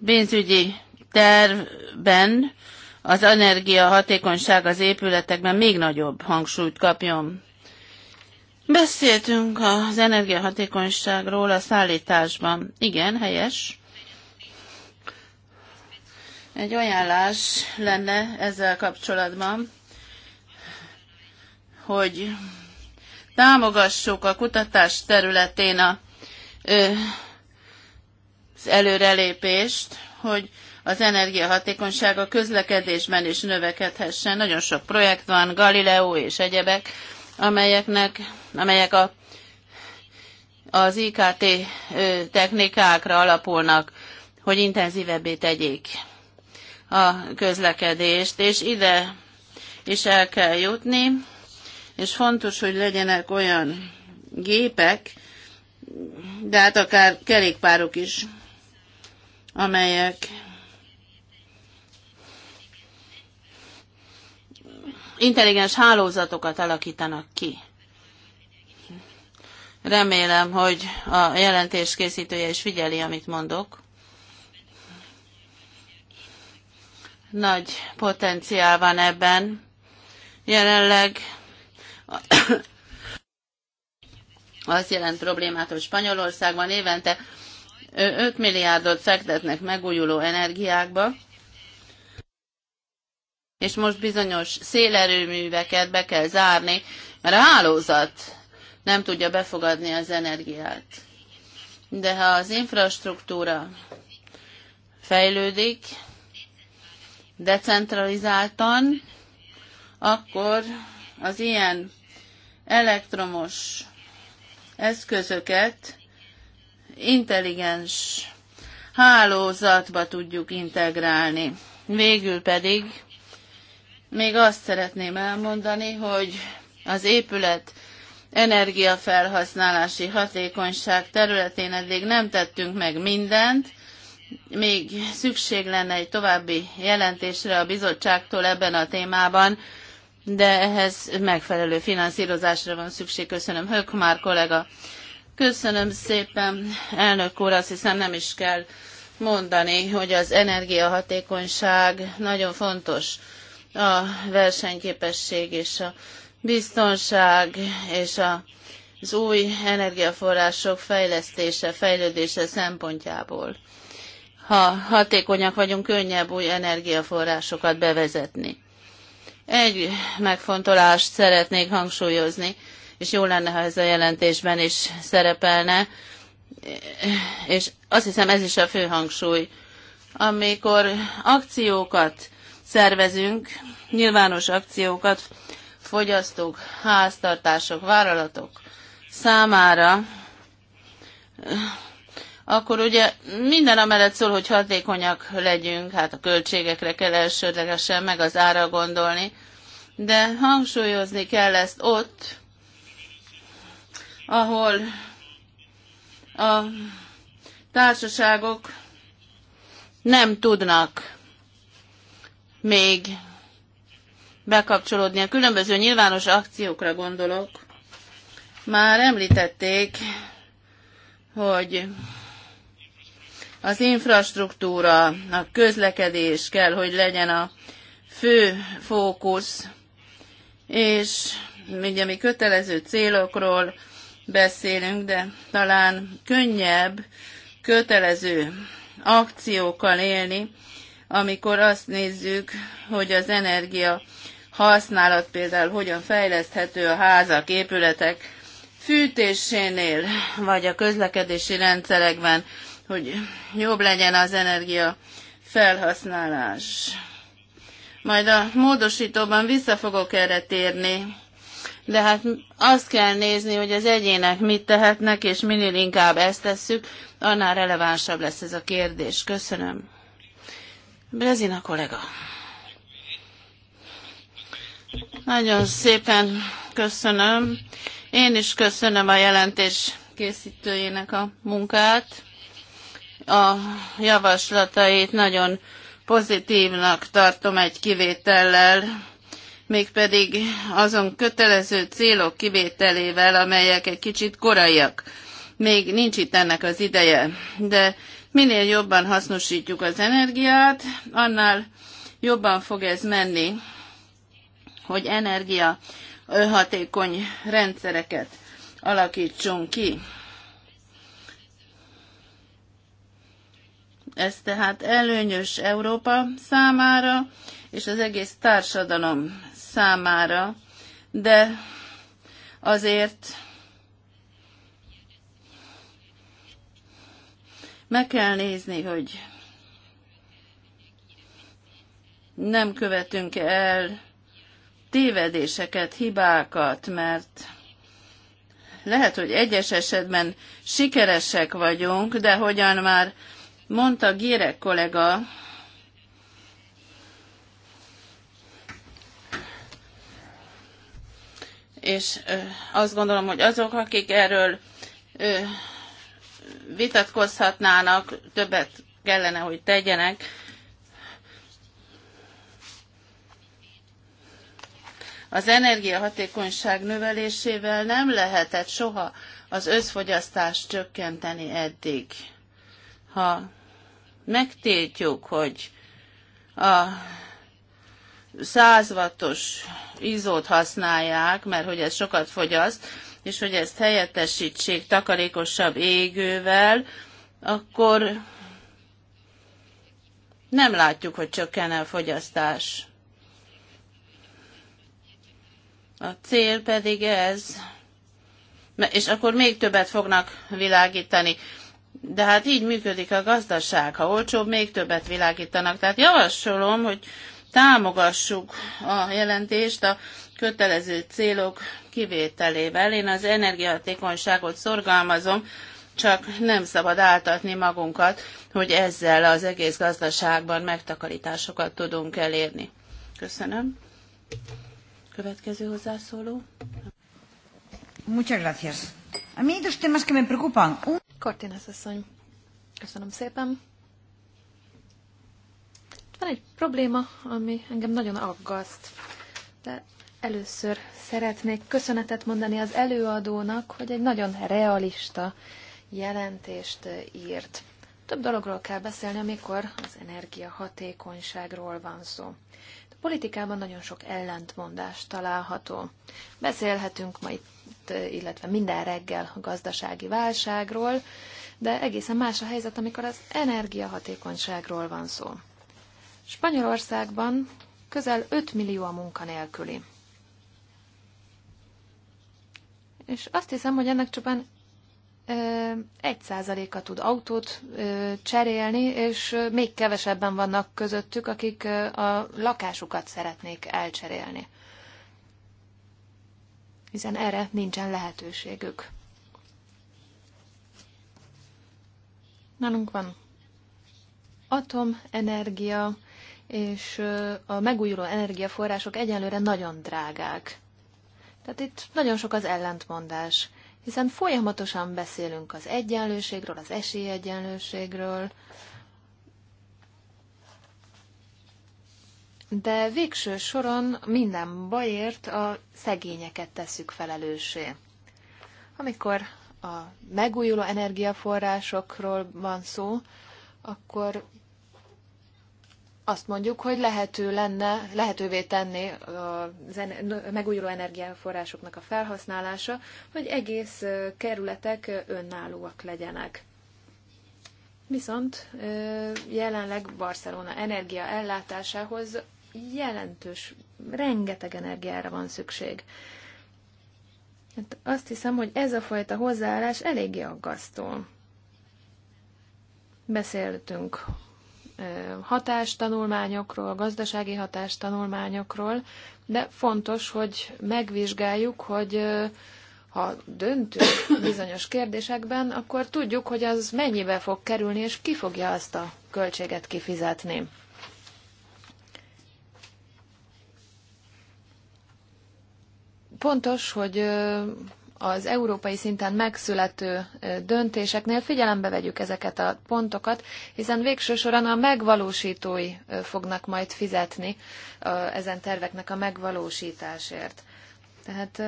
pénzügyi tervben az energia hatékonyság az épületekben még nagyobb hangsúlyt kapjon. Beszéltünk az energiahatékonyságról a szállításban. Igen, helyes. Egy ajánlás lenne ezzel kapcsolatban, hogy támogassuk a kutatás területén a az előrelépést, hogy az energiahatékonyság a közlekedésben is növekedhessen. Nagyon sok projekt van, Galileo és egyebek, amelyeknek, amelyek a, az IKT technikákra alapulnak, hogy intenzívebbé tegyék a közlekedést, és ide is el kell jutni, és fontos, hogy legyenek olyan gépek, de hát akár kerékpárok is, amelyek intelligens hálózatokat alakítanak ki. Remélem, hogy a jelentés készítője is figyeli, amit mondok. Nagy potenciál van ebben. Jelenleg azt jelent problémát, hogy Spanyolországban évente 5 milliárdot fektetnek megújuló energiákba, és most bizonyos szélerőműveket be kell zárni, mert a hálózat nem tudja befogadni az energiát. De ha az infrastruktúra fejlődik decentralizáltan, akkor az ilyen elektromos eszközöket intelligens hálózatba tudjuk integrálni. Végül pedig még azt szeretném elmondani, hogy az épület energiafelhasználási hatékonyság területén eddig nem tettünk meg mindent, még szükség lenne egy további jelentésre a bizottságtól ebben a témában, de ehhez megfelelő finanszírozásra van szükség. Köszönöm, Hök már kollega. Köszönöm szépen, elnök úr, azt hiszem nem is kell mondani, hogy az energiahatékonyság nagyon fontos a versenyképesség és a biztonság és a, az új energiaforrások fejlesztése, fejlődése szempontjából. Ha hatékonyak vagyunk, könnyebb új energiaforrásokat bevezetni. Egy megfontolást szeretnék hangsúlyozni, és jó lenne, ha ez a jelentésben is szerepelne, és azt hiszem ez is a fő hangsúly. Amikor akciókat szervezünk, nyilvános akciókat, fogyasztók, háztartások, vállalatok számára akkor ugye minden amellett szól, hogy hatékonyak legyünk, hát a költségekre kell elsődlegesen meg az ára gondolni, de hangsúlyozni kell ezt ott, ahol a társaságok nem tudnak még bekapcsolódni. A különböző nyilvános akciókra gondolok. Már említették, hogy az infrastruktúra, a közlekedés kell, hogy legyen a fő fókusz, és ugye mi kötelező célokról beszélünk, de talán könnyebb kötelező akciókkal élni, amikor azt nézzük, hogy az energia használat például hogyan fejleszthető a házak, épületek fűtésénél, vagy a közlekedési rendszerekben hogy jobb legyen az energia felhasználás. Majd a módosítóban vissza fogok erre térni, de hát azt kell nézni, hogy az egyének mit tehetnek, és minél inkább ezt tesszük, annál relevánsabb lesz ez a kérdés. Köszönöm. Brezina kollega. Nagyon szépen köszönöm. Én is köszönöm a jelentés készítőjének a munkát a javaslatait nagyon pozitívnak tartom egy kivétellel, mégpedig azon kötelező célok kivételével, amelyek egy kicsit koraiak. Még nincs itt ennek az ideje, de minél jobban hasznosítjuk az energiát, annál jobban fog ez menni, hogy energia hatékony rendszereket alakítsunk ki. Ez tehát előnyös Európa számára, és az egész társadalom számára, de azért meg kell nézni, hogy nem követünk el tévedéseket, hibákat, mert lehet, hogy egyes esetben sikeresek vagyunk, de hogyan már Mondta Gérek kollega, és azt gondolom, hogy azok, akik erről vitatkozhatnának, többet kellene, hogy tegyenek. Az energiahatékonyság növelésével nem lehetett soha az összfogyasztást csökkenteni eddig. Ha megtiltjuk, hogy a százvatos izót használják, mert hogy ez sokat fogyaszt, és hogy ezt helyettesítsék takarékosabb égővel, akkor nem látjuk, hogy csökken a fogyasztás. A cél pedig ez, és akkor még többet fognak világítani. De hát így működik a gazdaság. Ha olcsóbb, még többet világítanak. Tehát javasolom, hogy támogassuk a jelentést a kötelező célok kivételével. Én az energiahatékonyságot szorgalmazom, csak nem szabad áltatni magunkat, hogy ezzel az egész gazdaságban megtakarításokat tudunk elérni. Köszönöm. Következő hozzászóló. Muchas gracias. A mí hay dos temas que me preocupan. Kortinesz asszony, köszönöm szépen. Van egy probléma, ami engem nagyon aggaszt, de először szeretnék köszönetet mondani az előadónak, hogy egy nagyon realista jelentést írt. Több dologról kell beszélni, amikor az energiahatékonyságról van szó. A politikában nagyon sok ellentmondás található. Beszélhetünk majd illetve minden reggel a gazdasági válságról, de egészen más a helyzet, amikor az energiahatékonyságról van szó. Spanyolországban közel 5 millió a munkanélküli. És azt hiszem, hogy ennek csupán egy százaléka tud autót cserélni, és még kevesebben vannak közöttük, akik a lakásukat szeretnék elcserélni hiszen erre nincsen lehetőségük. Nálunk van atomenergia, és a megújuló energiaforrások egyelőre nagyon drágák. Tehát itt nagyon sok az ellentmondás, hiszen folyamatosan beszélünk az egyenlőségről, az esélyegyenlőségről, de végső soron minden bajért a szegényeket tesszük felelőssé. Amikor a megújuló energiaforrásokról van szó, akkor azt mondjuk, hogy lehető lenne, lehetővé tenni a megújuló energiaforrásoknak a felhasználása, hogy egész kerületek önállóak legyenek. Viszont jelenleg Barcelona energia ellátásához jelentős, rengeteg energiára van szükség. Hát azt hiszem, hogy ez a fajta hozzáállás eléggé aggasztó. Beszéltünk hatástanulmányokról, gazdasági hatástanulmányokról, de fontos, hogy megvizsgáljuk, hogy ha döntünk bizonyos kérdésekben, akkor tudjuk, hogy az mennyibe fog kerülni, és ki fogja azt a költséget kifizetni. Pontos, hogy az európai szinten megszülető döntéseknél figyelembe vegyük ezeket a pontokat, hiszen végső soron a megvalósítói fognak majd fizetni ezen terveknek a megvalósításért. Tehát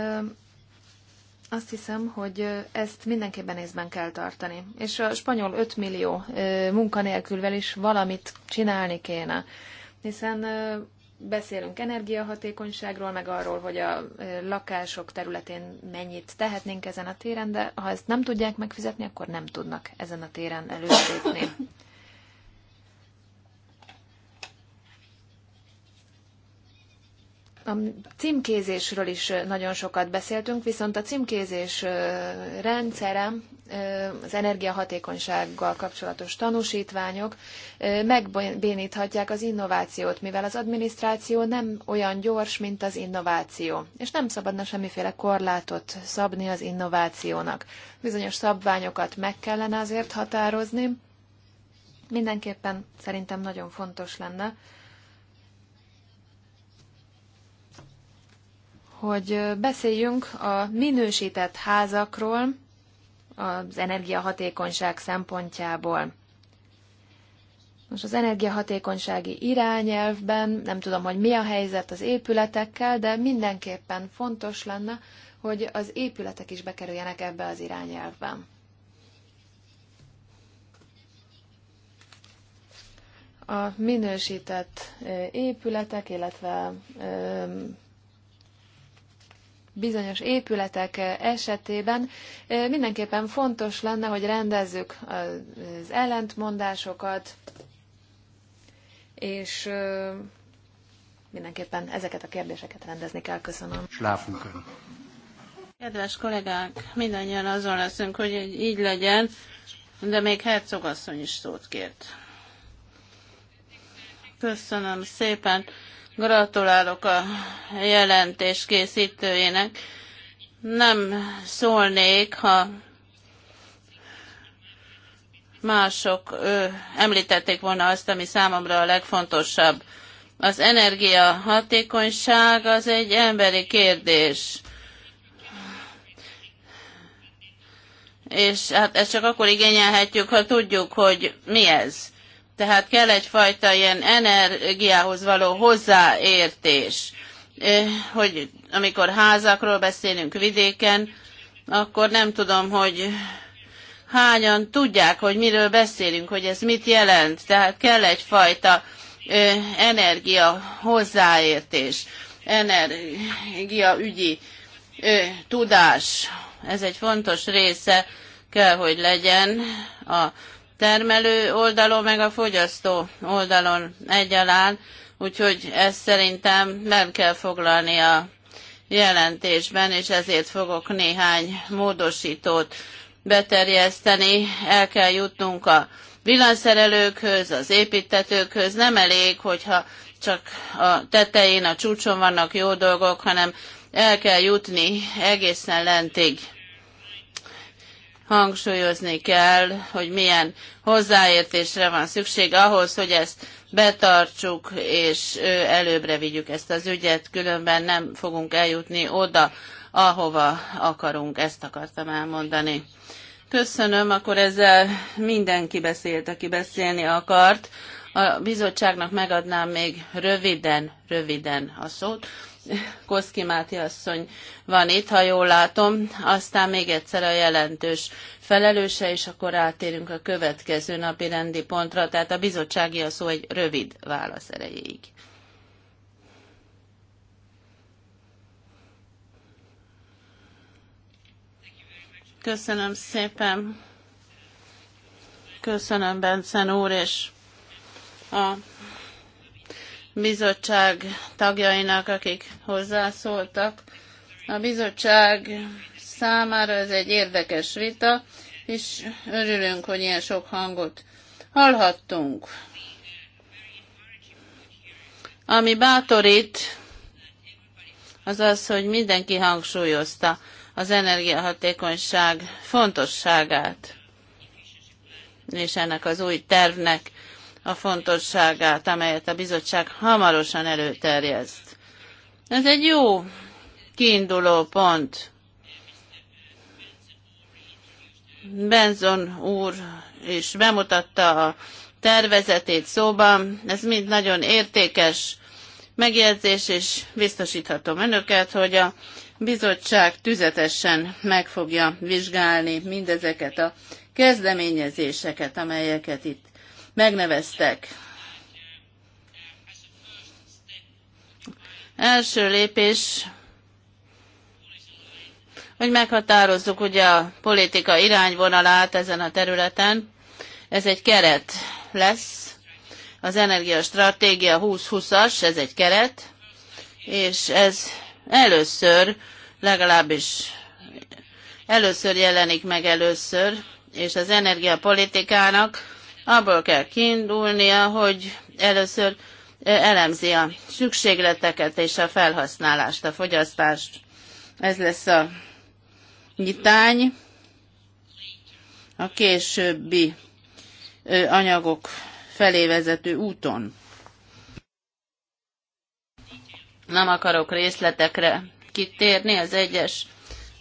azt hiszem, hogy ezt mindenképpen észben kell tartani. És a spanyol 5 millió munkanélkülvel is valamit csinálni kéne. Hiszen beszélünk energiahatékonyságról, meg arról, hogy a lakások területén mennyit tehetnénk ezen a téren, de ha ezt nem tudják megfizetni, akkor nem tudnak ezen a téren előrelépni. A címkézésről is nagyon sokat beszéltünk, viszont a címkézés rendszere, az energiahatékonysággal kapcsolatos tanúsítványok megbéníthatják az innovációt, mivel az adminisztráció nem olyan gyors, mint az innováció, és nem szabadna semmiféle korlátot szabni az innovációnak. Bizonyos szabványokat meg kellene azért határozni, mindenképpen szerintem nagyon fontos lenne, hogy beszéljünk a minősített házakról az energiahatékonyság szempontjából. Most az energiahatékonysági irányelvben, nem tudom, hogy mi a helyzet az épületekkel, de mindenképpen fontos lenne, hogy az épületek is bekerüljenek ebbe az irányelvben. A minősített épületek, illetve bizonyos épületek eh, esetében eh, mindenképpen fontos lenne, hogy rendezzük az ellentmondásokat, és eh, mindenképpen ezeket a kérdéseket rendezni kell. Köszönöm. Schlafen Kedves kollégák, mindannyian azon leszünk, hogy így legyen, de még hercogasszony is szót kért. Köszönöm szépen. Gratulálok a jelentés készítőjének. Nem szólnék, ha mások ő, említették volna azt, ami számomra a legfontosabb. Az energia hatékonyság az egy emberi kérdés. És hát ezt csak akkor igényelhetjük, ha tudjuk, hogy mi ez. Tehát kell egyfajta ilyen energiához való hozzáértés, eh, hogy amikor házakról beszélünk vidéken, akkor nem tudom, hogy hányan tudják, hogy miről beszélünk, hogy ez mit jelent. Tehát kell egyfajta eh, energia hozzáértés, energia ügyi eh, tudás. Ez egy fontos része kell, hogy legyen a termelő oldalon, meg a fogyasztó oldalon egyaránt, úgyhogy ezt szerintem nem kell foglalni a jelentésben, és ezért fogok néhány módosítót beterjeszteni. El kell jutnunk a villanszerelőkhöz, az építetőkhöz. Nem elég, hogyha csak a tetején, a csúcson vannak jó dolgok, hanem el kell jutni egészen lentig hangsúlyozni kell, hogy milyen hozzáértésre van szükség ahhoz, hogy ezt betartsuk és előbbre vigyük ezt az ügyet, különben nem fogunk eljutni oda, ahova akarunk, ezt akartam elmondani. Köszönöm, akkor ezzel mindenki beszélt, aki beszélni akart. A bizottságnak megadnám még röviden, röviden a szót. Máté asszony van itt, ha jól látom, aztán még egyszer a jelentős felelőse, és akkor átérünk a következő napi rendi pontra, tehát a bizottsági a szó egy rövid válasz erejéig. Köszönöm szépen. Köszönöm, Bencen úr, és a bizottság tagjainak, akik hozzászóltak. A bizottság számára ez egy érdekes vita, és örülünk, hogy ilyen sok hangot hallhattunk. Ami bátorít, az az, hogy mindenki hangsúlyozta az energiahatékonyság fontosságát, és ennek az új tervnek a fontosságát, amelyet a bizottság hamarosan előterjeszt. Ez egy jó kiinduló pont. Benzon úr is bemutatta a tervezetét szóban, ez mind nagyon értékes megjegyzés, és biztosíthatom önöket, hogy a bizottság tüzetesen meg fogja vizsgálni mindezeket a kezdeményezéseket, amelyeket itt megneveztek. Első lépés, hogy meghatározzuk ugye a politika irányvonalát ezen a területen. Ez egy keret lesz, az energiastratégia 2020-as, ez egy keret, és ez először, legalábbis először jelenik meg először, és az energiapolitikának abból kell kiindulnia, hogy először elemzi a szükségleteket és a felhasználást, a fogyasztást. Ez lesz a nyitány a későbbi anyagok felé vezető úton. Nem akarok részletekre kitérni az egyes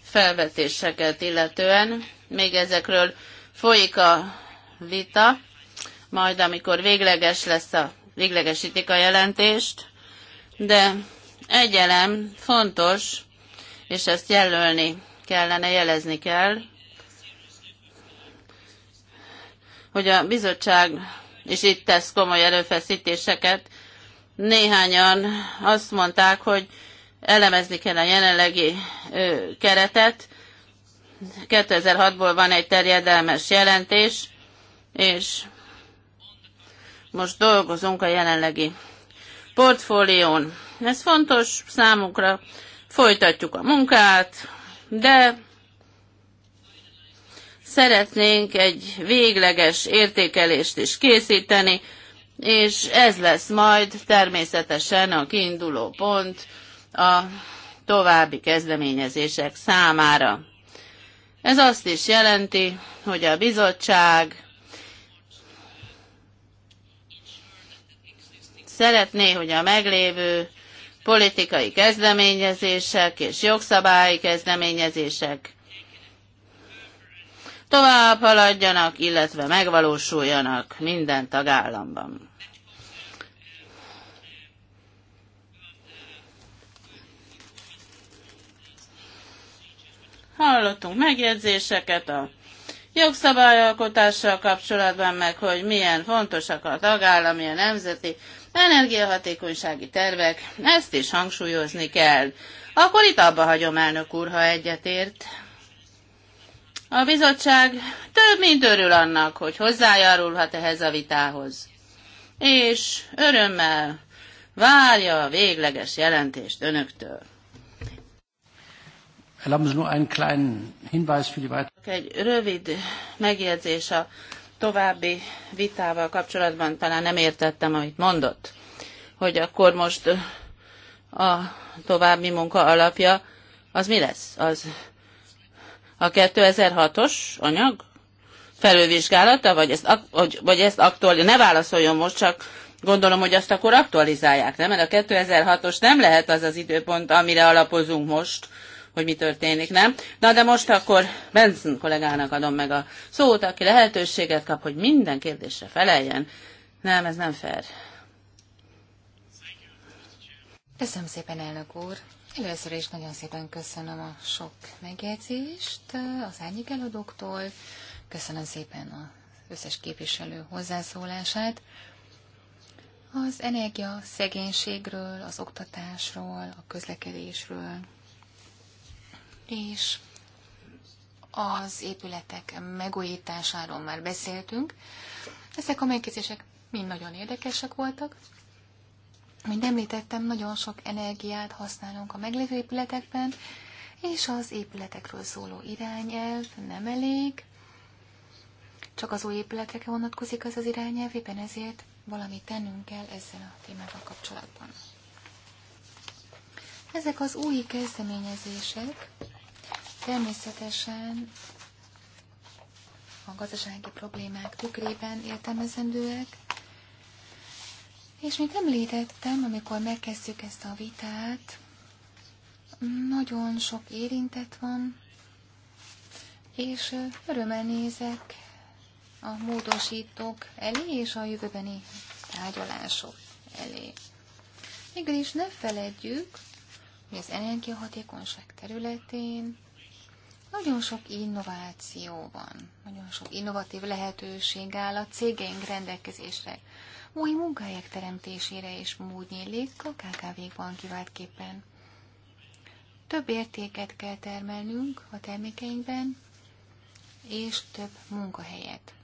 felvetéseket illetően, még ezekről folyik a vita, majd amikor végleges lesz a, véglegesítik a jelentést, de egy elem fontos, és ezt jelölni kellene, jelezni kell, hogy a bizottság, és itt tesz komoly erőfeszítéseket, néhányan azt mondták, hogy elemezni kell a jelenlegi ö, keretet. 2006-ból van egy terjedelmes jelentés, és most dolgozunk a jelenlegi portfólión. Ez fontos számunkra, folytatjuk a munkát, de szeretnénk egy végleges értékelést is készíteni, és ez lesz majd természetesen a kiinduló pont a további kezdeményezések számára. Ez azt is jelenti, hogy a bizottság szeretné, hogy a meglévő politikai kezdeményezések és jogszabályi kezdeményezések tovább haladjanak, illetve megvalósuljanak minden tagállamban. Hallottunk megjegyzéseket a jogszabályalkotással kapcsolatban, meg hogy milyen fontosak a tagállami, a nemzeti Energiahatékonysági tervek, ezt is hangsúlyozni kell. Akkor itt abba hagyom, elnök úr, ha egyetért. A bizottság több mint örül annak, hogy hozzájárulhat ehhez a vitához. És örömmel várja a végleges jelentést önöktől. Egy rövid megjegyzés a további vitával kapcsolatban talán nem értettem, amit mondott, hogy akkor most a további munka alapja az mi lesz? Az a 2006-os anyag felülvizsgálata, vagy ezt, vagy, vagy ezt aktuál, ne válaszoljon most, csak gondolom, hogy azt akkor aktualizálják, nem? Mert a 2006-os nem lehet az az időpont, amire alapozunk most, hogy mi történik, nem? Na de most akkor Benson kollégának adom meg a szót, aki lehetőséget kap, hogy minden kérdésre feleljen. Nem, ez nem fair. Köszönöm szépen, elnök úr. Először is nagyon szépen köszönöm a sok megjegyzést az árnyék előadóktól. Köszönöm szépen az összes képviselő hozzászólását. Az energia szegénységről, az oktatásról, a közlekedésről, és az épületek megújításáról már beszéltünk. Ezek a megkészések mind nagyon érdekesek voltak. Mint említettem, nagyon sok energiát használunk a meglévő épületekben, és az épületekről szóló irányelv nem elég, csak az új épületekre vonatkozik az az irányelv, éppen ezért valamit tennünk kell ezzel a témával kapcsolatban. Ezek az új kezdeményezések Természetesen a gazdasági problémák tükrében értelmezendőek, és mint említettem, amikor megkezdtük ezt a vitát, nagyon sok érintett van, és örömmel nézek a módosítók elé és a jövőbeni tárgyalások elé. Mégis ne feledjük, hogy az energiahatékonyság területén nagyon sok innováció van, nagyon sok innovatív lehetőség áll a cégeink rendelkezésre. Új munkahelyek teremtésére is mód nyílik a KKV-kban kiváltképpen. Több értéket kell termelnünk a termékeinkben, és több munkahelyet.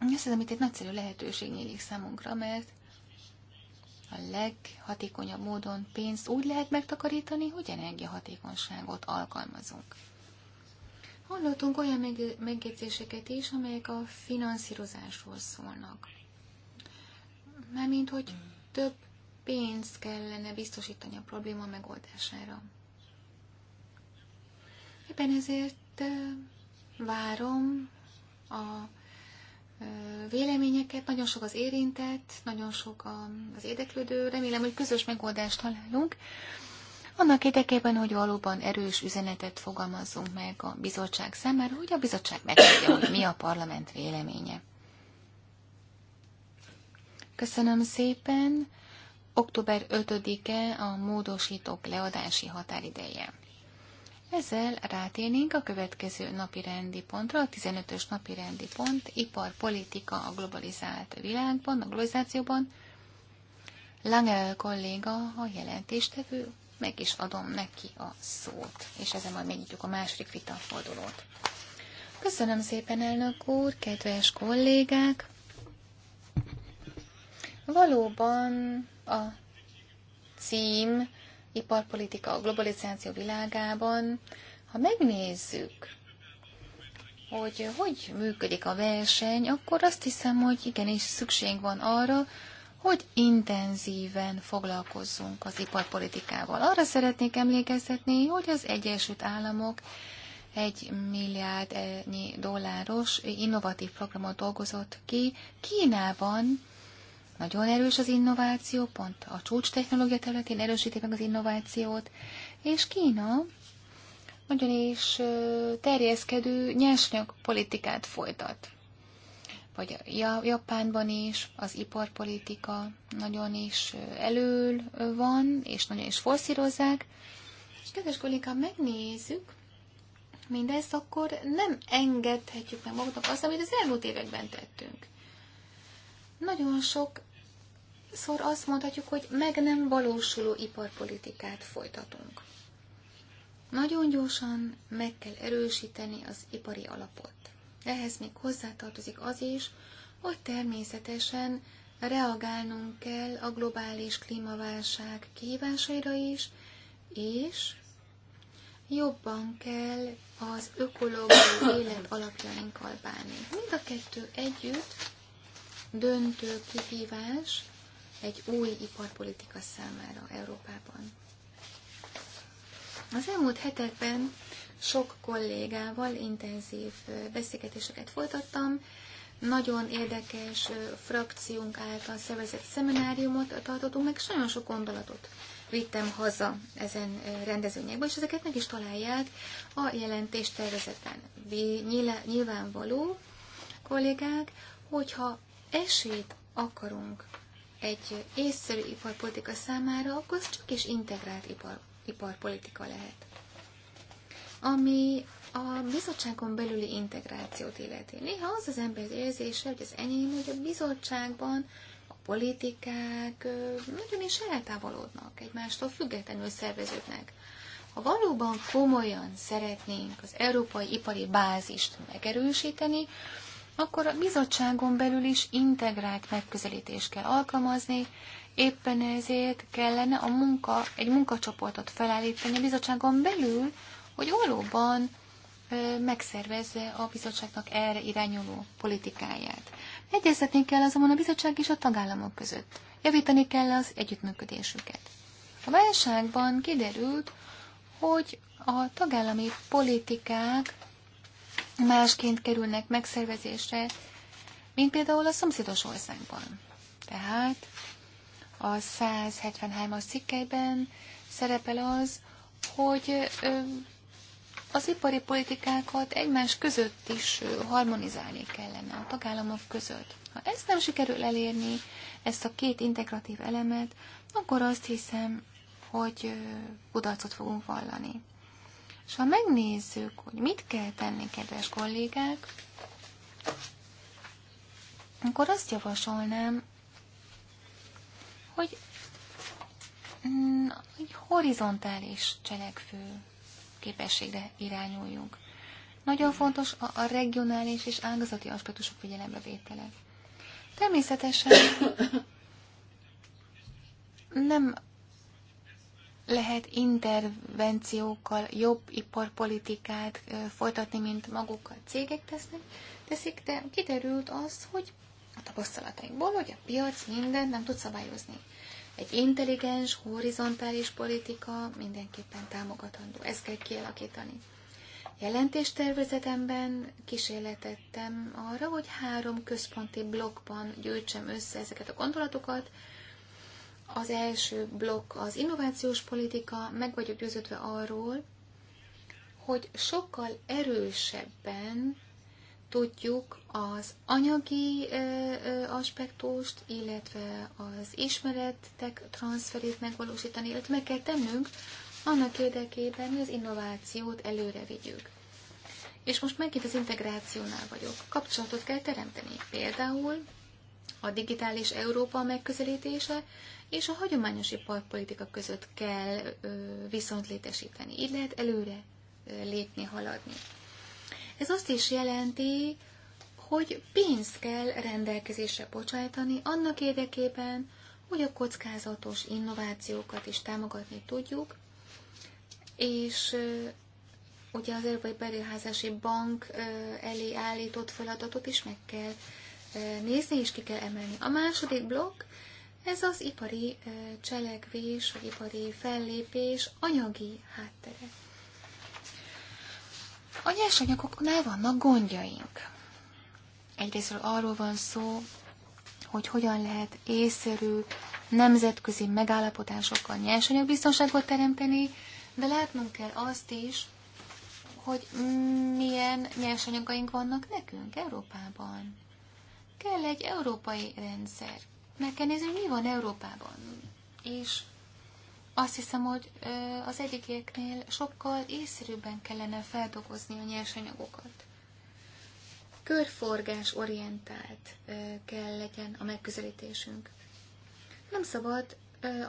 Azt hiszem, itt egy nagyszerű lehetőség nyílik számunkra, mert a leghatékonyabb módon pénzt úgy lehet megtakarítani, hogy energiahatékonyságot alkalmazunk. Hallottunk olyan meg- megjegyzéseket is, amelyek a finanszírozásról szólnak. Mármint, hogy több pénzt kellene biztosítani a probléma megoldására. Éppen ezért várom a véleményeket, nagyon sok az érintett, nagyon sok az érdeklődő, remélem, hogy közös megoldást találunk. Annak érdekében, hogy valóban erős üzenetet fogalmazzunk meg a bizottság számára, hogy a bizottság megtudja, hogy mi a parlament véleménye. Köszönöm szépen! Október 5-e a módosítók leadási határideje. Ezzel rátérnénk a következő napi rendi pontra, a 15-ös napi rendi pont, iparpolitika a globalizált világban, a globalizációban. Lange kolléga, a jelentéstevő, meg is adom neki a szót, és ezzel majd megnyitjuk a második vitafordulót. Köszönöm szépen, elnök úr, kedves kollégák! Valóban a cím iparpolitika a globalizáció világában, ha megnézzük, hogy hogy működik a verseny, akkor azt hiszem, hogy igenis szükség van arra, hogy intenzíven foglalkozzunk az iparpolitikával. Arra szeretnék emlékeztetni, hogy az Egyesült Államok egy milliárdnyi dolláros innovatív programot dolgozott ki Kínában, nagyon erős az innováció, pont a csúcs technológia területén erősíti meg az innovációt, és Kína nagyon is terjeszkedő nyersanyag politikát folytat. Vagy Japánban is az iparpolitika nagyon is elől van, és nagyon is forszírozzák. És kedves kollégám, megnézzük mindezt, akkor nem engedhetjük meg magunknak azt, amit az elmúlt években tettünk. Nagyon sok szor azt mondhatjuk, hogy meg nem valósuló iparpolitikát folytatunk. Nagyon gyorsan meg kell erősíteni az ipari alapot. Ehhez még hozzátartozik az is, hogy természetesen reagálnunk kell a globális klímaválság kihívásaira is, és jobban kell az ökológiai élet alapjainkkal bánni. Mind a kettő együtt döntő kihívás egy új iparpolitika számára Európában. Az elmúlt hetekben sok kollégával intenzív beszélgetéseket folytattam, nagyon érdekes frakciónk által szervezett szemináriumot tartottunk, meg nagyon sok gondolatot vittem haza ezen rendezvényekből, és ezeket meg is találják a jelentés tervezeten. Nyilvánvaló kollégák, hogyha esélyt akarunk egy észszerű iparpolitika számára, akkor az csak is integrált ipar, iparpolitika lehet. Ami a bizottságon belüli integrációt illeti. Néha az az ember érzése, hogy az enyém, hogy a bizottságban a politikák nagyon is eltávolodnak, egymástól függetlenül szerveződnek. Ha valóban komolyan szeretnénk az európai ipari bázist megerősíteni, akkor a bizottságon belül is integrált megközelítést kell alkalmazni, éppen ezért kellene a munka, egy munkacsoportot felállítani a bizottságon belül, hogy valóban megszervezze a bizottságnak erre irányuló politikáját. Egyeztetni kell azonban a bizottság és a tagállamok között. Javítani kell az együttműködésüket. A válságban kiderült, hogy a tagállami politikák másként kerülnek megszervezésre, mint például a szomszédos országban. Tehát a 173-as cikkeiben szerepel az, hogy az ipari politikákat egymás között is harmonizálni kellene a tagállamok között. Ha ezt nem sikerül elérni, ezt a két integratív elemet, akkor azt hiszem, hogy kudarcot fogunk vallani. És ha megnézzük, hogy mit kell tenni, kedves kollégák, akkor azt javasolnám, hogy egy mm, horizontális cselekvő képességre irányuljunk. Nagyon fontos a, regionális és ágazati aspektusok figyelembevétele. Természetesen <coughs> nem lehet intervenciókkal jobb iparpolitikát folytatni, mint maguk a cégek tesznek, teszik, de kiderült az, hogy a tapasztalatainkból, hogy a piac mindent nem tud szabályozni. Egy intelligens, horizontális politika mindenképpen támogatandó. Ezt kell kialakítani. Jelentéstervezetemben kísérletettem arra, hogy három központi blokkban gyűjtsem össze ezeket a gondolatokat, az első blokk az innovációs politika, meg vagyok győződve arról, hogy sokkal erősebben tudjuk az anyagi aspektust, illetve az ismeretek transferét megvalósítani, illetve meg kell tennünk annak érdekében, hogy az innovációt előre vigyük. És most megint az integrációnál vagyok. Kapcsolatot kell teremteni. Például a digitális Európa megközelítése és a hagyományos iparpolitika között kell viszont létesíteni. Így lehet előre lépni, haladni. Ez azt is jelenti, hogy pénzt kell rendelkezésre bocsájtani annak érdekében, hogy a kockázatos innovációkat is támogatni tudjuk, és ugye az Európai Beruházási Bank elé állított feladatot is meg kell nézni, és ki kell emelni. A második blokk ez az ipari cselekvés, vagy ipari fellépés anyagi háttere. A nyersanyagoknál vannak gondjaink. Egyrészt arról van szó, hogy hogyan lehet észszerű nemzetközi megállapodásokkal nyersanyagbiztonságot teremteni, de látnunk kell azt is, hogy milyen nyersanyagaink vannak nekünk Európában. Kell egy európai rendszer, meg kell nézni, hogy mi van Európában. És azt hiszem, hogy az egyikéknél sokkal észszerűbben kellene feldolgozni a nyersanyagokat. Körforgás orientált kell legyen a megközelítésünk. Nem szabad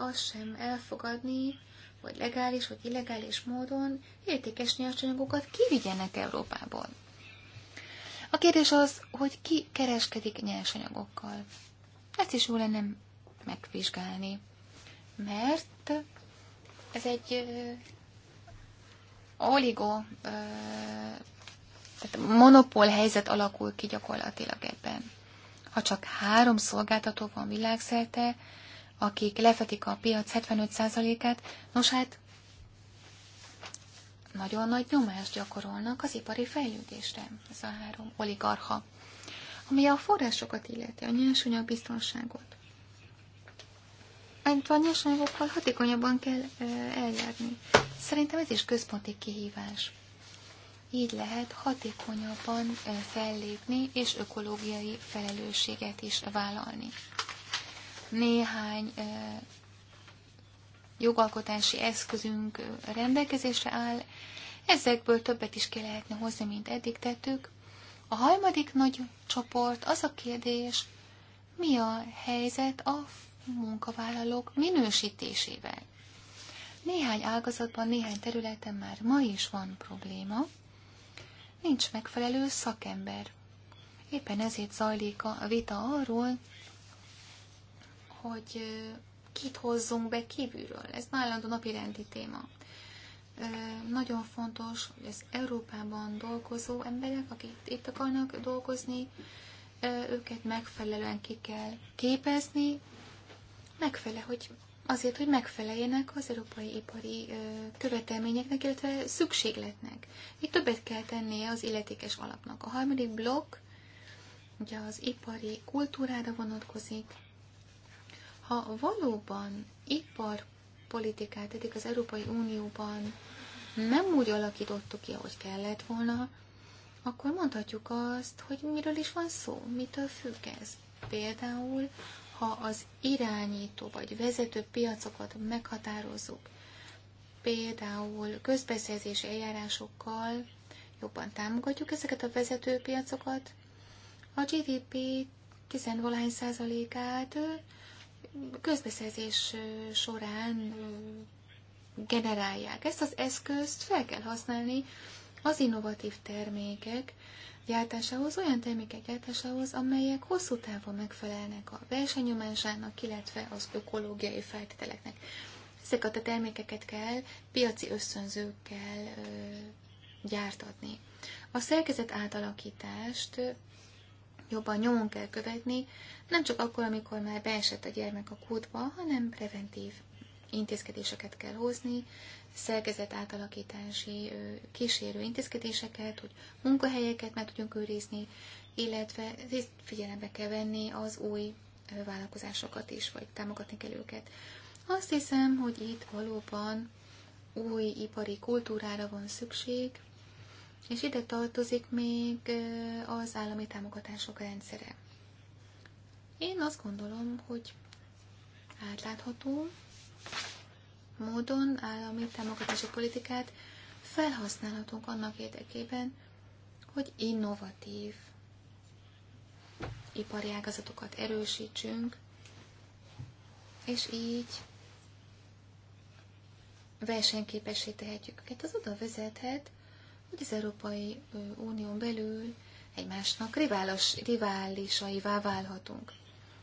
azt sem elfogadni, hogy legális vagy illegális módon értékes nyersanyagokat kivigyenek Európából. A kérdés az, hogy ki kereskedik nyersanyagokkal. Ezt is jó lenne megvizsgálni, mert ez egy oligo, tehát monopól helyzet alakul ki gyakorlatilag ebben. Ha csak három szolgáltató van világszerte, akik lefetik a piac 75%-át, nos hát nagyon nagy nyomást gyakorolnak az ipari fejlődésre, ez a három oligarcha ami a forrásokat illeti, a nyersanyag biztonságot. Itt a nyersanyagokkal hatékonyabban kell eljárni. Szerintem ez is központi kihívás. Így lehet hatékonyabban fellépni és ökológiai felelősséget is vállalni. Néhány jogalkotási eszközünk rendelkezésre áll, ezekből többet is ki lehetne hozni, mint eddig tettük, a harmadik nagy csoport az a kérdés, mi a helyzet a munkavállalók minősítésével. Néhány ágazatban, néhány területen már ma is van probléma, nincs megfelelő szakember. Éppen ezért zajlik a vita arról, hogy kit hozzunk be kívülről. Ez nálandó napi rendi téma nagyon fontos, hogy az Európában dolgozó emberek, akik itt akarnak dolgozni, őket megfelelően ki kell képezni, megfele, hogy azért, hogy megfeleljenek az európai ipari követelményeknek, illetve szükségletnek. Itt többet kell tennie az illetékes alapnak. A harmadik blokk ugye az ipari kultúrára vonatkozik. Ha valóban iparpolitikát eddig az Európai Unióban nem úgy alakítottuk ki, ahogy kellett volna, akkor mondhatjuk azt, hogy miről is van szó, mitől függ ez. Például, ha az irányító vagy vezető piacokat meghatározzuk, például közbeszerzési eljárásokkal jobban támogatjuk ezeket a vezető piacokat, a GDP 10 százalékát közbeszerzés során generálják. Ezt az eszközt fel kell használni az innovatív termékek gyártásához, olyan termékek gyártásához, amelyek hosszú távon megfelelnek a versenyomásának, illetve az ökológiai feltételeknek. Ezeket a termékeket kell piaci összönzőkkel ö, gyártatni. A szerkezet átalakítást jobban nyomon kell követni, nem csak akkor, amikor már beesett a gyermek a kútba, hanem preventív intézkedéseket kell hozni, szerkezet átalakítási kísérő intézkedéseket, hogy munkahelyeket meg tudjunk őrizni, illetve figyelembe kell venni az új vállalkozásokat is, vagy támogatni kell őket. Azt hiszem, hogy itt valóban új ipari kultúrára van szükség, és ide tartozik még az állami támogatások rendszere. Én azt gondolom, hogy átlátható, módon állami támogatási politikát felhasználhatunk annak érdekében, hogy innovatív ipari ágazatokat erősítsünk, és így versenyképessé tehetjük őket. Az oda vezethet, hogy az Európai Unión belül egymásnak riválos, riválisaivá válhatunk.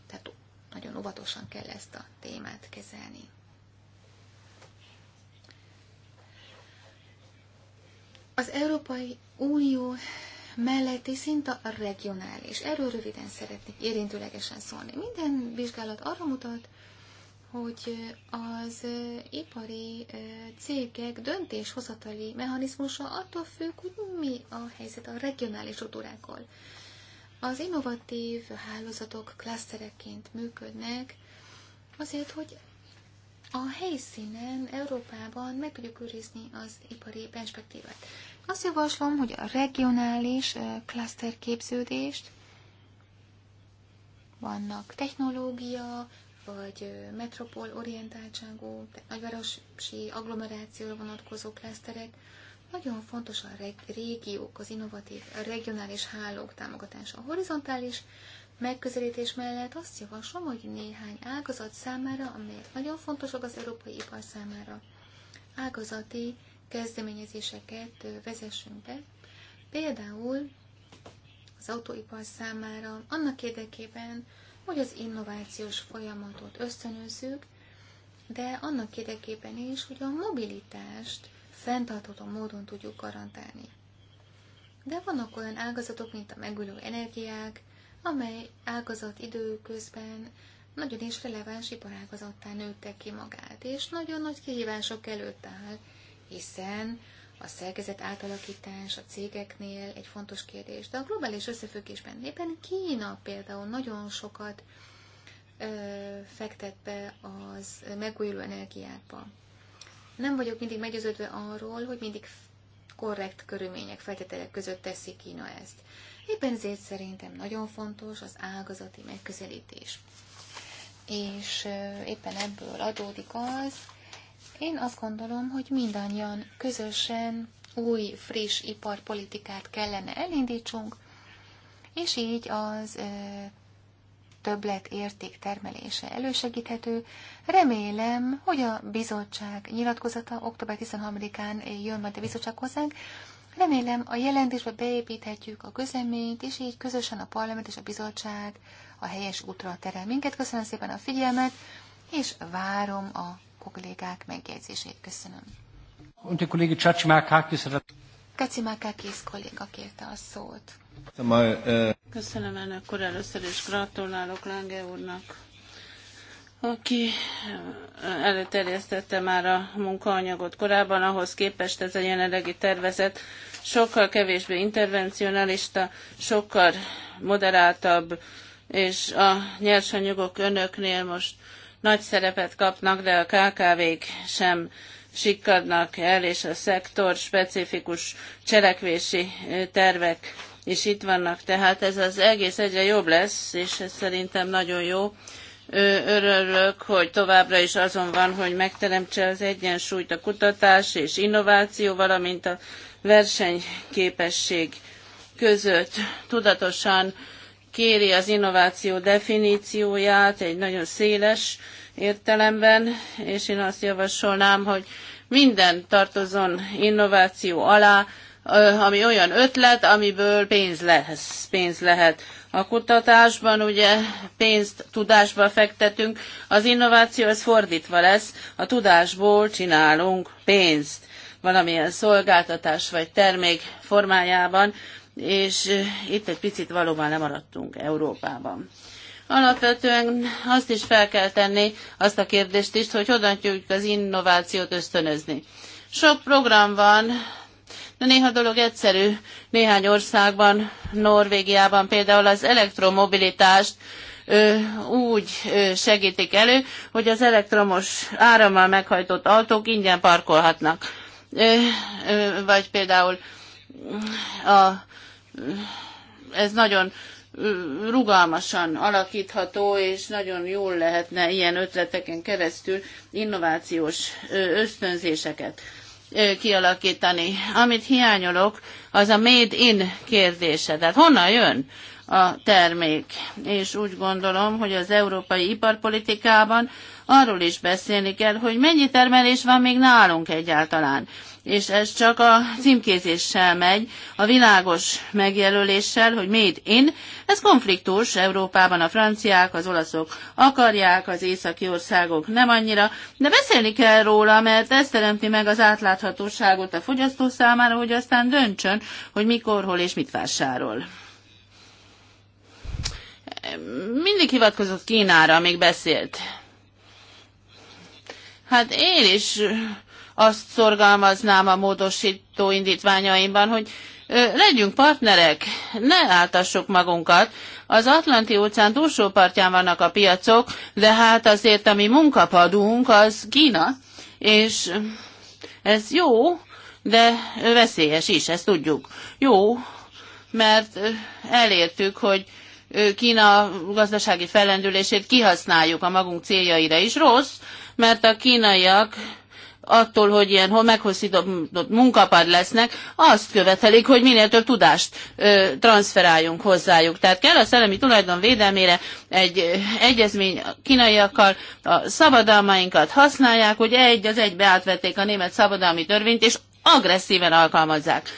Tehát nagyon óvatosan kell ezt a témát kezelni. Az Európai Unió melletti szinte a regionális. Erről röviden szeretnék érintőlegesen szólni. Minden vizsgálat arra mutat, hogy az ipari cégek döntéshozatali mechanizmusa attól függ, hogy mi a helyzet a regionális struktúrákkal. Az innovatív hálózatok klasztereként működnek, azért, hogy a helyszínen, Európában meg tudjuk őrizni az ipari perspektívát. Azt javaslom, hogy a regionális képződést vannak technológia, vagy metropol orientáltságú, nagyvárosi agglomerációra vonatkozó klaszterek. Nagyon fontos a régiók, az innovatív a regionális hálók támogatása. A horizontális megközelítés mellett azt javaslom, hogy néhány ágazat számára, amelyek nagyon fontosak az európai ipar számára, ágazati kezdeményezéseket vezessünk be, például az autóipar számára, annak érdekében, hogy az innovációs folyamatot ösztönözzük, de annak érdekében is, hogy a mobilitást fenntartható módon tudjuk garantálni. De vannak olyan ágazatok, mint a megújuló energiák, amely ágazat időközben nagyon is releváns iparágazattá nőtte ki magát, és nagyon nagy kihívások előtt áll, hiszen a szerkezet átalakítás a cégeknél egy fontos kérdés. De a globális összefüggésben éppen Kína például nagyon sokat ö, fektet be az megújuló energiákba. Nem vagyok mindig meggyőződve arról, hogy mindig korrekt körülmények, feltételek között teszi Kína ezt. Éppen ezért szerintem nagyon fontos az ágazati megközelítés. És éppen ebből adódik az, én azt gondolom, hogy mindannyian közösen új, friss iparpolitikát kellene elindítsunk, és így az e, többlet érték termelése elősegíthető. Remélem, hogy a bizottság nyilatkozata október 13-án jön majd a bizottság hozzánk, Remélem a jelentésbe beépíthetjük a közleményt, és így közösen a parlament és a bizottság a helyes útra terel minket. Köszönöm szépen a figyelmet, és várom a kollégák megjegyzését. Köszönöm. Und der Kollege kolléga kérte a szót. Szóval, Köszönöm ennek először, és gratulálok Lange úrnak aki előterjesztette már a munkaanyagot korábban, ahhoz képest ez a jelenlegi tervezet sokkal kevésbé intervencionalista, sokkal moderáltabb, és a nyersanyagok önöknél most nagy szerepet kapnak, de a KKV-k sem sikkadnak el, és a szektor specifikus cselekvési tervek is itt vannak. Tehát ez az egész egyre jobb lesz, és ez szerintem nagyon jó örülök, hogy továbbra is azon van, hogy megteremtse az egyensúlyt a kutatás és innováció, valamint a versenyképesség között. Tudatosan kéri az innováció definícióját egy nagyon széles értelemben, és én azt javasolnám, hogy minden tartozon innováció alá, ami olyan ötlet, amiből pénz lesz, pénz lehet. A kutatásban ugye pénzt tudásba fektetünk, az innováció ez fordítva lesz, a tudásból csinálunk pénzt valamilyen szolgáltatás vagy termék formájában, és itt egy picit valóban lemaradtunk Európában. Alapvetően azt is fel kell tenni, azt a kérdést is, hogy hogyan tudjuk az innovációt ösztönözni. Sok program van, de néha dolog egyszerű. Néhány országban, Norvégiában például az elektromobilitást ö, úgy ö, segítik elő, hogy az elektromos árammal meghajtott autók ingyen parkolhatnak. Ö, ö, vagy például a, ez nagyon rugalmasan alakítható, és nagyon jól lehetne ilyen ötleteken keresztül innovációs ösztönzéseket kialakítani. Amit hiányolok, az a made in kérdése. Tehát honnan jön a termék? És úgy gondolom, hogy az európai iparpolitikában arról is beszélni kell, hogy mennyi termelés van még nálunk egyáltalán és ez csak a címkézéssel megy, a világos megjelöléssel, hogy made in. Ez konfliktus, Európában a franciák, az olaszok akarják, az északi országok nem annyira, de beszélni kell róla, mert ez teremti meg az átláthatóságot a fogyasztó számára, hogy aztán döntsön, hogy mikor, hol és mit vásárol mindig hivatkozott Kínára, amíg beszélt. Hát én is azt szorgalmaznám a módosító indítványaimban, hogy legyünk partnerek, ne áltassuk magunkat. Az Atlanti óceán túlsó partján vannak a piacok, de hát azért a mi munkapadunk az Kína, és ez jó, de veszélyes is, ezt tudjuk. Jó, mert elértük, hogy Kína gazdasági fellendülését kihasználjuk a magunk céljaira is. Rossz, mert a kínaiak attól, hogy ilyen meghosszított munkapad lesznek, azt követelik, hogy minél több tudást ö, transferáljunk hozzájuk. Tehát kell a szellemi tulajdon védelmére egy egyezmény a kínaiakkal, a szabadalmainkat használják, hogy egy az egybe átvették a német szabadalmi törvényt, és agresszíven alkalmazzák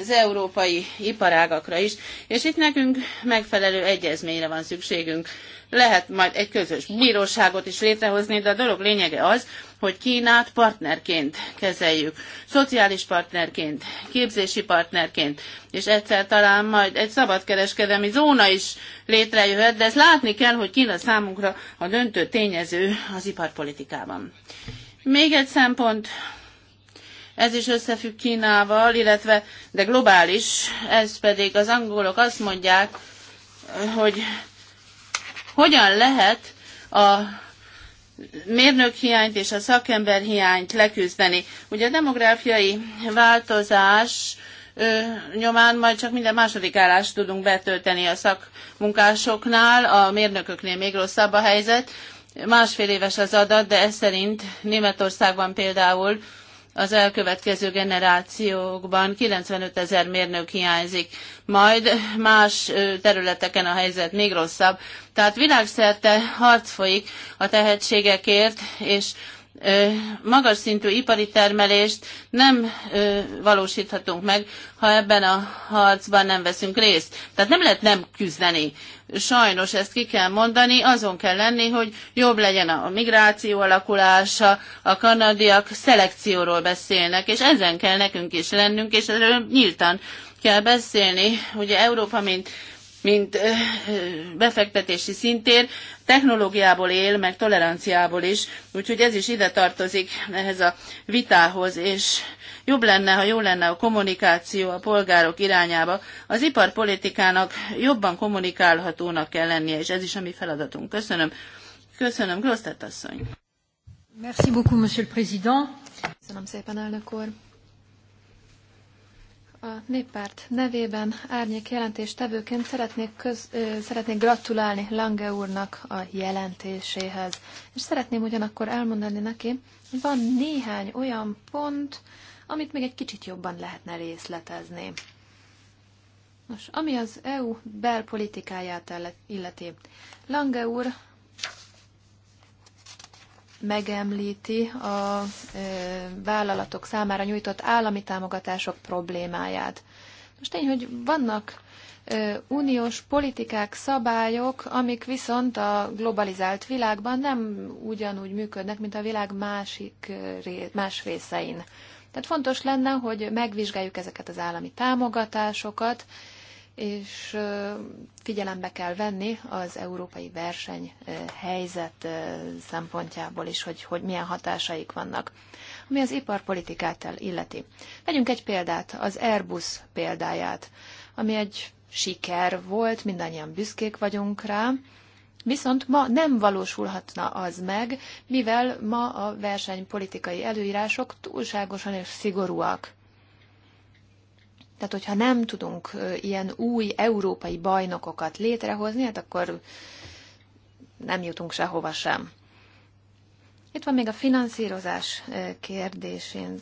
az európai iparágakra is, és itt nekünk megfelelő egyezményre van szükségünk lehet majd egy közös bíróságot is létrehozni, de a dolog lényege az, hogy Kínát partnerként kezeljük, szociális partnerként, képzési partnerként, és egyszer talán majd egy szabadkereskedelmi zóna is létrejöhet, de ezt látni kell, hogy Kína számunkra a döntő tényező az iparpolitikában. Még egy szempont, ez is összefügg Kínával, illetve, de globális, ez pedig az angolok azt mondják, hogy hogyan lehet a mérnök hiányt és a szakember hiányt leküzdeni. Ugye a demográfiai változás ö, nyomán majd csak minden második állást tudunk betölteni a szakmunkásoknál, a mérnököknél még rosszabb a helyzet. Másfél éves az adat, de ez szerint Németországban például az elkövetkező generációkban 95 ezer mérnök hiányzik, majd más területeken a helyzet még rosszabb. Tehát világszerte harc folyik a tehetségekért, és magas szintű ipari termelést nem valósíthatunk meg, ha ebben a harcban nem veszünk részt. Tehát nem lehet nem küzdeni sajnos ezt ki kell mondani, azon kell lenni, hogy jobb legyen a migráció alakulása, a kanadiak szelekcióról beszélnek, és ezen kell nekünk is lennünk, és erről nyíltan kell beszélni. Ugye Európa, mint mint befektetési szintér, technológiából él, meg toleranciából is, úgyhogy ez is ide tartozik ehhez a vitához, és Jobb lenne, ha jó lenne a kommunikáció a polgárok irányába. Az iparpolitikának jobban kommunikálhatónak kell lennie, és ez is a mi feladatunk. Köszönöm. Köszönöm, Grosztett asszony. Merci beaucoup, monsieur le président. Köszönöm szépen, elnök úr. A néppárt nevében árnyék jelentéstevőként szeretnék, köz, ö, szeretnék gratulálni Lange úrnak a jelentéséhez. És szeretném ugyanakkor elmondani neki, van néhány olyan pont, amit még egy kicsit jobban lehetne részletezni. Nos, ami az EU belpolitikáját illeti. Lange úr megemlíti a e, vállalatok számára nyújtott állami támogatások problémáját. Most tény, hogy vannak e, uniós politikák, szabályok, amik viszont a globalizált világban nem ugyanúgy működnek, mint a világ másik, e, más részein. Tehát fontos lenne, hogy megvizsgáljuk ezeket az állami támogatásokat, és figyelembe kell venni az európai versenyhelyzet szempontjából is, hogy, hogy milyen hatásaik vannak. Ami az iparpolitikát illeti. Vegyünk egy példát, az Airbus példáját, ami egy siker volt, mindannyian büszkék vagyunk rá, Viszont ma nem valósulhatna az meg, mivel ma a versenypolitikai előírások túlságosan és szigorúak. Tehát, hogyha nem tudunk ilyen új európai bajnokokat létrehozni, hát akkor nem jutunk sehova sem. Itt van még a finanszírozás kérdésén.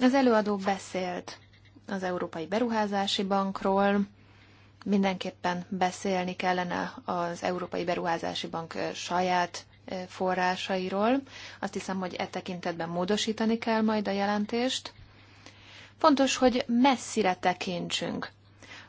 Az előadó beszélt az Európai Beruházási Bankról, Mindenképpen beszélni kellene az Európai Beruházási Bank saját forrásairól. Azt hiszem, hogy e tekintetben módosítani kell majd a jelentést. Fontos, hogy messzire tekintsünk.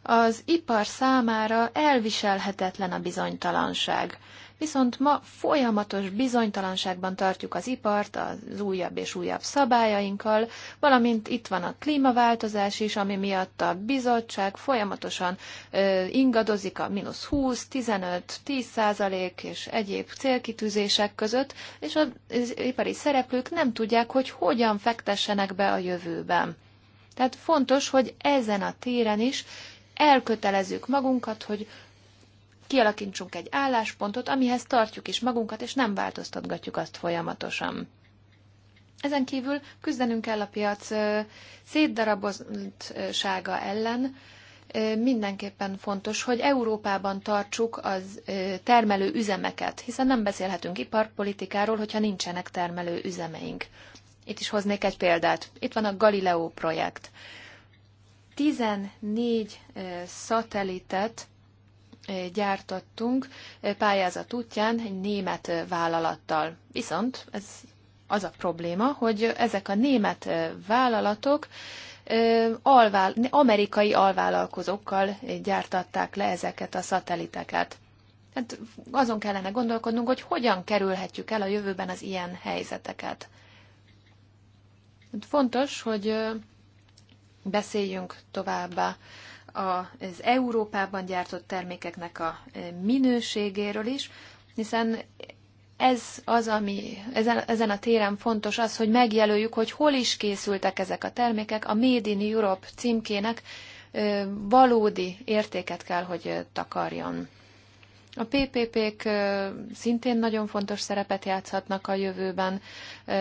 Az ipar számára elviselhetetlen a bizonytalanság viszont ma folyamatos bizonytalanságban tartjuk az ipart az újabb és újabb szabályainkkal, valamint itt van a klímaváltozás is, ami miatt a bizottság folyamatosan ö, ingadozik a mínusz 20, 15, 10 százalék és egyéb célkitűzések között, és az ipari szereplők nem tudják, hogy hogyan fektessenek be a jövőben. Tehát fontos, hogy ezen a téren is elkötelezzük magunkat, hogy kialakítsunk egy álláspontot, amihez tartjuk is magunkat, és nem változtatgatjuk azt folyamatosan. Ezen kívül küzdenünk kell a piac szétdaraboltsága ellen. Mindenképpen fontos, hogy Európában tartsuk az termelő üzemeket, hiszen nem beszélhetünk iparpolitikáról, hogyha nincsenek termelő üzemeink. Itt is hoznék egy példát. Itt van a Galileo projekt. 14 szatelitet gyártottunk pályázat útján egy német vállalattal. Viszont ez az a probléma, hogy ezek a német vállalatok amerikai alvállalkozókkal gyártatták le ezeket a szatelliteket. Hát azon kellene gondolkodnunk, hogy hogyan kerülhetjük el a jövőben az ilyen helyzeteket. Hát fontos, hogy beszéljünk továbbá az Európában gyártott termékeknek a e, minőségéről is, hiszen ez az, ami ezen, ezen a téren fontos az, hogy megjelöljük, hogy hol is készültek ezek a termékek. A Made in Europe címkének e, valódi értéket kell, hogy e, takarjon. A PPP-k szintén nagyon fontos szerepet játszhatnak a jövőben.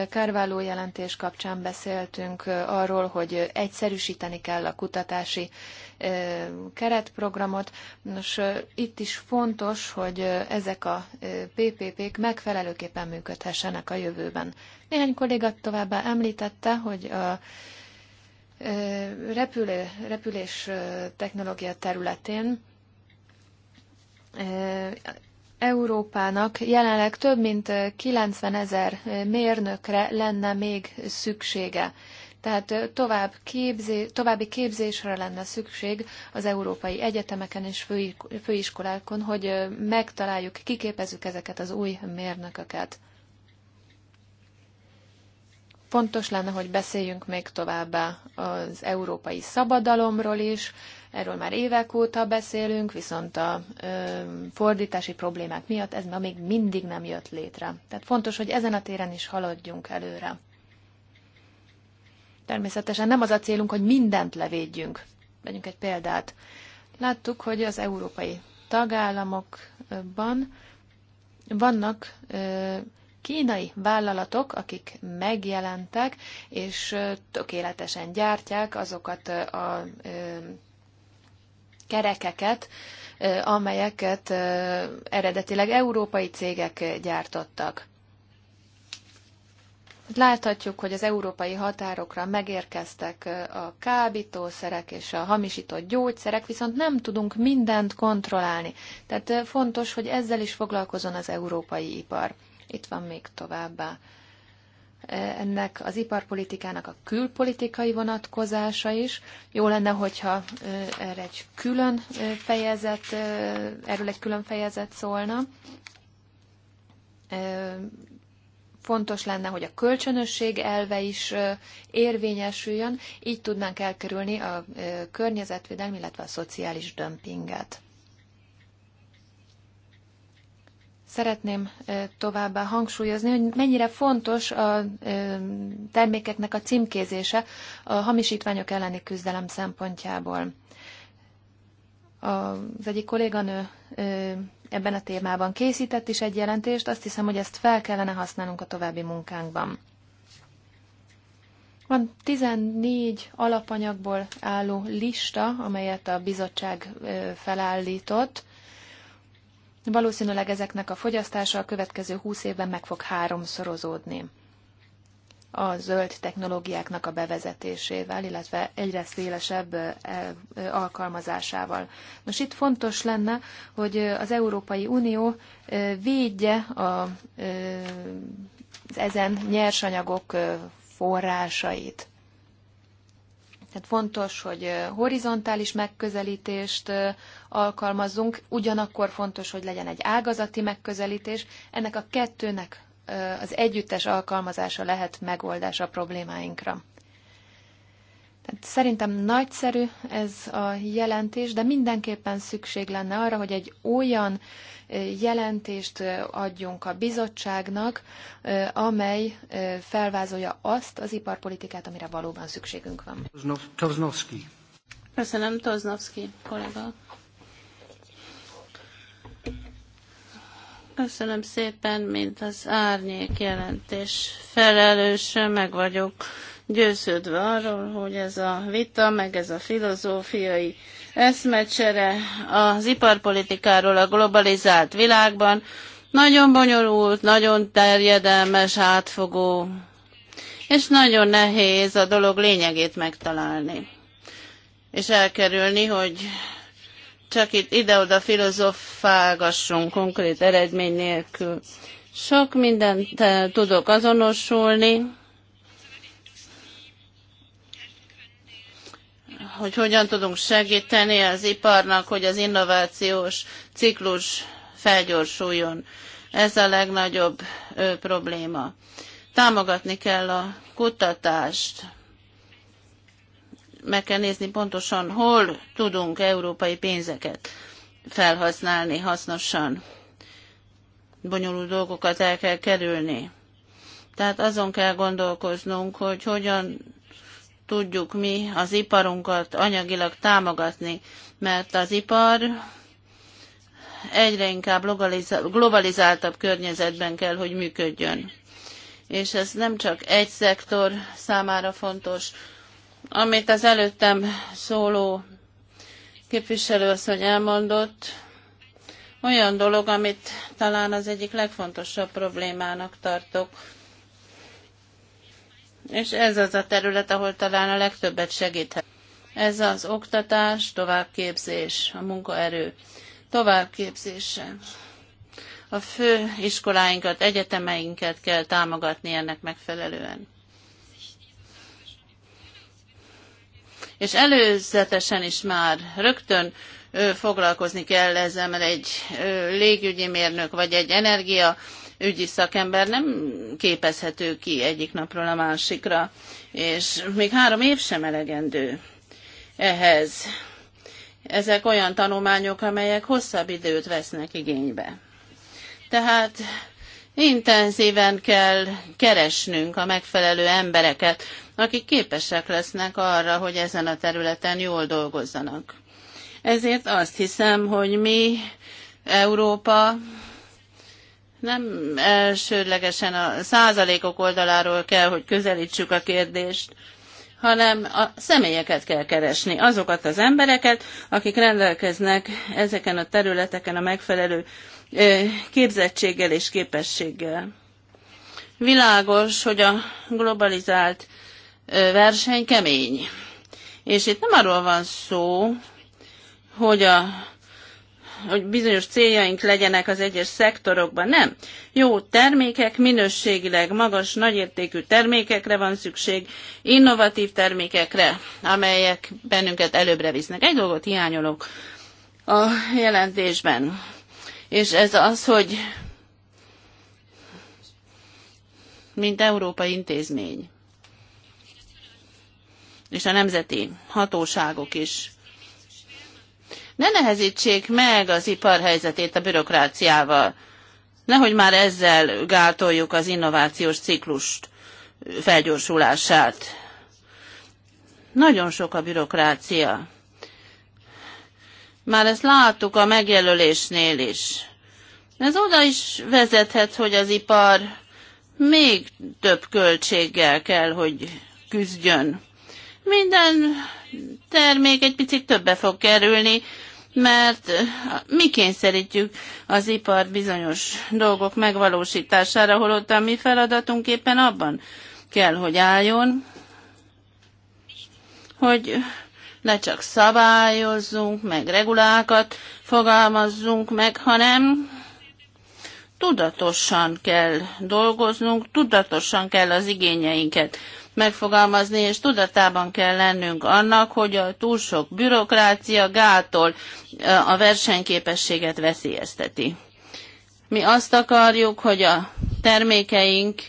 Kárváló jelentés kapcsán beszéltünk arról, hogy egyszerűsíteni kell a kutatási keretprogramot. Nos, itt is fontos, hogy ezek a PPP-k megfelelőképpen működhessenek a jövőben. Néhány kolléga továbbá említette, hogy a repülő, repülés technológia területén Európának jelenleg több mint 90 ezer mérnökre lenne még szüksége. Tehát tovább képzé, további képzésre lenne szükség az európai egyetemeken és főiskolákon, hogy megtaláljuk, kiképezzük ezeket az új mérnököket. Fontos lenne, hogy beszéljünk még továbbá az európai szabadalomról is, erről már évek óta beszélünk, viszont a fordítási problémák miatt ez ma még mindig nem jött létre. Tehát fontos, hogy ezen a téren is haladjunk előre. Természetesen nem az a célunk, hogy mindent levédjünk. Vegyünk egy példát. Láttuk, hogy az európai tagállamokban vannak kínai vállalatok, akik megjelentek, és tökéletesen gyártják azokat a kerekeket, amelyeket eredetileg európai cégek gyártottak. Láthatjuk, hogy az európai határokra megérkeztek a kábítószerek és a hamisított gyógyszerek, viszont nem tudunk mindent kontrollálni. Tehát fontos, hogy ezzel is foglalkozon az európai ipar. Itt van még továbbá ennek az iparpolitikának a külpolitikai vonatkozása is. Jó lenne, hogyha erre egy külön fejezet, erről egy külön fejezet szólna. Fontos lenne, hogy a kölcsönösség elve is érvényesüljön, így tudnánk elkerülni a környezetvédelmi, illetve a szociális dömpinget. Szeretném továbbá hangsúlyozni, hogy mennyire fontos a termékeknek a címkézése a hamisítványok elleni küzdelem szempontjából. Az egyik kolléganő ebben a témában készített is egy jelentést, azt hiszem, hogy ezt fel kellene használnunk a további munkánkban. Van 14 alapanyagból álló lista, amelyet a bizottság felállított, Valószínűleg ezeknek a fogyasztása a következő 20 évben meg fog háromszorozódni a zöld technológiáknak a bevezetésével, illetve egyre szélesebb e, alkalmazásával. Nos, itt fontos lenne, hogy az Európai Unió védje az ezen nyersanyagok forrásait. Tehát fontos, hogy horizontális megközelítést alkalmazzunk, ugyanakkor fontos, hogy legyen egy ágazati megközelítés. Ennek a kettőnek az együttes alkalmazása lehet megoldás a problémáinkra. Tehát szerintem nagyszerű ez a jelentés, de mindenképpen szükség lenne arra, hogy egy olyan jelentést adjunk a bizottságnak, amely felvázolja azt az iparpolitikát, amire valóban szükségünk van. Toznowski. Köszönöm, Toznowski kollega. Köszönöm szépen, mint az árnyék jelentés felelős meg vagyok győződve arról, hogy ez a vita, meg ez a filozófiai eszmecsere az iparpolitikáról a globalizált világban nagyon bonyolult, nagyon terjedelmes, átfogó, és nagyon nehéz a dolog lényegét megtalálni. És elkerülni, hogy csak itt ide-oda filozofálgassunk konkrét eredmény nélkül. Sok mindent eh, tudok azonosulni, hogy hogyan tudunk segíteni az iparnak, hogy az innovációs ciklus felgyorsuljon. Ez a legnagyobb ö, probléma. Támogatni kell a kutatást. Meg kell nézni pontosan, hol tudunk európai pénzeket felhasználni hasznosan. Bonyolult dolgokat el kell kerülni. Tehát azon kell gondolkoznunk, hogy hogyan tudjuk mi az iparunkat anyagilag támogatni, mert az ipar egyre inkább globalizáltabb környezetben kell, hogy működjön. És ez nem csak egy szektor számára fontos. Amit az előttem szóló képviselőasszony elmondott, olyan dolog, amit talán az egyik legfontosabb problémának tartok, és ez az a terület, ahol talán a legtöbbet segíthet. Ez az oktatás, továbbképzés, a munkaerő továbbképzése. A fő iskoláinkat, egyetemeinket kell támogatni ennek megfelelően. És előzetesen is már rögtön foglalkozni kell ezzel, mert egy légügyi mérnök vagy egy energia ügyi szakember nem képezhető ki egyik napról a másikra, és még három év sem elegendő ehhez. Ezek olyan tanulmányok, amelyek hosszabb időt vesznek igénybe. Tehát intenzíven kell keresnünk a megfelelő embereket, akik képesek lesznek arra, hogy ezen a területen jól dolgozzanak. Ezért azt hiszem, hogy mi Európa nem elsődlegesen a százalékok oldaláról kell, hogy közelítsük a kérdést, hanem a személyeket kell keresni, azokat az embereket, akik rendelkeznek ezeken a területeken a megfelelő képzettséggel és képességgel. Világos, hogy a globalizált verseny kemény. És itt nem arról van szó, hogy a hogy bizonyos céljaink legyenek az egyes szektorokban. Nem. Jó termékek, minőségileg magas, nagyértékű termékekre van szükség, innovatív termékekre, amelyek bennünket előbbre visznek. Egy dolgot hiányolok a jelentésben, és ez az, hogy mint európai intézmény, és a nemzeti hatóságok is ne nehezítsék meg az ipar helyzetét a bürokráciával. Nehogy már ezzel gátoljuk az innovációs ciklust felgyorsulását. Nagyon sok a bürokrácia. Már ezt láttuk a megjelölésnél is. Ez oda is vezethet, hogy az ipar még több költséggel kell, hogy küzdjön minden termék egy picit többe fog kerülni, mert mi kényszerítjük az ipar bizonyos dolgok megvalósítására, holott a mi feladatunk éppen abban kell, hogy álljon, hogy ne csak szabályozzunk, meg regulákat fogalmazzunk meg, hanem tudatosan kell dolgoznunk, tudatosan kell az igényeinket megfogalmazni, és tudatában kell lennünk annak, hogy a túl sok bürokrácia gátol a versenyképességet veszélyezteti. Mi azt akarjuk, hogy a termékeink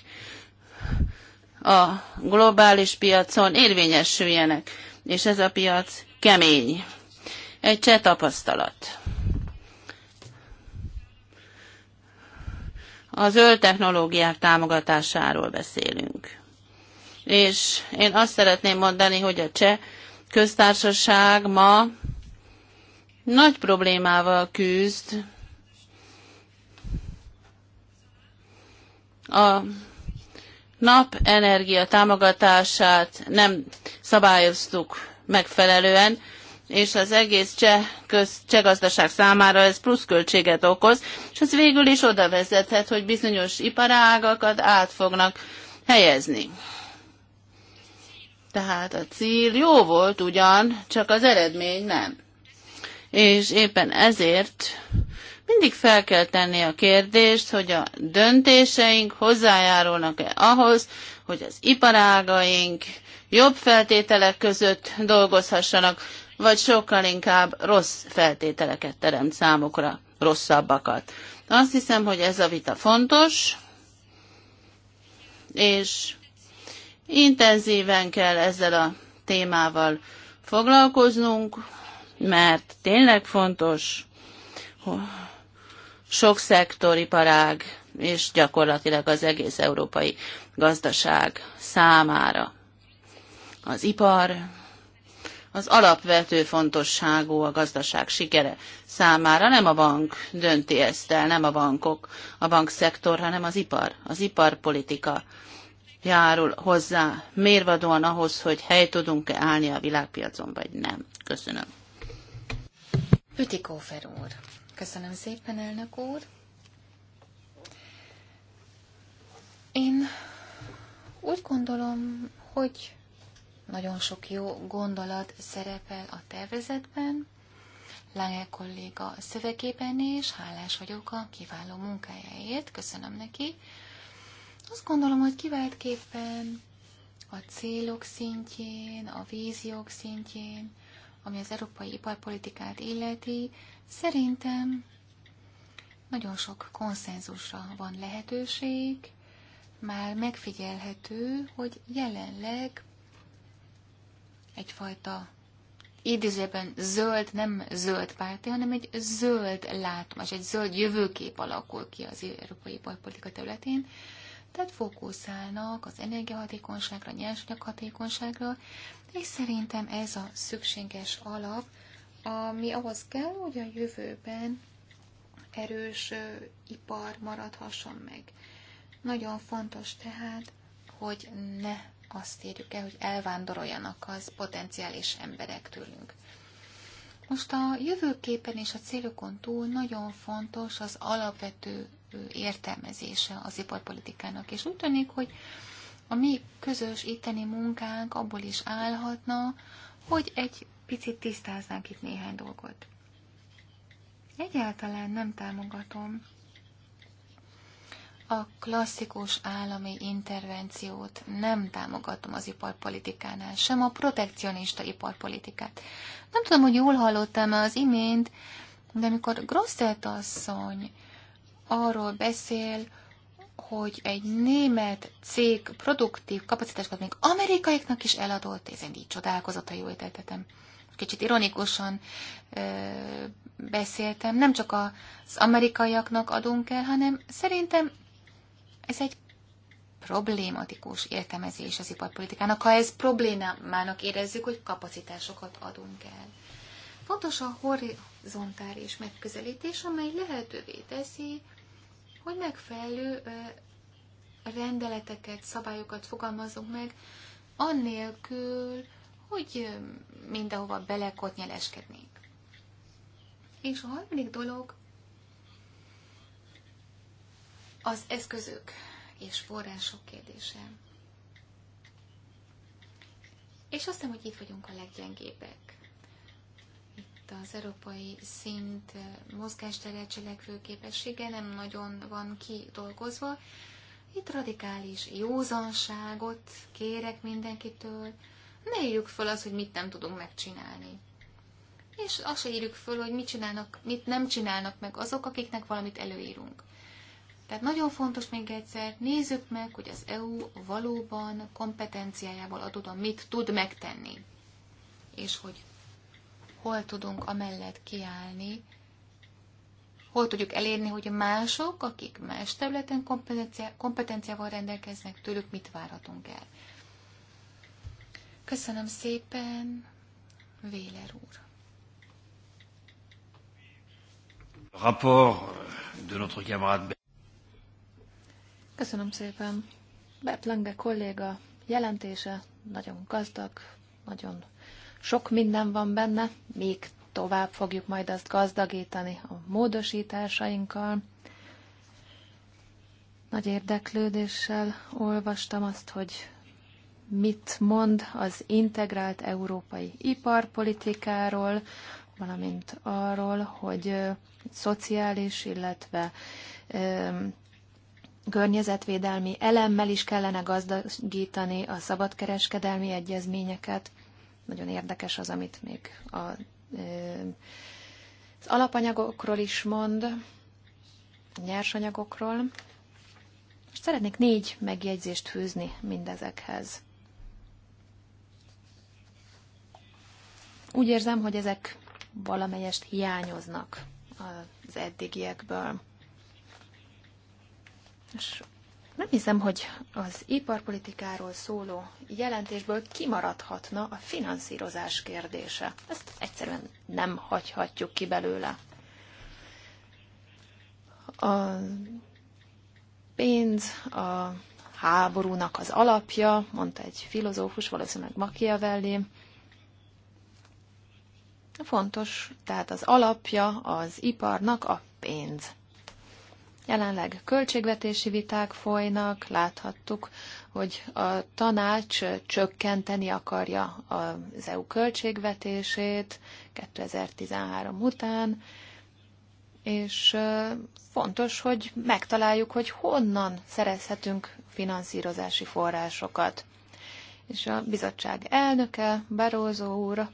a globális piacon érvényesüljenek, és ez a piac kemény. Egy cseh tapasztalat. A zöld technológiák támogatásáról beszélünk és én azt szeretném mondani, hogy a cseh köztársaság ma nagy problémával küzd a napenergia támogatását nem szabályoztuk megfelelően, és az egész cseh, köz, cseh gazdaság számára ez pluszköltséget okoz, és ez végül is oda vezethet, hogy bizonyos iparágakat át fognak helyezni. Tehát a cél jó volt ugyan, csak az eredmény nem. És éppen ezért mindig fel kell tenni a kérdést, hogy a döntéseink hozzájárulnak-e ahhoz, hogy az iparágaink jobb feltételek között dolgozhassanak, vagy sokkal inkább rossz feltételeket teremt számukra, rosszabbakat. Azt hiszem, hogy ez a vita fontos, és Intenzíven kell ezzel a témával foglalkoznunk, mert tényleg fontos sok szektoriparág és gyakorlatilag az egész európai gazdaság számára. Az ipar, az alapvető fontosságú a gazdaság sikere számára. Nem a bank dönti ezt el, nem a bankok, a bankszektor, hanem az ipar, az iparpolitika járul hozzá mérvadóan ahhoz, hogy hely tudunk-e állni a világpiacon, vagy nem. Köszönöm. Ütikófer úr. Köszönöm szépen, elnök úr. Én úgy gondolom, hogy nagyon sok jó gondolat szerepel a tervezetben, Lange kolléga szövegében, és hálás vagyok a kiváló munkájáért. Köszönöm neki. Azt gondolom, hogy kiváltképpen a célok szintjén, a víziók szintjén, ami az európai iparpolitikát illeti, szerintem nagyon sok konszenzusra van lehetőség, már megfigyelhető, hogy jelenleg egyfajta idézőben zöld, nem zöld párti, hanem egy zöld látomás, egy zöld jövőkép alakul ki az európai iparpolitika területén. Tehát fókuszálnak az energiahatékonyságra, nyersanyaghatékonyságra, és szerintem ez a szükséges alap, ami ahhoz kell, hogy a jövőben erős ipar maradhasson meg. Nagyon fontos tehát, hogy ne azt érjük el, hogy elvándoroljanak az potenciális emberek tőlünk. Most a jövőképen és a célokon túl nagyon fontos az alapvető értelmezése az iparpolitikának. És úgy tűnik, hogy a mi közös itteni munkánk abból is állhatna, hogy egy picit tisztáznánk itt néhány dolgot. Egyáltalán nem támogatom a klasszikus állami intervenciót nem támogatom az iparpolitikánál, sem a protekcionista iparpolitikát. Nem tudom, hogy jól hallottam az imént, de amikor Grosztelt asszony arról beszél, hogy egy német cég produktív kapacitásokat még amerikaiaknak is eladott, Ez egy csodálkozott, ha jól értettem. Kicsit ironikusan ö, beszéltem, nem csak az amerikaiaknak adunk el, hanem szerintem ez egy problématikus értelmezés az iparpolitikának, ha ez problémának érezzük, hogy kapacitásokat adunk el. Fontos a horizontális megközelítés, amely lehetővé teszi, hogy megfelelő rendeleteket, szabályokat fogalmazunk meg, annélkül, hogy mindenhova belekotnyeleskednénk. És a harmadik dolog az eszközök és források kérdése. És azt hiszem, hogy itt vagyunk a leggyengébbek itt az európai szint mozgástere cselekvő képessége nem nagyon van kidolgozva. Itt radikális józanságot kérek mindenkitől. Ne írjuk föl az, hogy mit nem tudunk megcsinálni. És azt se írjuk föl, hogy mit csinálnak, mit nem csinálnak meg azok, akiknek valamit előírunk. Tehát nagyon fontos még egyszer, nézzük meg, hogy az EU valóban kompetenciájából adódóan mit tud megtenni, és hogy hol tudunk amellett kiállni, hol tudjuk elérni, hogy mások, akik más területen kompetenciá- kompetenciával rendelkeznek, tőlük mit várhatunk el. Köszönöm szépen, Véler úr. Köszönöm szépen. Bert Lange kolléga jelentése nagyon gazdag, nagyon sok minden van benne, még tovább fogjuk majd azt gazdagítani a módosításainkkal. Nagy érdeklődéssel olvastam azt, hogy mit mond az integrált európai iparpolitikáról, valamint arról, hogy szociális, illetve környezetvédelmi elemmel is kellene gazdagítani a szabadkereskedelmi egyezményeket. Nagyon érdekes az, amit még a, az alapanyagokról is mond, nyersanyagokról. És szeretnék négy megjegyzést fűzni mindezekhez. Úgy érzem, hogy ezek valamelyest hiányoznak az eddigiekből. És nem hiszem, hogy az iparpolitikáról szóló jelentésből kimaradhatna a finanszírozás kérdése. Ezt egyszerűen nem hagyhatjuk ki belőle. A pénz, a háborúnak az alapja, mondta egy filozófus, valószínűleg Machiavelli. Fontos, tehát az alapja az iparnak a pénz. Jelenleg költségvetési viták folynak, láthattuk, hogy a tanács csökkenteni akarja az EU költségvetését 2013 után, és fontos, hogy megtaláljuk, hogy honnan szerezhetünk finanszírozási forrásokat. És a bizottság elnöke, Barózó úr,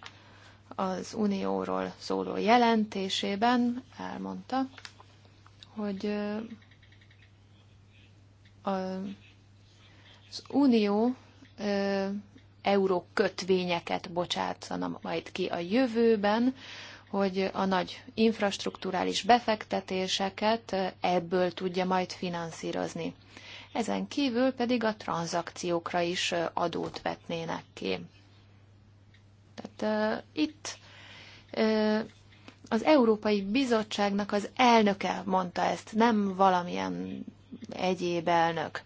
az Unióról szóló jelentésében elmondta, hogy az Unió euró kötvényeket bocsátana majd ki a jövőben, hogy a nagy infrastruktúrális befektetéseket ebből tudja majd finanszírozni. Ezen kívül pedig a tranzakciókra is adót vetnének ki. Tehát uh, itt uh, az Európai Bizottságnak az elnöke mondta ezt, nem valamilyen egyéb elnök.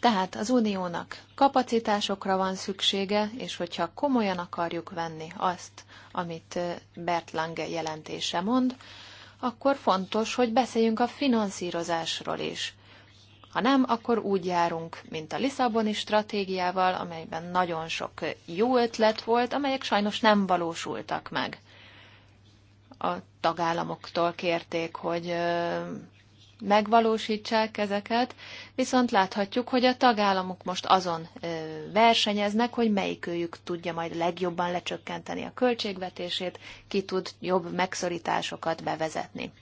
Tehát az uniónak kapacitásokra van szüksége, és hogyha komolyan akarjuk venni azt, amit eh, Bert Lange jelentése mond, akkor fontos, hogy beszéljünk a finanszírozásról is. Ha nem, akkor úgy járunk, mint a Lisszaboni stratégiával, amelyben nagyon sok eh, jó ötlet volt, amelyek sajnos nem valósultak meg a tagállamoktól kérték, hogy megvalósítsák ezeket, viszont láthatjuk, hogy a tagállamok most azon versenyeznek, hogy melyikőjük tudja majd legjobban lecsökkenteni a költségvetését, ki tud jobb megszorításokat bevezetni.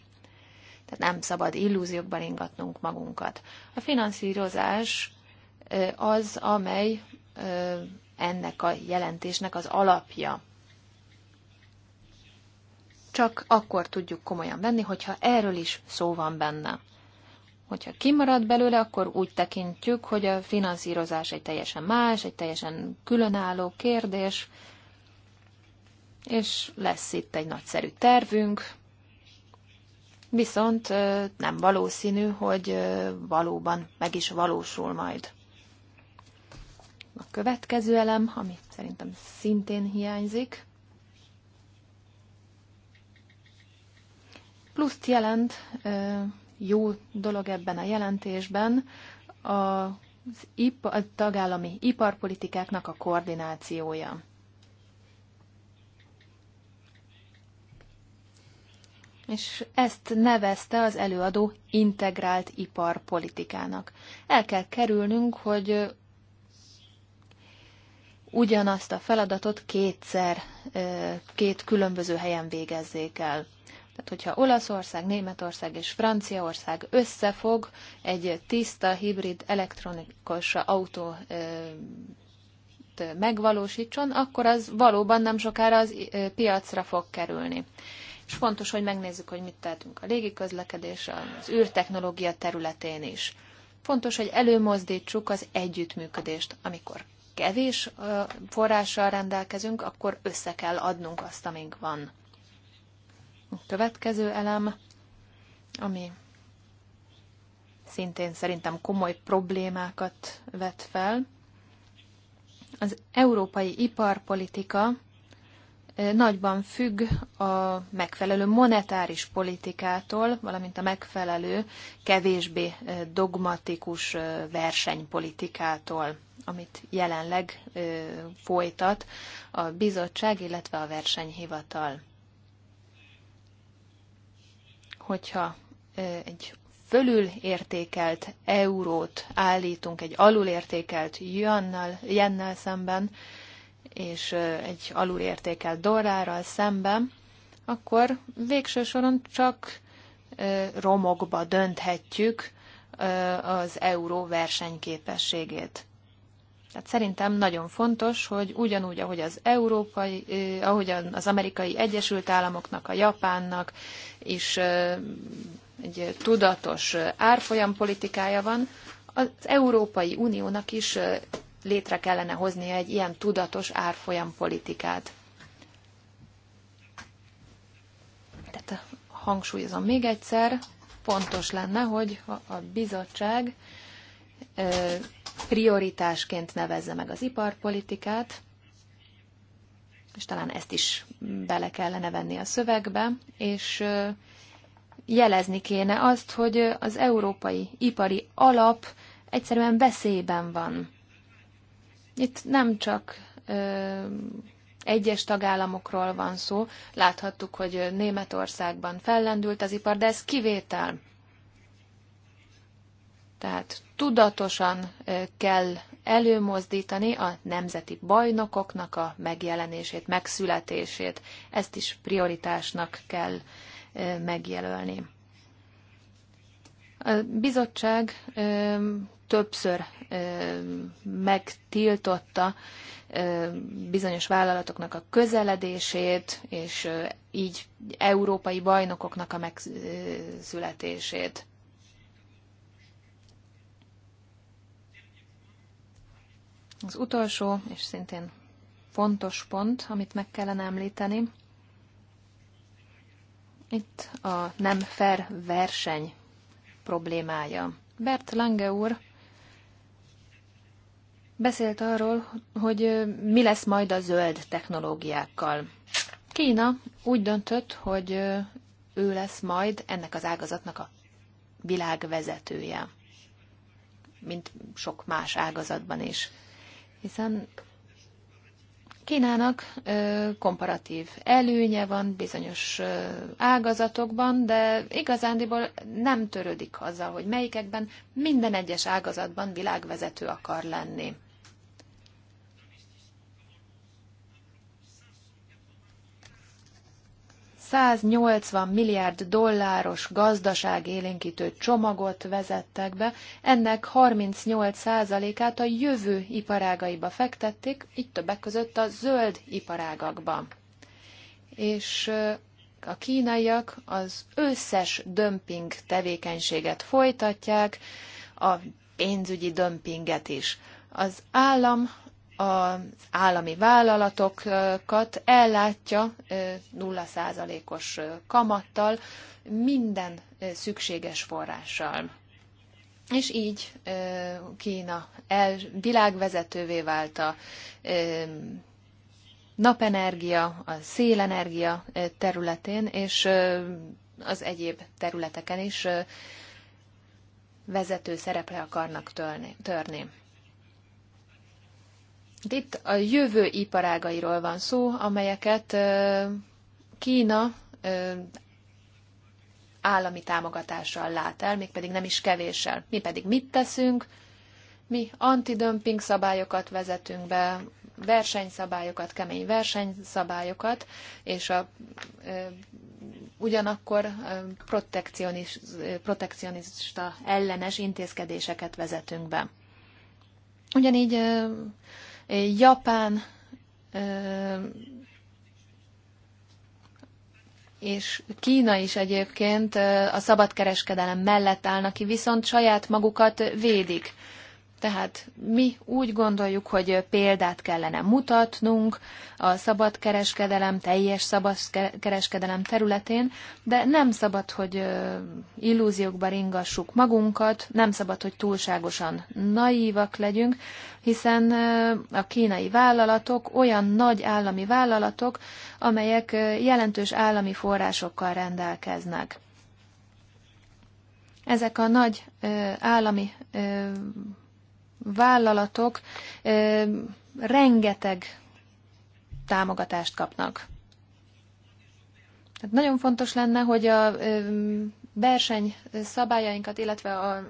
Tehát nem szabad illúziókban ingatnunk magunkat. A finanszírozás az, amely ennek a jelentésnek az alapja csak akkor tudjuk komolyan venni, hogyha erről is szó van benne. Hogyha kimarad belőle, akkor úgy tekintjük, hogy a finanszírozás egy teljesen más, egy teljesen különálló kérdés, és lesz itt egy nagyszerű tervünk, viszont nem valószínű, hogy valóban meg is valósul majd. A következő elem, ami szerintem szintén hiányzik, Pluszt jelent, jó dolog ebben a jelentésben, a az a tagállami iparpolitikáknak a koordinációja. És ezt nevezte az előadó integrált iparpolitikának. El kell kerülnünk, hogy ugyanazt a feladatot kétszer, két különböző helyen végezzék el. Tehát, hogyha Olaszország, Németország és Franciaország összefog egy tiszta, hibrid, elektronikus autó megvalósítson, akkor az valóban nem sokára az piacra fog kerülni. És fontos, hogy megnézzük, hogy mit tehetünk a légiközlekedés, az űrtechnológia területén is. Fontos, hogy előmozdítsuk az együttműködést. Amikor kevés forrással rendelkezünk, akkor össze kell adnunk azt, amink van. A következő elem, ami szintén szerintem komoly problémákat vet fel, az európai iparpolitika nagyban függ a megfelelő monetáris politikától, valamint a megfelelő, kevésbé dogmatikus versenypolitikától, amit jelenleg folytat a bizottság, illetve a versenyhivatal hogyha egy fölülértékelt eurót állítunk egy alulértékelt jannal, jennel szemben, és egy alulértékelt dollárral szemben, akkor végső soron csak romokba dönthetjük az euró versenyképességét. Tehát szerintem nagyon fontos, hogy ugyanúgy, ahogy az európai, ahogy az amerikai Egyesült Államoknak, a Japánnak is egy tudatos árfolyam politikája van, az Európai Uniónak is létre kellene hoznia egy ilyen tudatos árfolyam politikát. Tehát hangsúlyozom még egyszer, pontos lenne, hogy a bizottság prioritásként nevezze meg az iparpolitikát, és talán ezt is bele kellene venni a szövegbe, és jelezni kéne azt, hogy az európai ipari alap egyszerűen veszélyben van. Itt nem csak ö, egyes tagállamokról van szó, láthattuk, hogy Németországban fellendült az ipar, de ez kivétel. Tehát tudatosan kell előmozdítani a nemzeti bajnokoknak a megjelenését, megszületését. Ezt is prioritásnak kell megjelölni. A bizottság többször megtiltotta bizonyos vállalatoknak a közeledését, és így európai bajnokoknak a megszületését. Az utolsó, és szintén fontos pont, amit meg kellene említeni, itt a nem fair verseny problémája. Bert Lange úr beszélt arról, hogy mi lesz majd a zöld technológiákkal. Kína úgy döntött, hogy ő lesz majd ennek az ágazatnak a világvezetője, mint sok más ágazatban is hiszen Kínának ö, komparatív előnye van bizonyos ö, ágazatokban, de igazándiból nem törődik azzal, hogy melyikekben minden egyes ágazatban világvezető akar lenni. 180 milliárd dolláros élénkítő csomagot vezettek be, ennek 38%-át a jövő iparágaiba fektették, így többek között a zöld iparágakba. És a kínaiak az összes dömping tevékenységet folytatják, a pénzügyi dömpinget is. Az állam az állami vállalatokat ellátja 0%-os kamattal, minden szükséges forrással. És így Kína el, világvezetővé vált a napenergia, a szélenergia területén, és az egyéb területeken is vezető szerepre akarnak törni. Itt a jövő iparágairól van szó, amelyeket Kína állami támogatással lát el, mégpedig nem is kevéssel. Mi pedig mit teszünk? Mi antidömping szabályokat vezetünk be, versenyszabályokat, kemény versenyszabályokat, és a, ugyanakkor e, protekcionista ellenes intézkedéseket vezetünk be. Ugyanígy Japán és Kína is egyébként a szabadkereskedelem mellett állnak ki, viszont saját magukat védik. Tehát mi úgy gondoljuk, hogy példát kellene mutatnunk a szabadkereskedelem, teljes kereskedelem területén, de nem szabad, hogy illúziókba ringassuk magunkat, nem szabad, hogy túlságosan naívak legyünk, hiszen a kínai vállalatok olyan nagy állami vállalatok, amelyek jelentős állami forrásokkal rendelkeznek. Ezek a nagy állami vállalatok rengeteg támogatást kapnak. Tehát nagyon fontos lenne, hogy a verseny szabályainkat, illetve a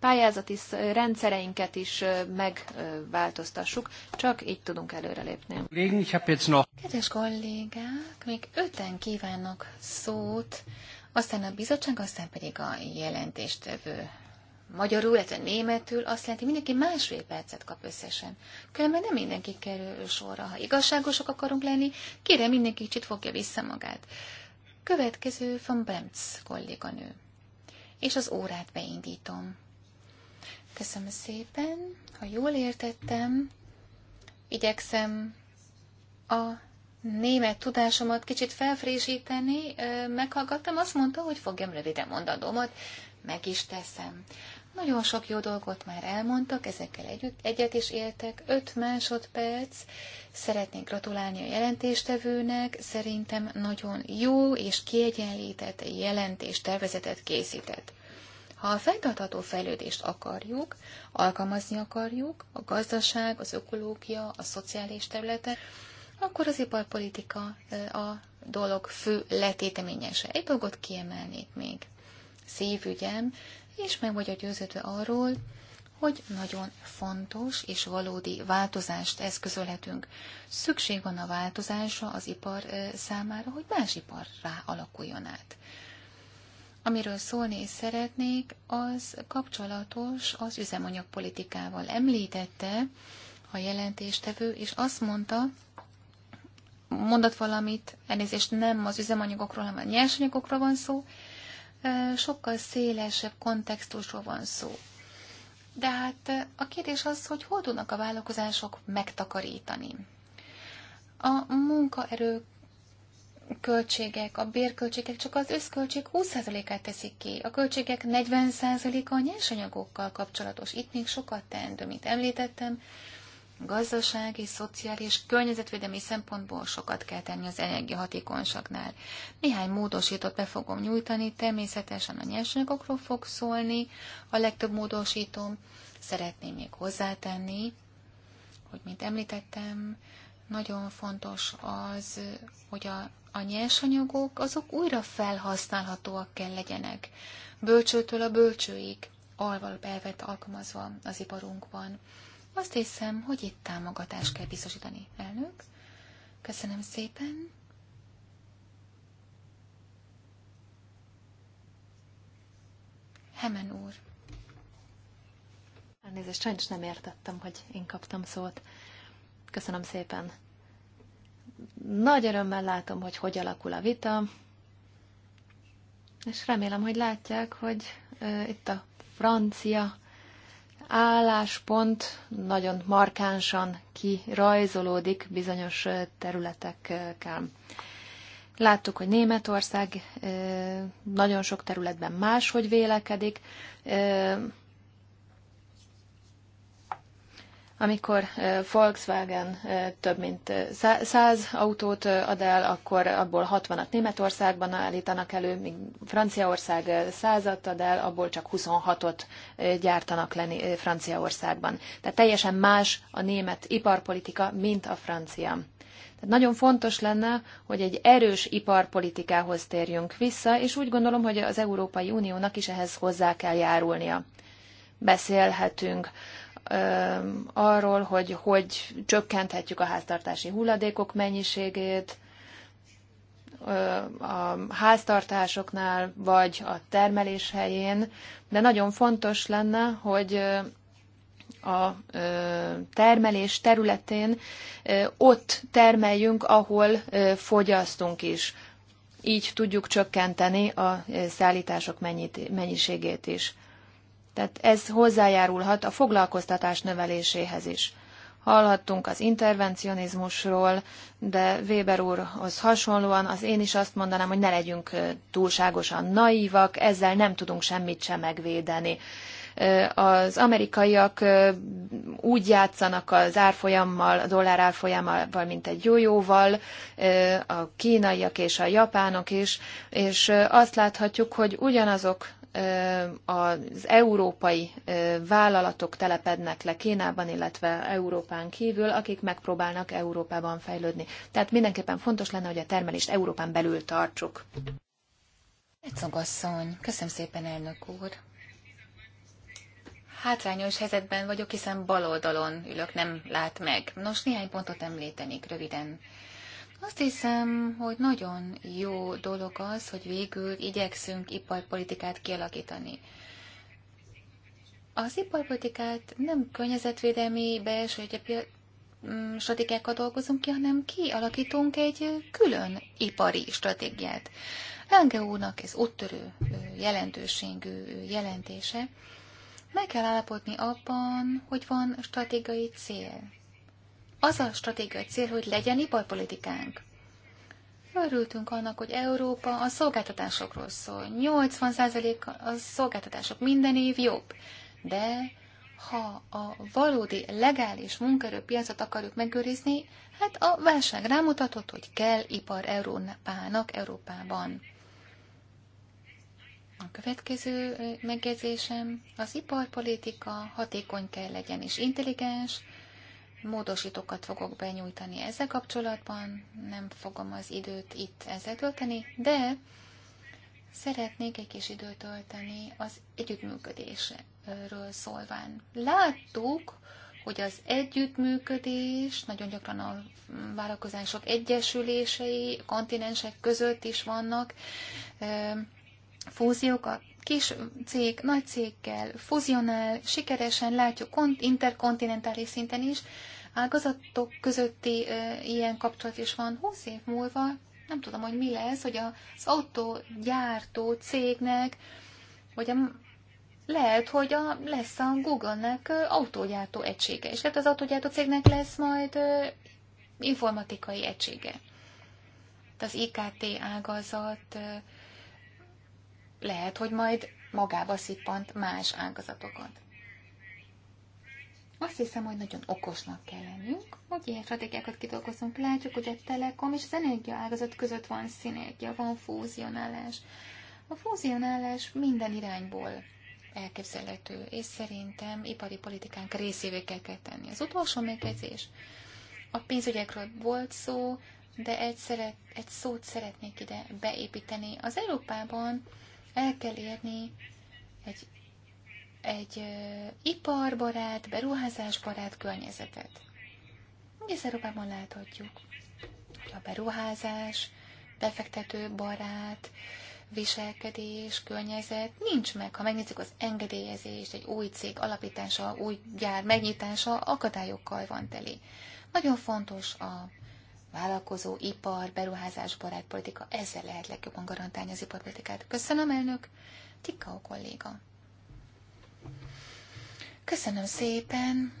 pályázati rendszereinket is megváltoztassuk, csak így tudunk előrelépni. Kedves kollégák, még öten kívánok szót, aztán a bizottság, aztán pedig a jelentéstevő magyarul, illetve németül, azt jelenti, hogy mindenki másfél percet kap összesen. Különben nem mindenki kerül sorra. Ha igazságosak akarunk lenni, kérem mindenki kicsit fogja vissza magát. Következő van Bremc kolléganő. És az órát beindítom. Köszönöm szépen, ha jól értettem, igyekszem a német tudásomat kicsit felfrésíteni, meghallgattam, azt mondta, hogy fogjam röviden mondanomat meg is teszem. Nagyon sok jó dolgot már elmondtak, ezekkel együtt egyet is éltek. 5 másodperc. Szeretnék gratulálni a jelentéstevőnek. Szerintem nagyon jó és kiegyenlített jelentéstervezetet készített. Ha a fenntartható fejlődést akarjuk, alkalmazni akarjuk, a gazdaság, az ökológia, a szociális területe, akkor az iparpolitika a dolog fő letéteményese. Egy dolgot kiemelnék még szívügyem, és meg vagyok győződve arról, hogy nagyon fontos és valódi változást eszközölhetünk. Szükség van a változásra az ipar számára, hogy más ipar rá alakuljon át. Amiről szólni szeretnék, az kapcsolatos az üzemanyagpolitikával. Említette a jelentéstevő, és azt mondta, mondott valamit, elnézést nem az üzemanyagokról, hanem a nyersanyagokról van szó, sokkal szélesebb kontextusról van szó. De hát a kérdés az, hogy hol tudnak a vállalkozások megtakarítani. A munkaerő költségek, a bérköltségek csak az összköltség 20%-át teszik ki, a költségek 40%-a a nyersanyagokkal kapcsolatos. Itt még sokat teendő, mint említettem, Gazdasági, szociális, környezetvédelmi szempontból sokat kell tenni az energiahatékonyságnál. Néhány módosítót be fogom nyújtani, természetesen a nyersanyagokról fog szólni, a legtöbb módosítom. Szeretném még hozzátenni, hogy mint említettem, nagyon fontos az, hogy a, a nyersanyagok azok újra felhasználhatóak kell legyenek. Bölcsőtől a bölcsőig alval elvet alkalmazva az iparunkban. Azt hiszem, hogy itt támogatást kell biztosítani, elnök. Köszönöm szépen. Hemen úr. Elnézést, sajnos nem értettem, hogy én kaptam szót. Köszönöm szépen. Nagy örömmel látom, hogy hogy alakul a vita, és remélem, hogy látják, hogy ö, itt a francia álláspont nagyon markánsan kirajzolódik bizonyos területekkel. Láttuk, hogy Németország nagyon sok területben máshogy vélekedik, amikor Volkswagen több mint 100 autót ad el, akkor abból 60-at Németországban állítanak elő, míg Franciaország 100-at ad el, abból csak 26-ot gyártanak le Franciaországban. Tehát teljesen más a német iparpolitika, mint a francia. Tehát nagyon fontos lenne, hogy egy erős iparpolitikához térjünk vissza, és úgy gondolom, hogy az Európai Uniónak is ehhez hozzá kell járulnia. Beszélhetünk arról, hogy hogy csökkenthetjük a háztartási hulladékok mennyiségét, a háztartásoknál, vagy a termelés helyén, de nagyon fontos lenne, hogy a termelés területén ott termeljünk, ahol fogyasztunk is. Így tudjuk csökkenteni a szállítások mennyiségét is. Tehát ez hozzájárulhat a foglalkoztatás növeléséhez is. Hallhattunk az intervencionizmusról, de Weber úrhoz hasonlóan az én is azt mondanám, hogy ne legyünk túlságosan naívak, ezzel nem tudunk semmit sem megvédeni. Az amerikaiak úgy játszanak az árfolyammal, a dollár árfolyammal, mint egy jójóval, a kínaiak és a japánok is, és azt láthatjuk, hogy ugyanazok az európai vállalatok telepednek le Kínában, illetve Európán kívül, akik megpróbálnak Európában fejlődni. Tehát mindenképpen fontos lenne, hogy a termelést Európán belül tartsuk. Etzogasszony, köszönöm szépen, elnök úr. Hátrányos helyzetben vagyok, hiszen bal oldalon ülök, nem lát meg. Nos, néhány pontot említenék röviden. Azt hiszem, hogy nagyon jó dolog az, hogy végül igyekszünk iparpolitikát kialakítani. Az iparpolitikát nem környezetvédelmi belső mm, stratégiákkal dolgozunk ki, hanem kialakítunk egy külön ipari stratégiát. Lange úrnak ez úttörő jelentőségű jelentése. Meg kell állapodni abban, hogy van stratégiai cél. Az a stratégiai cél, hogy legyen iparpolitikánk. Örültünk annak, hogy Európa a szolgáltatásokról szól. 80% a szolgáltatások minden év jobb. De ha a valódi legális munkaerőpiacot akarjuk megőrizni, hát a válság rámutatott, hogy kell ipar Európának Európában. A következő megjegyzésem, az iparpolitika hatékony kell legyen és intelligens, módosítókat fogok benyújtani ezzel kapcsolatban, nem fogom az időt itt ezzel tölteni, de szeretnék egy kis időt tölteni az együttműködésről szólván. Láttuk, hogy az együttműködés nagyon gyakran a vállalkozások egyesülései, kontinensek között is vannak fúziók, a kis cég nagy céggel fúzionál sikeresen látjuk interkontinentális szinten is, ágazatok közötti ilyen kapcsolat is van. Húsz év múlva nem tudom, hogy mi lesz, hogy az autógyártó cégnek, vagy a, lehet, hogy a, lesz a Google-nek autógyártó egysége, és lehet az autógyártó cégnek lesz majd informatikai egysége. Az IKT ágazat lehet, hogy majd magába szippant más ágazatokat. Azt hiszem, hogy nagyon okosnak kell lennünk, hogy ilyen stratégiákat kidolgozunk. Látjuk, hogy a telekom és az energia ágazat között van szinergia, van fúzionálás. A fúzionálás minden irányból elképzelhető, és szerintem ipari politikánk részévé kell, kell tenni. Az utolsó megjegyzés. A pénzügyekről volt szó, de egy, szeret, egy szót szeretnék ide beépíteni. Az Európában el kell érni egy egy iparbarát, beruházásbarát környezetet. Ugye Európában láthatjuk, hogy a beruházás, befektető barát, viselkedés, környezet nincs meg. Ha megnézzük az engedélyezést, egy új cég alapítása, új gyár megnyitása akadályokkal van teli. Nagyon fontos a vállalkozó, ipar, beruházás, barátpolitika. Ezzel lehet legjobban garantálni az iparpolitikát. Köszönöm, elnök! a kolléga. Köszönöm szépen.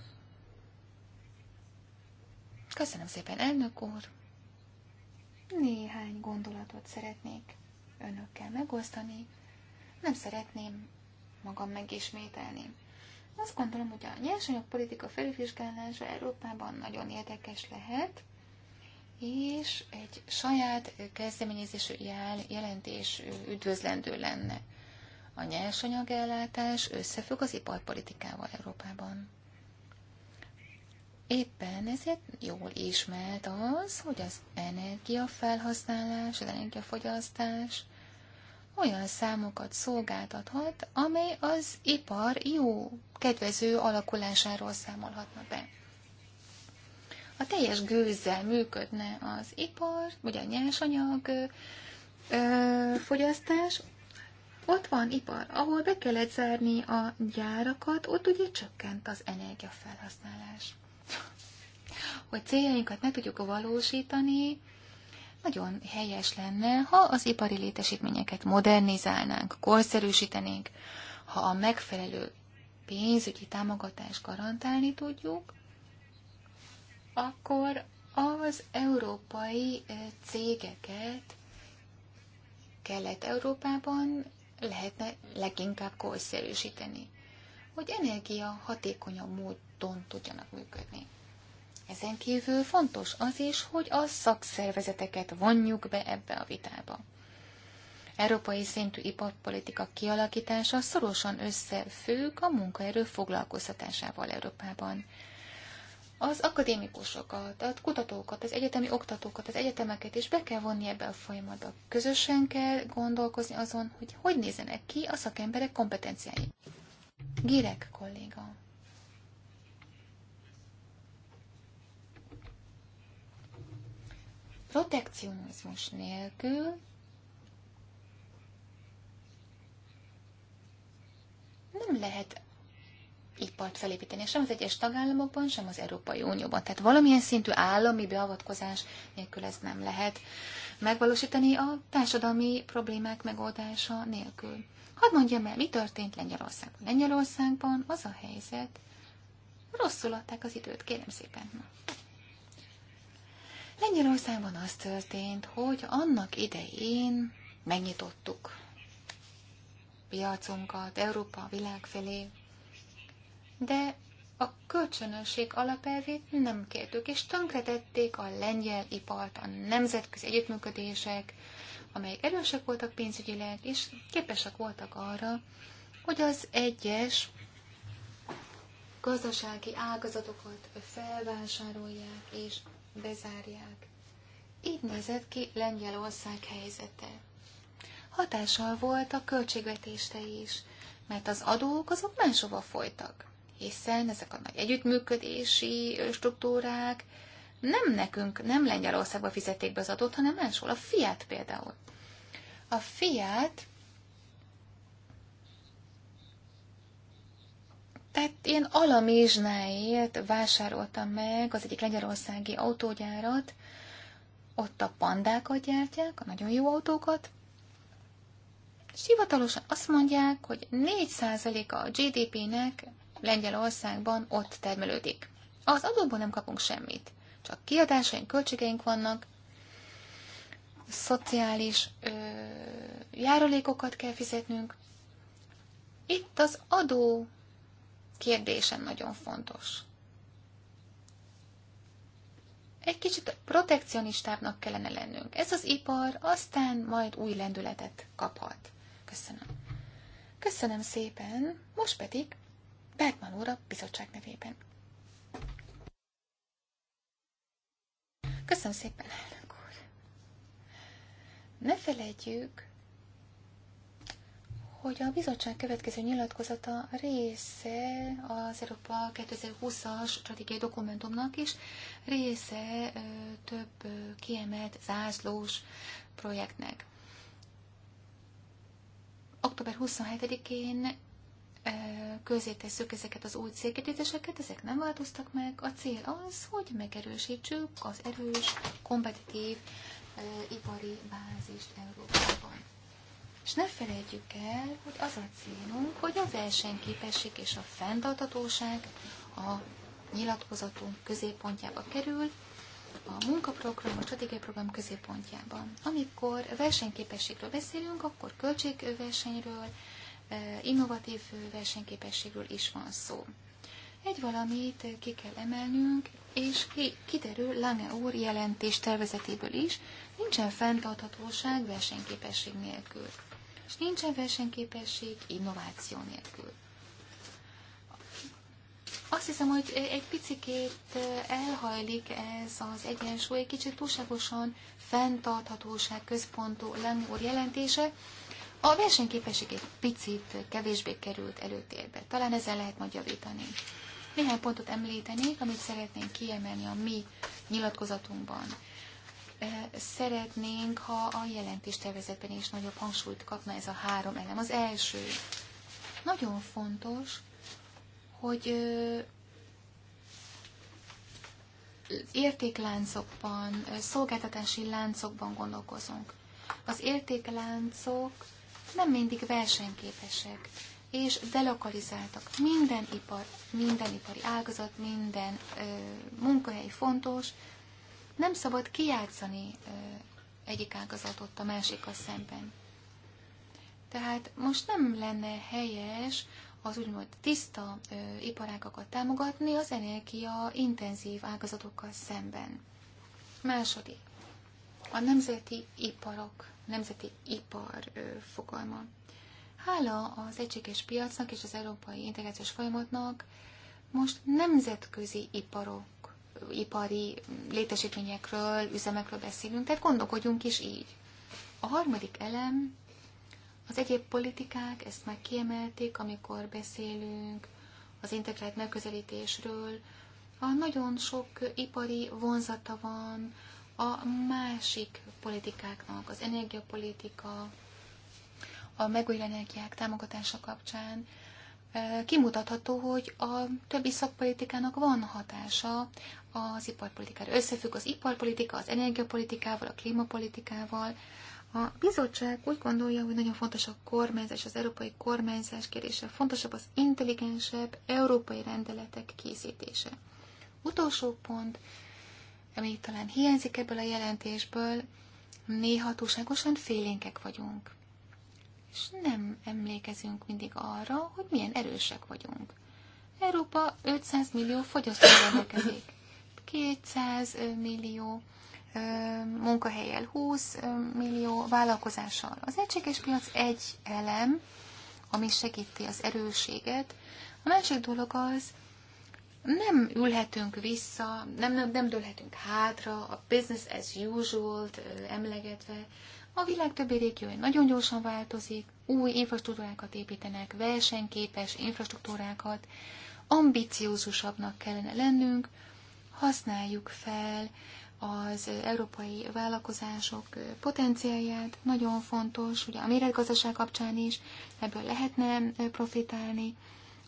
Köszönöm szépen, elnök úr. Néhány gondolatot szeretnék önökkel megosztani. Nem szeretném magam megismételni. Azt gondolom, hogy a nyersanyagpolitika felülvizsgálása Európában nagyon érdekes lehet, és egy saját kezdeményezésű jel, jelentés üdvözlendő lenne. A nyersanyagellátás összefügg az iparpolitikával Európában. Éppen ezért jól ismert az, hogy az energiafelhasználás, az energiafogyasztás olyan számokat szolgáltathat, amely az ipar jó, kedvező alakulásáról számolhatna be. A teljes gőzzel működne az ipar, vagy a nyersanyag ö, fogyasztás, ott van ipar, ahol be kellett zárni a gyárakat, ott ugye csökkent az energiafelhasználás. Hogy céljainkat meg tudjuk valósítani, nagyon helyes lenne, ha az ipari létesítményeket modernizálnánk, korszerűsítenénk, ha a megfelelő pénzügyi támogatást garantálni tudjuk, akkor az európai eh, cégeket Kelet-Európában lehetne leginkább korszerűsíteni, hogy energia hatékonyabb módon tudjanak működni. Ezen kívül fontos az is, hogy a szakszervezeteket vonjuk be ebbe a vitába. Európai szintű iparpolitika kialakítása szorosan összefügg a munkaerő foglalkoztatásával Európában az akadémikusokat, a kutatókat, az egyetemi oktatókat, az egyetemeket is be kell vonni ebbe a folyamatba. Közösen kell gondolkozni azon, hogy hogy nézenek ki a szakemberek kompetenciái. Girek kolléga. Protekcionizmus nélkül nem lehet ipart felépíteni, sem az egyes tagállamokban, sem az Európai Unióban. Tehát valamilyen szintű állami beavatkozás nélkül ez nem lehet megvalósítani a társadalmi problémák megoldása nélkül. Hadd mondjam el, mi történt Lengyelországban. Lengyelországban az a helyzet, rosszul adták az időt, kérem szépen. Na. Lengyelországban az történt, hogy annak idején megnyitottuk piacunkat Európa, világ felé, de a kölcsönösség alapelvét nem kértük, és tönkretették a lengyel ipart, a nemzetközi együttműködések, amelyek erősek voltak pénzügyileg, és képesek voltak arra, hogy az egyes gazdasági ágazatokat felvásárolják és bezárják. Így nézett ki Lengyelország helyzete. Hatással volt a költségvetésre is, mert az adók azok máshova folytak hiszen ezek a nagy együttműködési struktúrák nem nekünk, nem Lengyelországba fizették be az adót, hanem máshol, a Fiat például. A Fiat Tehát én alamizsnáért vásároltam meg az egyik lengyelországi autógyárat, ott a pandákat gyártják, a nagyon jó autókat, és hivatalosan azt mondják, hogy 4% a GDP-nek Lengyelországban ott termelődik. Az adóból nem kapunk semmit, csak kiadásaink, költségeink vannak, szociális ö, járulékokat kell fizetnünk. Itt az adó kérdésen nagyon fontos. Egy kicsit protekcionistábbnak kellene lennünk. Ez az ipar aztán majd új lendületet kaphat. Köszönöm. Köszönöm szépen, most pedig Bergman úr a bizottság nevében. Köszönöm szépen, elnök úr. Ne felejtjük, hogy a bizottság következő nyilatkozata része az Európa 2020-as stratégiai dokumentumnak is, része több kiemelt zászlós projektnek. Október 27-én közé ezeket az új célkérdéseket, ezek nem változtak meg. A cél az, hogy megerősítsük az erős, kompetitív ipari bázist Európában. És ne felejtjük el, hogy az a célunk, hogy a versenyképesség és a fenntartatóság a nyilatkozatunk középpontjába kerül, a munkaprogram, a stratégiai program középpontjában. Amikor versenyképességről beszélünk, akkor költségversenyről, innovatív versenyképességről is van szó. Egy valamit ki kell emelnünk, és ki, kiderül Lange úr jelentés tervezetéből is, nincsen fenntarthatóság versenyképesség nélkül, és nincsen versenyképesség innováció nélkül. Azt hiszem, hogy egy picit elhajlik ez az egyensúly, egy kicsit túlságosan fenntarthatóság központú Lange úr jelentése, a versenyképesség egy picit kevésbé került előtérbe. Talán ezen lehet majd javítani. Néhány pontot említenék, amit szeretnénk kiemelni a mi nyilatkozatunkban. Szeretnénk, ha a jelentéstervezetben is nagyobb hangsúlyt kapna ez a három elem. Az első, nagyon fontos, hogy értékláncokban, szolgáltatási láncokban gondolkozunk. Az értékláncok nem mindig versenyképesek és delokalizáltak. Minden ipar, minden ipari ágazat, minden ö, munkahely fontos. Nem szabad kijátszani ö, egyik ágazatot a másikkal szemben. Tehát most nem lenne helyes az úgymond tiszta ö, iparágakat támogatni az energia intenzív ágazatokkal szemben. Második. A nemzeti iparok nemzeti ipar fogalma. Hála az egységes piacnak és az európai integrációs folyamatnak most nemzetközi iparok, ipari létesítményekről, üzemekről beszélünk, tehát gondolkodjunk is így. A harmadik elem az egyéb politikák, ezt már kiemelték, amikor beszélünk az integrált megközelítésről. A nagyon sok ipari vonzata van a másik politikáknak, az energiapolitika, a megújuló energiák támogatása kapcsán e, kimutatható, hogy a többi szakpolitikának van hatása az iparpolitikára. Összefügg az iparpolitika, az energiapolitikával, a klímapolitikával. A bizottság úgy gondolja, hogy nagyon fontos a kormányzás, az európai kormányzás kérdése, fontosabb az intelligensebb európai rendeletek készítése. Utolsó pont, ami talán hiányzik ebből a jelentésből, néha túlságosan félénkek vagyunk. És nem emlékezünk mindig arra, hogy milyen erősek vagyunk. Európa 500 millió fogyasztó rendelkezik. 200 millió munkahelyel, 20 millió vállalkozással. Az egységes piac egy elem, ami segíti az erősséget. A másik dolog az, nem ülhetünk vissza, nem, nem, nem dőlhetünk hátra, a business as usual emlegetve. A világ többi régiója nagyon gyorsan változik, új infrastruktúrákat építenek, versenyképes infrastruktúrákat, ambiciózusabbnak kellene lennünk, használjuk fel az európai vállalkozások potenciáját, nagyon fontos, ugye a méretgazdaság kapcsán is ebből lehetne profitálni,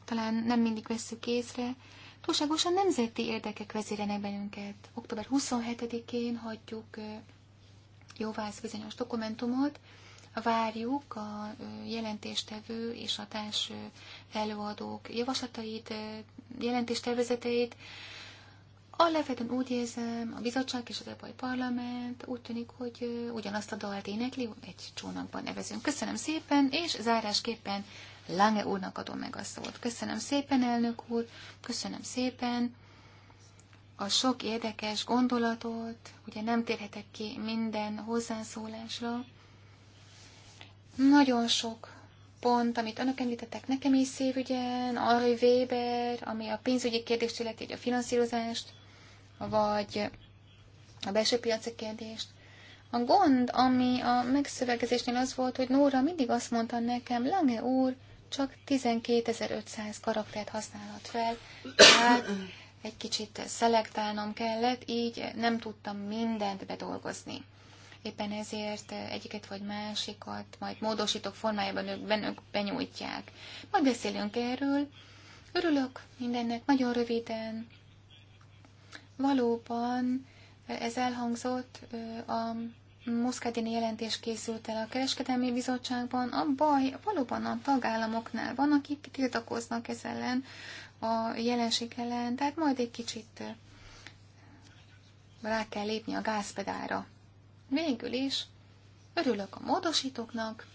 talán nem mindig veszük észre, túlságosan nemzeti érdekek vezérenek bennünket. Október 27-én hagyjuk jóvász bizonyos dokumentumot, várjuk a jelentéstevő és a társ előadók javaslatait, jelentéstervezeteit. Alapvetően úgy érzem, a bizottság és az Európai Parlament úgy tűnik, hogy ugyanazt a dalt énekli, egy csónakban nevezünk. Köszönöm szépen, és zárásképpen Lange úrnak adom meg a szót. Köszönöm szépen, elnök úr, köszönöm szépen a sok érdekes gondolatot, ugye nem térhetek ki minden hozzászólásra. Nagyon sok pont, amit önök említettek nekem is szívügyen, Ari Weber, ami a pénzügyi kérdést illeti, a finanszírozást, vagy a belső piaci kérdést. A gond, ami a megszövegezésnél az volt, hogy Nóra mindig azt mondta nekem, Lange úr, csak 12.500 karaktert használhat fel, tehát egy kicsit szelektálnom kellett, így nem tudtam mindent bedolgozni. Éppen ezért egyiket vagy másikat majd módosítok formájában ők, önök benyújtják. Majd beszélünk erről. Örülök mindennek nagyon röviden. Valóban ez elhangzott a Muszkádini jelentés készült el a Kereskedelmi Bizottságban, a baj valóban a tagállamoknál van, akik tiltakoznak ez ellen, a jelenség ellen, tehát majd egy kicsit rá kell lépni a gázpedára. Végül is örülök a módosítóknak,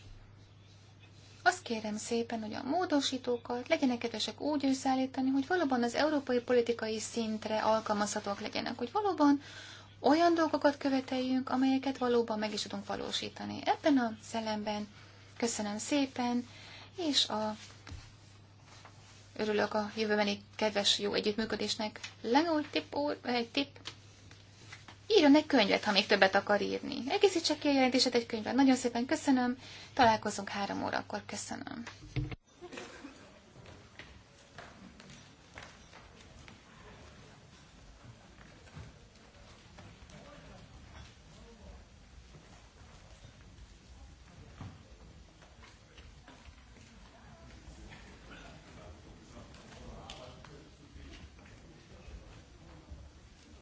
azt kérem szépen, hogy a módosítókat legyenek kedvesek úgy összeállítani, hogy valóban az európai politikai szintre alkalmazhatóak legyenek, hogy valóban olyan dolgokat követeljünk, amelyeket valóban meg is tudunk valósítani. Ebben a szellemben köszönöm szépen, és a örülök a jövőbeni kedves jó együttműködésnek. Lenúl tip, tipp, úr, egy tipp. Írjon egy könyvet, ha még többet akar írni. Egészítsek ki a jelentéset egy könyvben. Nagyon szépen köszönöm. Találkozunk három órakor. Köszönöm.